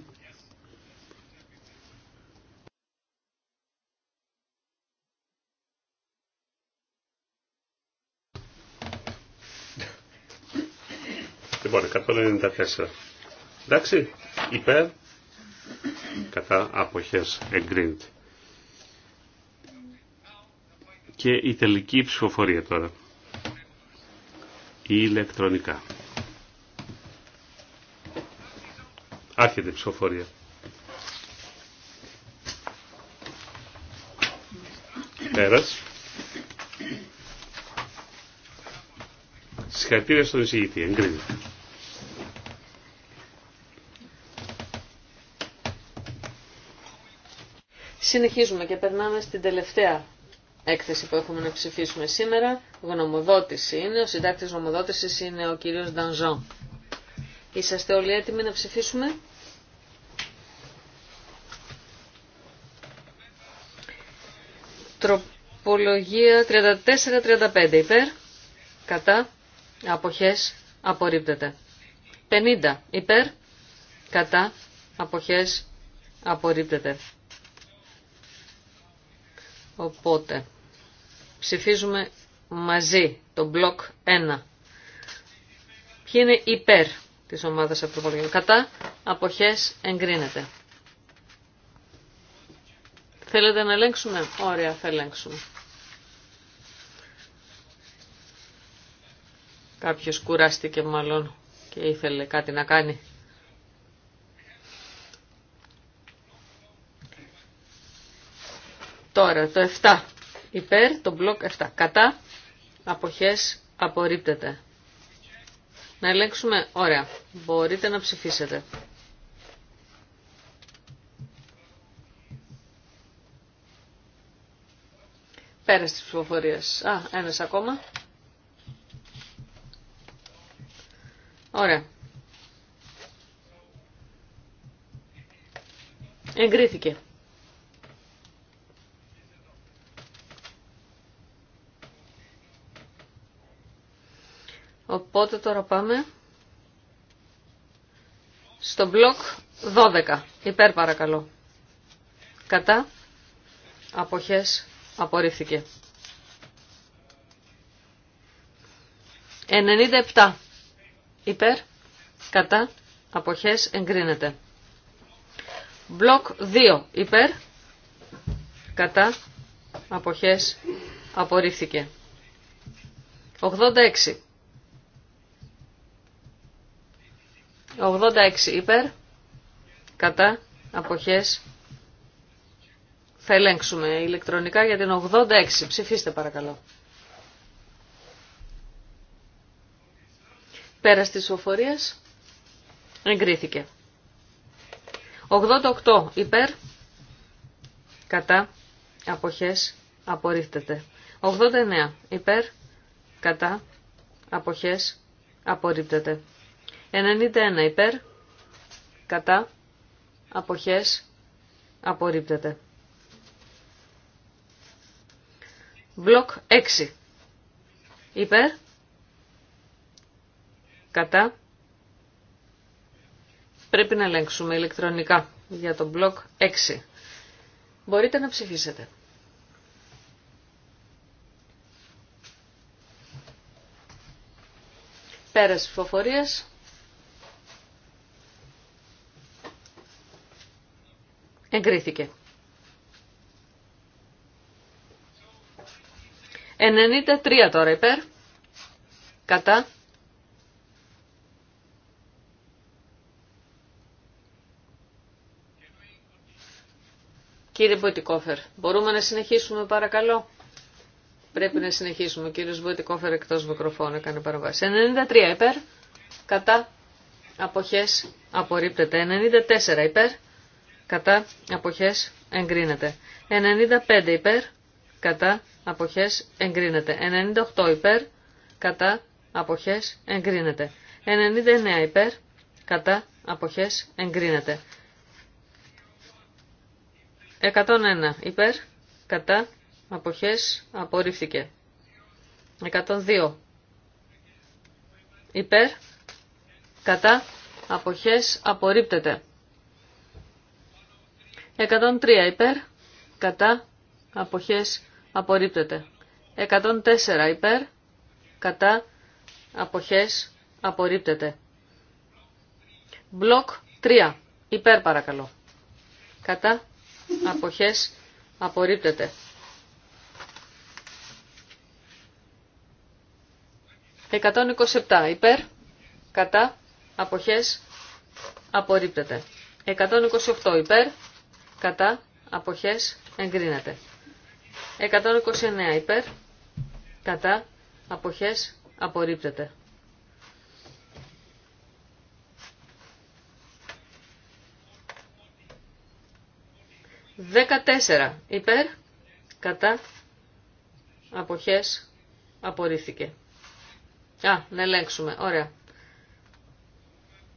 Εντάξει, υπέρ, κατά αποχές εγκρίνεται. Και η τελική ψηφοφορία τώρα. Η ηλεκτρονικά. Άρχεται η ψηφοφορία. Πέρας. Συγχαρητήρια στον εισηγητή. Εγκρίνεται. Συνεχίζουμε και περνάμε στην τελευταία έκθεση που έχουμε να ψηφίσουμε σήμερα. Γνωμοδότηση είναι, ο συντάκτης γνωμοδότησης είναι ο κύριος Ντανζό. Είσαστε όλοι έτοιμοι να ψηφίσουμε. Τροπολογία 34-35 υπέρ, κατά, αποχές, απορρίπτεται. 50 υπέρ, κατά, αποχές, απορρίπτεται. Οπότε ψηφίζουμε μαζί το μπλοκ 1. Ποιοι είναι υπέρ της ομάδας Ευρωπαϊκών. Κατά αποχές εγκρίνεται. Θέλετε να ελέγξουμε. Ωραία θα ελέγξουμε. Κάποιος κουράστηκε μάλλον και ήθελε κάτι να κάνει. Τώρα το 7 υπέρ, το μπλοκ 7 κατά, αποχές απορρίπτεται. Να ελέγξουμε, ωραία, μπορείτε να ψηφίσετε. Πέρα στις ψηφοφορίες. Α, ένας ακόμα. Ωραία. Εγκρίθηκε. Οπότε τώρα πάμε στο μπλοκ 12. Υπέρ παρακαλώ. Κατά. Αποχές. Απορρίφθηκε. 97. Υπέρ. Κατά. Αποχές. Εγκρίνεται. Μπλοκ 2. Υπέρ. Κατά. Αποχές. Απορρίφθηκε. 86. 86 υπέρ, κατά, αποχές. Θα ελέγξουμε ηλεκτρονικά για την 86. Ψηφίστε παρακαλώ. Πέρας της οφορίας εγκρίθηκε. 88 υπέρ, κατά, αποχές, απορρίφτεται. 89 υπέρ, κατά, αποχές, απορρίπτεται. 91 υπέρ, κατά, αποχές, απορρίπτεται. Μπλοκ 6 υπέρ, κατά, πρέπει να ελέγξουμε ηλεκτρονικά για το μπλοκ 6. Μπορείτε να ψηφίσετε. Πέρας ψηφοφορίας Εγκρίθηκε. 93 τώρα υπέρ. Κατά. Κύριε Μποτικόφερ, μπορούμε να συνεχίσουμε παρακαλώ. Πρέπει να συνεχίσουμε. Ο κύριος Μποτικόφερ εκτός μικροφώνου έκανε παραβάση. 93 υπέρ. Κατά. Αποχές απορρίπτεται. 94 υπέρ κατά αποχές εγκρίνεται. 95 υπέρ κατά αποχές εγκρίνεται. 98 υπέρ κατά αποχές εγκρίνεται. 99 υπέρ κατά αποχές εγκρίνεται. 101 υπέρ κατά αποχές απορρίφθηκε. 102 υπέρ κατά αποχές απορρίπτεται. 103 υπέρ, κατά, αποχές, απορρίπτεται. 104 υπέρ, κατά, αποχές, απορρίπτεται. Μπλοκ 3 υπέρ παρακαλώ. Κατά, αποχές, απορρίπτεται. 127 υπέρ, κατά, αποχές, απορρίπτεται. 128 υπέρ, κατά, αποχές, εγκρίνεται. 129 υπέρ, κατά, αποχές, απορρίπτεται. 14 υπέρ, κατά, αποχές, απορρίφθηκε. Α, να ελέγξουμε, ωραία.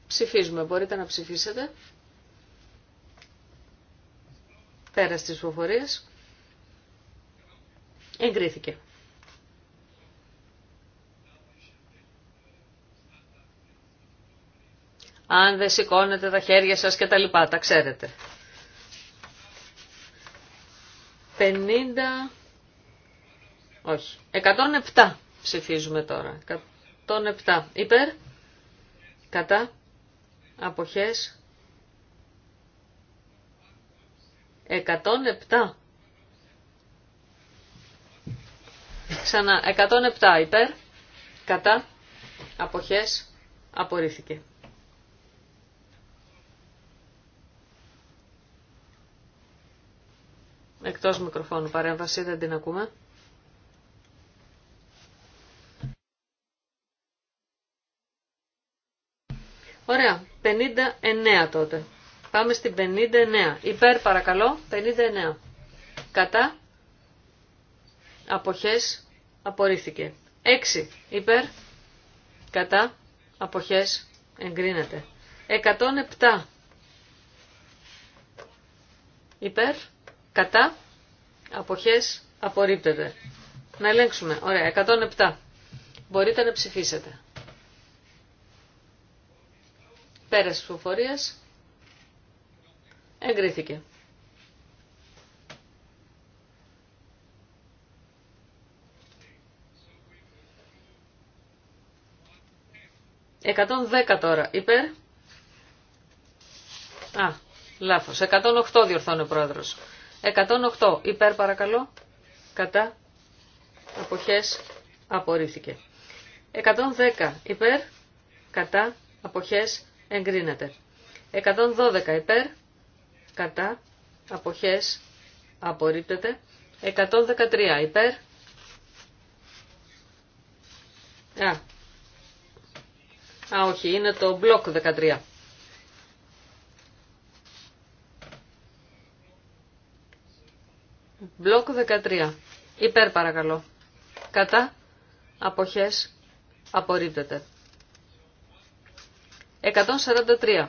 Ψηφίζουμε, μπορείτε να ψηφίσετε. Πέρα στις ψηφοφορίες. Εγκρίθηκε. Αν δεν σηκώνετε τα χέρια σας και τα λοιπά, τα ξέρετε. 50... Όχι. 107 ψηφίζουμε τώρα. 107. Υπέρ. Κατά. Αποχές. 107. Ξανά, 107 υπέρ, κατά, αποχές, απορρίφθηκε. Εκτός μικροφώνου παρέμβαση, δεν την ακούμε. Ωραία, 59 τότε. Πάμε στην 59. Υπέρ παρακαλώ, 59. Κατά. Αποχές. Απορρίφθηκε. 6. Υπέρ. Κατά. Αποχές. Εγκρίνεται. 107. Υπέρ. Κατά. Αποχές. Απορρίπτεται. Να ελέγξουμε. Ωραία. 107. Μπορείτε να ψηφίσετε. τη ψηφοφορίας. Εγκρίθηκε. 110 τώρα. Υπέρ. Α, λάθος. 108 διορθώνει ο πρόεδρος. 108 Υπέρ παρακαλώ. Κατά. Αποχές. Απορρίφθηκε. 110 υπέρ, κατά, αποχές, εγκρίνεται. 112 υπέρ, κατά, αποχές, απορρίπτεται. 113 υπέρ. Α, α όχι, είναι το μπλοκ 13. Μπλοκ 13. Υπέρ παρακαλώ. Κατά. Αποχές. Απορρίπτεται. 143.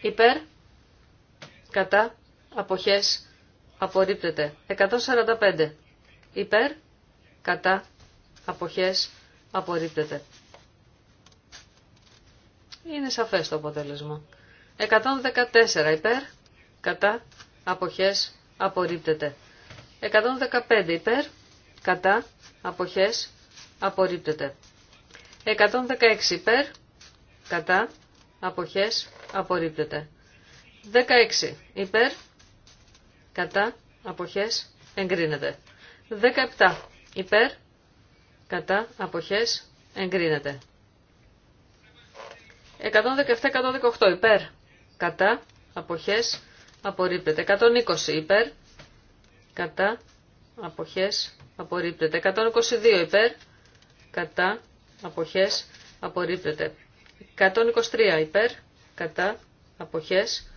Υπέρ κατά, αποχές, απορρίπτεται. 145 υπέρ, κατά, αποχές, απορρίπτεται. Είναι σαφές το αποτέλεσμα. 114 υπέρ, κατά, αποχές, απορρίπτεται. 115 υπέρ, κατά, αποχές, απορρίπτεται. 116 υπέρ, κατά, αποχές, απορρίπτεται. 16 υπέρ, κατά, αποχές, εγκρίνεται. 17 υπέρ, κατά, αποχές, εγκρίνεται. 117-118 υπέρ, κατά, αποχές, απορρίπτεται. 120 υπέρ, κατά, αποχές, απορρίπτεται. 122 υπέρ, κατά, αποχές, απορρίπτεται. 123 υπέρ, κατά, αποχές,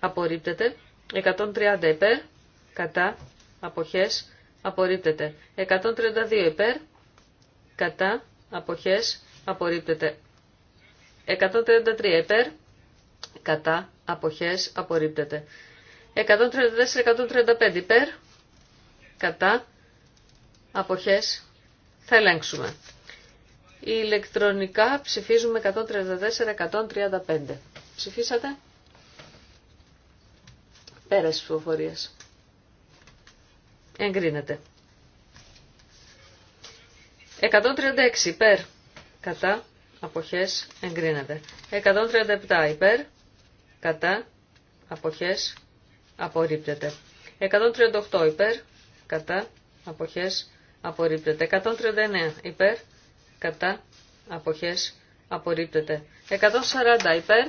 απορρίπτεται. 130 υπέρ, κατά, αποχές, απορρίπτεται. 132 υπέρ, κατά, αποχές, απορρίπτεται. 133 υπέρ, κατά, αποχές, απορρίπτεται. 134-135 υπέρ, κατά, αποχές, θα ελέγξουμε. ηλεκτρονικά ψηφίζουμε 134-135. Ψηφίσατε. Πέρας της ψηφοφορίας. Εγκρίνεται. 136 υπέρ. Κατά. Αποχές. Εγκρίνεται. 137 υπέρ. Κατά. Αποχές. Απορρίπτεται. 138 υπέρ. Κατά. Αποχές. Απορρίπτεται. 139 υπέρ. Κατά. Αποχές. Απορρίπτεται. 140 υπέρ.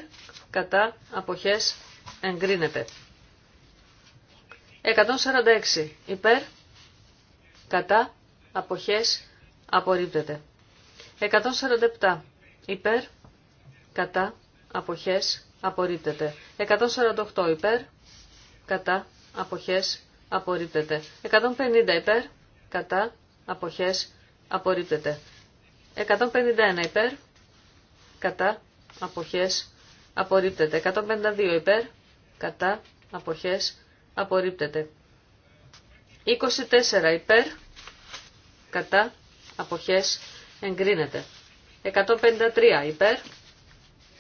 Κατά. Αποχές. Εγκρίνεται. 146 υπέρ, κατά, αποχές, απορρίπτεται. 147 υπέρ, κατά, αποχές, απορρίπτεται. 148 υπέρ, κατά, αποχές, απορρίπτεται. 150 υπέρ, κατά, αποχές, απορρίπτεται. 151 υπέρ, κατά, αποχές, απορρίπτεται. 152 υπέρ, κατά, αποχές, απορρίπτεται απορρίπτεται. 24 υπέρ, κατά, αποχές, εγκρίνεται. 153 υπέρ,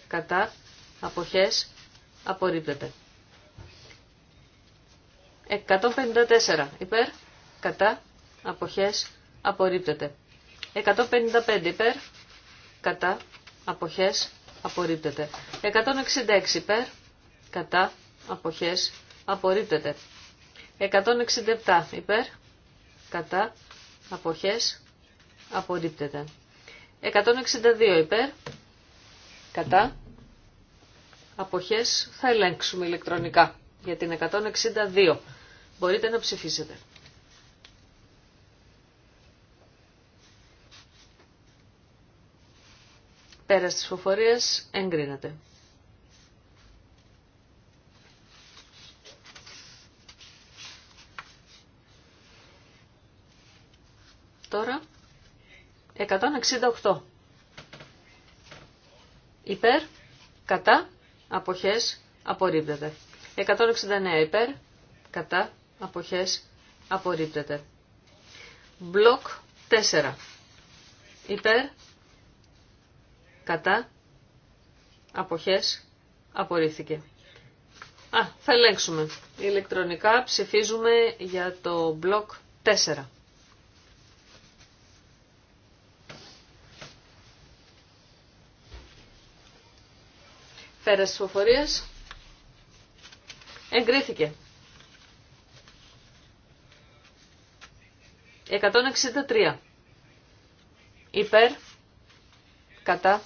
κατά, αποχές, απορρίπτεται. 154 υπέρ, κατά, αποχές, απορρίπτεται. 155 υπέρ, κατά, αποχές, απορρίπτεται. 166 υπέρ, κατά, αποχές, απορρίπτεται. 167 υπέρ, κατά, αποχές, απορρίπτεται. 162 υπέρ, κατά, αποχές, θα ελέγξουμε ηλεκτρονικά για την 162. Μπορείτε να ψηφίσετε. Πέρα της φοφορίας εγκρίνεται. Τώρα 168. Υπέρ, κατά, αποχές, απορρίπτεται. 169 υπέρ, κατά, αποχές, απορρίπτεται. Μπλοκ 4. Υπέρ, κατά, αποχές, απορρίφθηκε. Α, θα ελέγξουμε. Ηλεκτρονικά ψηφίζουμε για το μπλοκ 4. Πέρα στις φοφορίες. Εγκρίθηκε. 163. Υπέρ, κατά,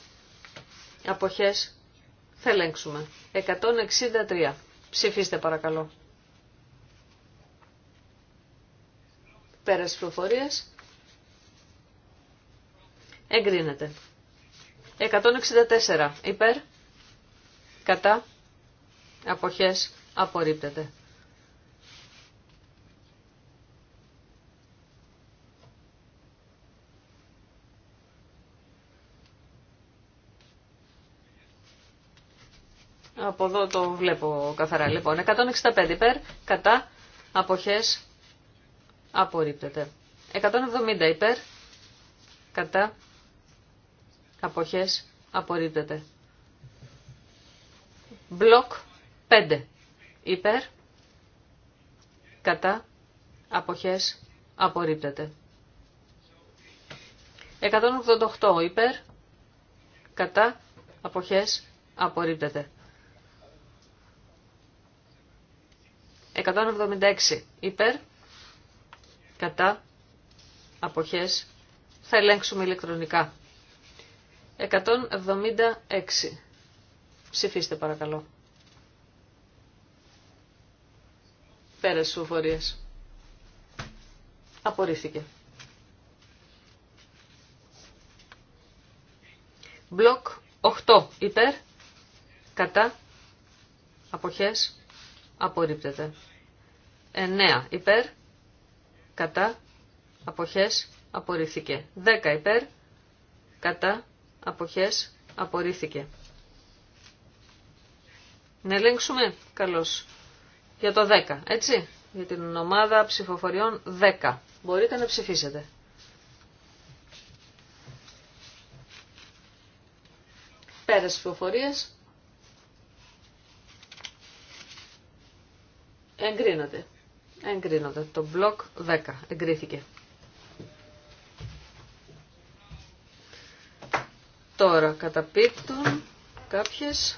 αποχές, θα 163. Ψηφίστε παρακαλώ. Πέρα στις Εγκρίνεται. 164. Υπέρ κατά, αποχές, απορρίπτεται. Από εδώ το βλέπω καθαρά. Λοιπόν, 165 υπέρ, κατά, αποχές, απορρίπτεται. 170 υπέρ, κατά, αποχές, απορρίπτεται. Μπλοκ 5. Υπέρ. Κατά. Αποχές. Απορρίπτεται. 188. Υπέρ. Κατά. Αποχές. Απορρίπτεται. 176. Υπέρ. Κατά. Αποχές. Θα ελέγξουμε ηλεκτρονικά. 176. Ψηφίστε παρακαλώ. Πέρασε ψηφοφορίες. Απορρίφθηκε. Μπλοκ 8 υπέρ, κατά, αποχές, απορρίπτεται. 9 υπέρ, κατά, αποχές, απορρίφθηκε. 10 υπέρ, κατά, αποχές, απορρίφθηκε. Να ελέγξουμε. Καλώς. Για το 10, έτσι. Για την ομάδα ψηφοφοριών 10. Μπορείτε να ψηφίσετε. Πέρασε ψηφοφορίες. Εγκρίνονται. Εγκρίνονται. Το μπλοκ 10. Εγκρίθηκε. Τώρα καταπίπτουν κάποιες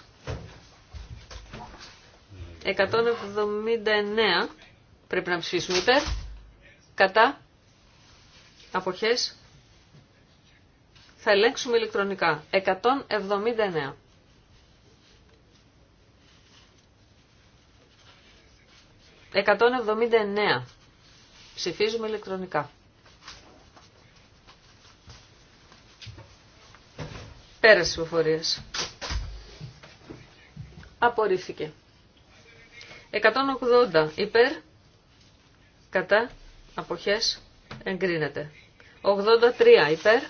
179 πρέπει να ψηφίσουμε υπέρ, κατά, αποχές, θα ελέγξουμε ηλεκτρονικά. 179. 179. Ψηφίζουμε ηλεκτρονικά. Πέρασε ψηφοφορίες. Απορρίφθηκε. 180 υπέρ, κατά, αποχές, εγκρίνεται. 83 υπέρ,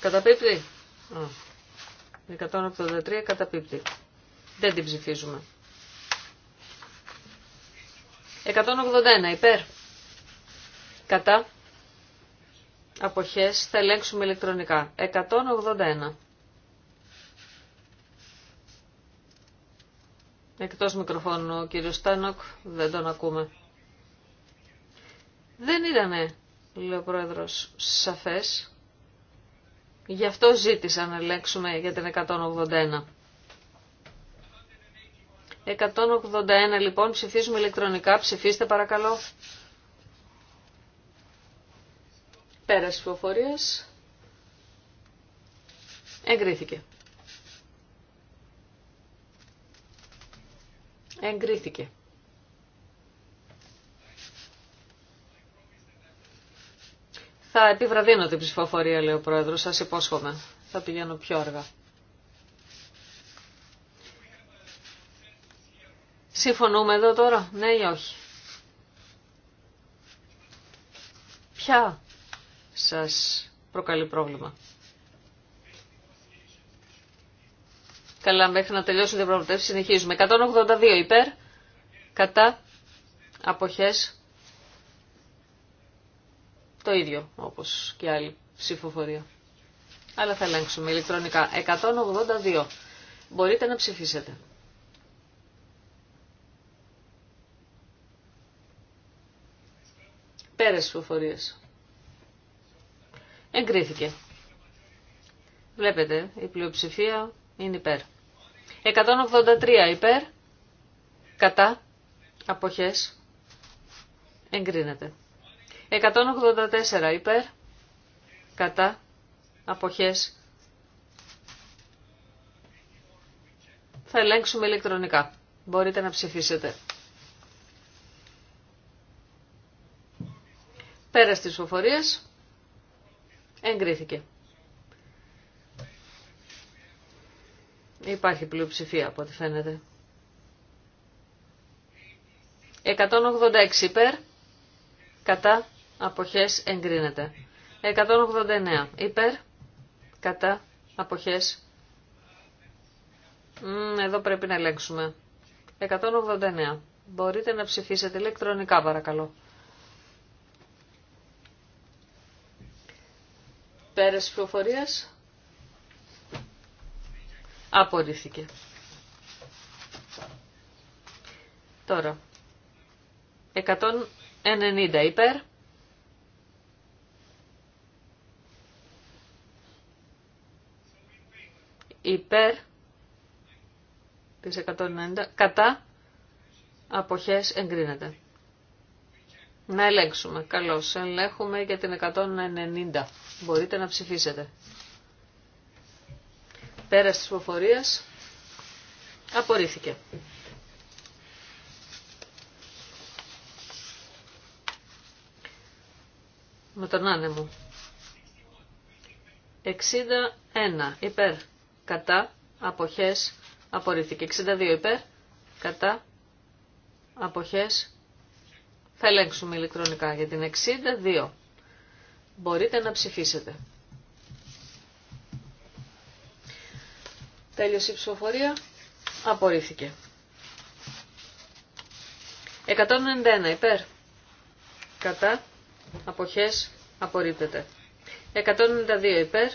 καταπίπτει. 183 καταπίπτει. Δεν την ψηφίζουμε. 181 υπέρ, κατά, αποχές, θα ελέγξουμε ηλεκτρονικά. 181. Εκτός μικροφώνου ο κύριος Στάνοκ, δεν τον ακούμε. Δεν ήτανε, λέει ο πρόεδρος, σαφές. Γι' αυτό ζήτησα να ελέγξουμε για την 181. 181 λοιπόν ψηφίζουμε ηλεκτρονικά. Ψηφίστε παρακαλώ. Πέρασε ψηφοφορίας. Εγκρίθηκε. Εγκρίθηκε. Θα επιβραδύνω την ψηφοφορία, λέει ο Πρόεδρος, σας υπόσχομαι. Θα πηγαίνω πιο αργά. Συμφωνούμε εδώ τώρα, ναι ή όχι. Ποια σας προκαλεί πρόβλημα. Καλά, μέχρι να τελειώσουν οι διαπραγματεύσει συνεχίζουμε. 182 υπέρ, κατά, αποχές, το ίδιο όπως και άλλη ψηφοφορία. Αλλά θα ελέγξουμε ηλεκτρονικά. 182. Μπορείτε να ψηφίσετε. Πέρες ψηφοφορίε. Εγκρίθηκε. Βλέπετε, η πλειοψηφία είναι υπέρ. 183 υπέρ, κατά, αποχές, εγκρίνεται. 184 υπέρ, κατά, αποχές, θα ελέγξουμε ηλεκτρονικά. Μπορείτε να ψηφίσετε. Πέρα στις ψηφοφορίες, εγκρίθηκε. Υπάρχει πλειοψηφία από ό,τι φαίνεται. 186 υπέρ, κατά, αποχές εγκρίνεται. 189 υπέρ, κατά, αποχές. Μ, εδώ πρέπει να ελέγξουμε. 189. Μπορείτε να ψηφίσετε ηλεκτρονικά παρακαλώ. Πέρες προφορίας. Απορρίφθηκε. Τώρα. 190 υπέρ. Υπέρ της 190. Κατά αποχές εγκρίνεται. Να ελέγξουμε. Καλώς. Ελέγχουμε για την 190. Μπορείτε να ψηφίσετε. Πέρας τη φοφορίες, απορρίφθηκε. Με τον άνεμο. 61 υπέρ κατά αποχές απορρίφθηκε. 62 υπέρ κατά αποχές θα ελέγξουμε ηλεκτρονικά για την 62. Μπορείτε να ψηφίσετε. Τέλειωσε η ψηφοφορία. Απορρίφθηκε. 191 υπέρ. Κατά. Αποχές. Απορρίπτεται. 192 υπέρ.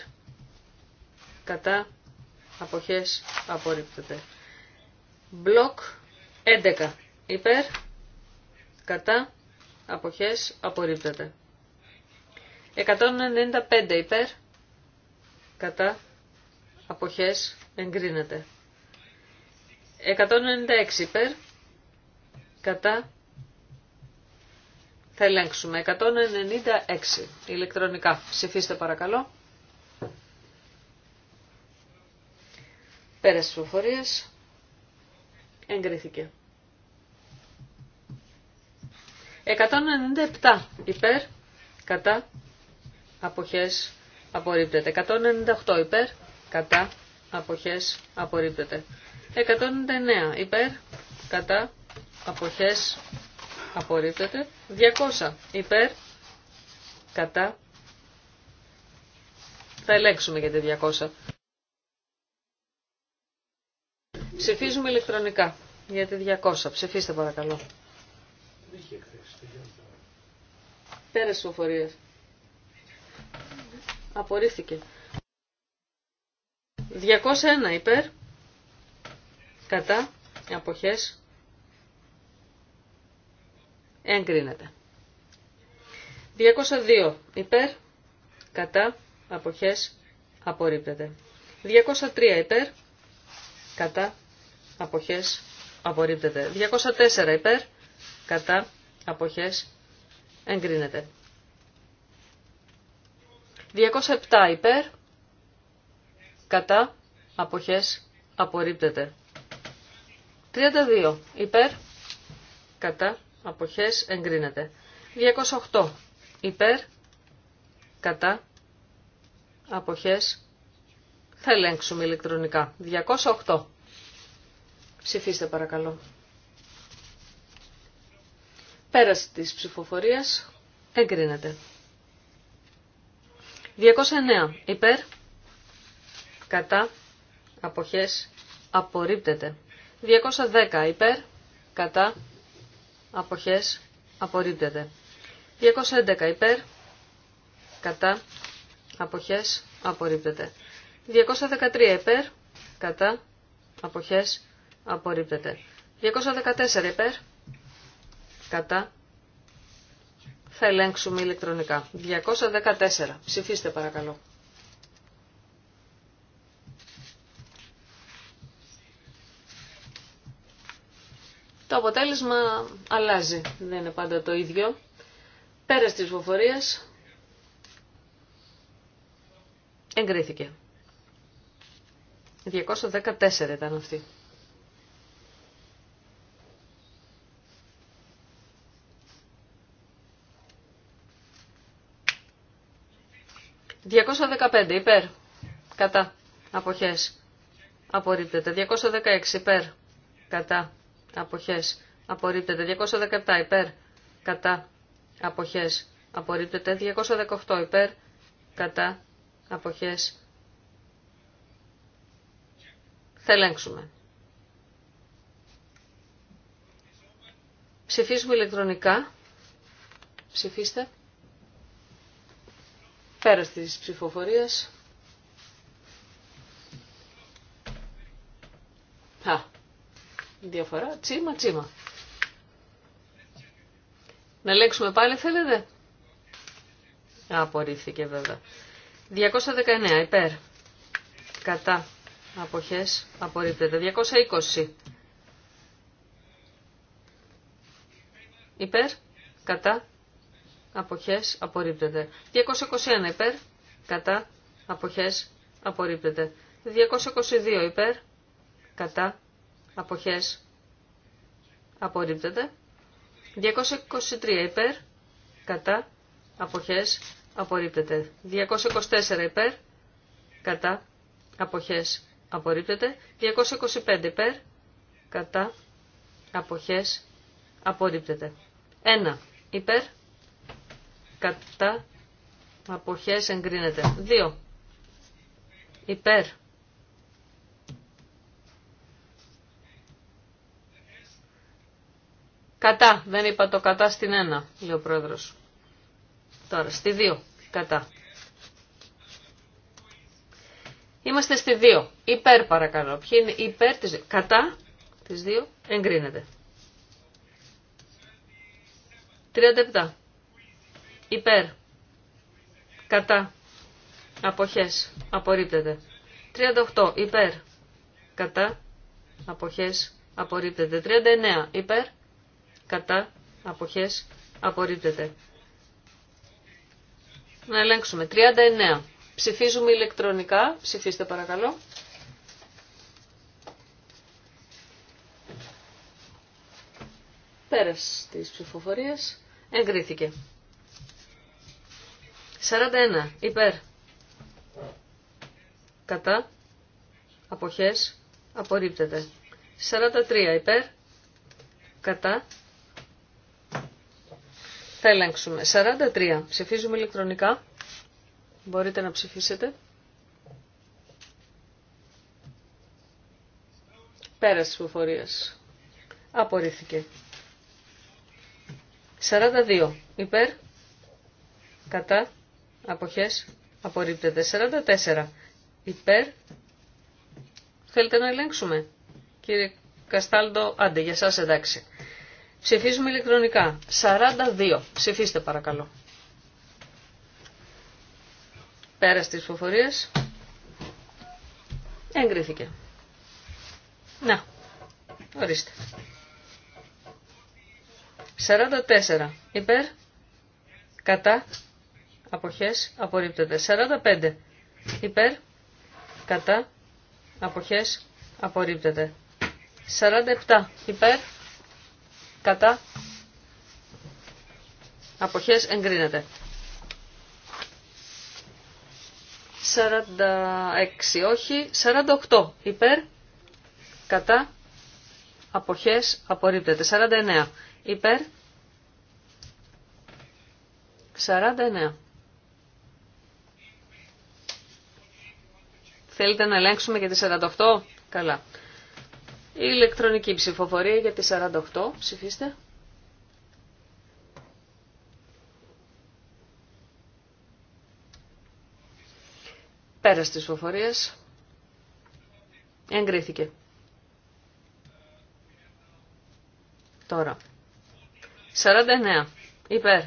Κατά. Αποχές. Απορρίπτεται. Μπλοκ 11 υπέρ. Κατά. Αποχές. Απορρίπτεται. 195 υπέρ. Κατά. Αποχές εγκρίνεται. 196 υπέρ, κατά, θα ελέγξουμε. 196 ηλεκτρονικά. Ψηφίστε παρακαλώ. Πέρασε προφορίες, εγκρίθηκε. 197 υπέρ, κατά, αποχές, απορρίπτεται. 198 υπέρ, κατά, αποχές απορρίπτεται. 199 υπέρ, κατά, αποχές απορρίπτεται. 200 υπέρ, κατά, θα ελέγξουμε για τη 200. Ψηφίζουμε ηλεκτρονικά για τη 200. Ψηφίστε παρακαλώ. Πέρασε φορείας. Απορρίφθηκε. 201 υπέρ. Κατά. Αποχές. Εγκρίνεται. 202 υπέρ. Κατά. Αποχές. Απορρίπτεται. 203 υπέρ. Κατά. Αποχές. Απορρίπτεται. 204 υπέρ. Κατά. Αποχές. Εγκρίνεται. 207 υπέρ κατά, αποχές, απορρίπτεται. 32. Υπέρ, κατά, αποχές, εγκρίνεται. 208. Υπέρ, κατά, αποχές, θα ελέγξουμε ηλεκτρονικά. 208. Ψηφίστε παρακαλώ. Πέραση της ψηφοφορίας εγκρίνεται. 209. Υπέρ, κατά, αποχές, απορρίπτεται. 210 υπέρ, κατά, αποχές, απορρίπτεται. 211 υπέρ, κατά, αποχές, απορρίπτεται. 213 υπέρ, κατά, αποχές, απορρίπτεται. 214 υπέρ, κατά, θα ελέγξουμε ηλεκτρονικά. 214. Ψηφίστε παρακαλώ. Το αποτέλεσμα αλλάζει, δεν είναι πάντα το ίδιο. Πέρα της ψηφοφορίας εγκρίθηκε. 214 ήταν αυτή. «215 υπέρ, κατά, αποχές, απορρίπτεται. 216 υπέρ, κατά, αποχές απορρίπτεται 217 υπέρ κατά αποχές απορρίπτεται 218 υπέρ κατά αποχές θα ελέγξουμε. Ψηφίζουμε ηλεκτρονικά. Ψηφίστε. Πέρα της ψηφοφορίας. Διαφορά. Τσίμα, τσίμα. Να λέξουμε πάλι θέλετε. Απορρίφθηκε βέβαια. 219 υπέρ. Κατά. Αποχές. Απορρίπτεται. 220. Υπέρ. Κατά. Αποχές. Απορρίπτεται. 221 υπέρ. Κατά. Αποχές. Απορρίπτεται. 222 υπέρ. Κατά αποχές απορρίπτεται. 223 υπέρ, κατά, αποχές απορρίπτεται. 224 υπέρ, κατά, αποχές απορρίπτεται. 225 υπέρ, κατά, αποχές απορρίπτεται. 1 υπέρ, κατά, αποχές εγκρίνεται. 2 υπέρ, Κατά, δεν είπα το κατά στην 1, λέει ο πρόεδρος. Τώρα, στη 2, κατά. Είμαστε στη 2. Υπέρ παρακαλώ. Ποιοι είναι υπέρ της Κατά της 2 εγκρίνεται. 37. Υπέρ. Κατά. Αποχές. Απορρίπτεται. 38. Υπέρ. Κατά. Αποχές. Απορρίπτεται. 39. Υπέρ κατά, αποχές, απορρίπτεται. Να ελέγξουμε. 39. Ψηφίζουμε ηλεκτρονικά. Ψηφίστε παρακαλώ. Πέρας τις ψηφοφορίας. Εγκρίθηκε. 41. Υπέρ. Κατά. Αποχές. Απορρίπτεται. 43. Υπέρ. Κατά θα ελέγξουμε. 43. Ψηφίζουμε ηλεκτρονικά. Μπορείτε να ψηφίσετε. Πέρας της ψηφοφορίας. Απορρίφθηκε. 42. Υπέρ. Κατά. Αποχές. Απορρίπτεται. 44. Υπέρ. Θέλετε να ελέγξουμε. Κύριε Καστάλντο, άντε για σας εντάξει. Ψηφίζουμε ηλεκτρονικά. 42. Ψηφίστε παρακαλώ. Πέρα στις ψηφοφορίες. Εγκρίθηκε. Να. Ορίστε. 44. Υπέρ. Κατά. Αποχές. Απορρίπτεται. 45. Υπέρ. Κατά. Αποχές. Απορρίπτεται. 47. Υπέρ κατά αποχές εγκρίνεται. 46 όχι, 48 υπέρ κατά αποχές απορρίπτεται. 49 υπέρ 49. Θέλετε να ελέγξουμε και τη 48. Καλά. Η ηλεκτρονική ψηφοφορία για τη 48. Ψηφίστε. Πέρασε τη ψηφοφορίες. Εγκρίθηκε. Τώρα. 49. Υπέρ.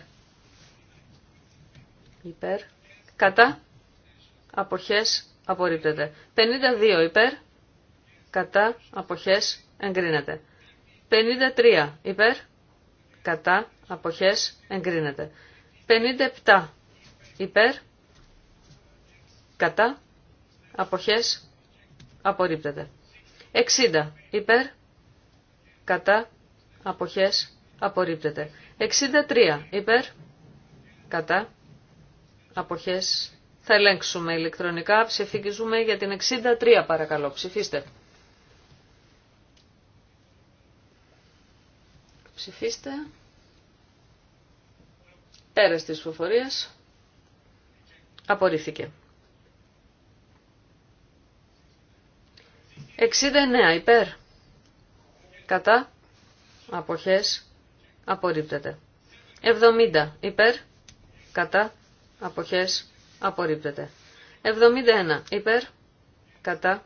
Υπέρ. Κατά. Αποχές. Απορρίπτεται. 52 υπέρ κατά αποχές εγκρίνεται. 53 υπέρ κατά αποχές εγκρίνεται. 57 υπέρ κατά αποχές απορρίπτεται. 60 υπέρ κατά αποχές απορρίπτεται. 63 υπέρ κατά αποχές θα ελέγξουμε ηλεκτρονικά, ψηφίζουμε για την 63 παρακαλώ, ψηφίστε. Ψηφίστε. Πέρας της φοφορίας. Απορρίφθηκε. 69 υπέρ. Κατά. Αποχές. Απορρίπτεται. 70 υπέρ. Κατά. Αποχές. Απορρίπτεται. 71 υπέρ. Κατά.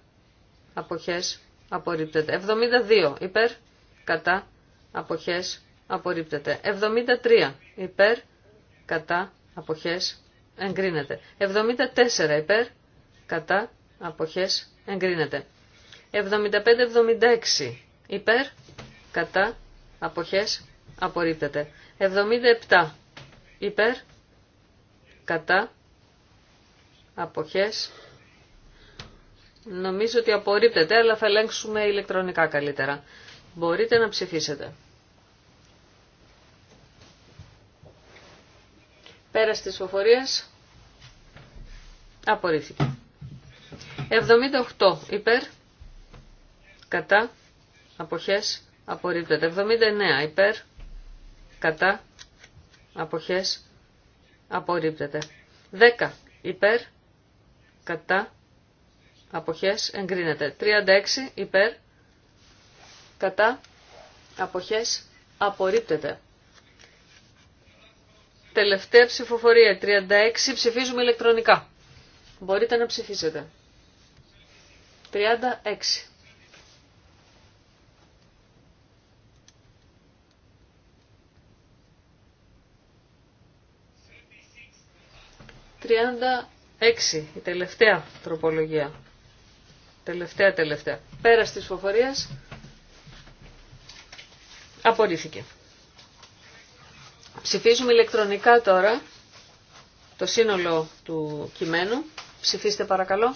Αποχές. Απορρίπτεται. 72 υπέρ. Κατά αποχές απορρίπτεται. 73 υπέρ, κατά, αποχές εγκρίνεται. 74 υπέρ, κατά, αποχές εγκρίνεται. 75-76 υπέρ, κατά, αποχές απορρίπτεται. 77 υπέρ, κατά, αποχές Νομίζω ότι απορρίπτεται, αλλά θα ελέγξουμε ηλεκτρονικά καλύτερα. Μπορείτε να ψηφίσετε. Πέρας της σοφορίας, απορρίφθηκε. 78 υπέρ, κατά, αποχές, απορρίπτεται. 79 υπέρ, κατά, αποχές, απορρίπτεται. 10 υπέρ, κατά, αποχές, εγκρίνεται. 36 υπέρ, κατά, αποχές, απορρίπτεται τελευταία ψηφοφορία. 36 ψηφίζουμε ηλεκτρονικά. Μπορείτε να ψηφίσετε. 36. 36. η τελευταία τροπολογία. Τελευταία, τελευταία. Πέρα τη φοφορίας απορρίφθηκε. Ψηφίζουμε ηλεκτρονικά τώρα το σύνολο του κειμένου. Ψηφίστε παρακαλώ.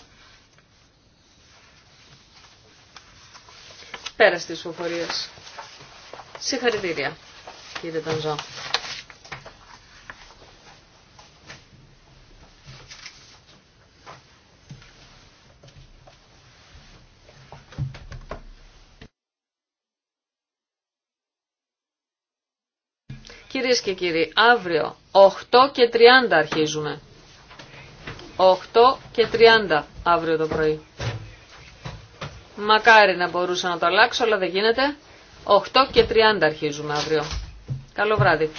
Πέρα στις φοφορίες. Συγχαρητήρια, κύριε Τανζό. Κυρίε και κύριοι, αύριο 8 και 30 αρχίζουμε. 8 και 30 αύριο το πρωί. Μακάρι να μπορούσα να το αλλάξω, αλλά δεν γίνεται. 8 και 30 αρχίζουμε αύριο. Καλό βράδυ.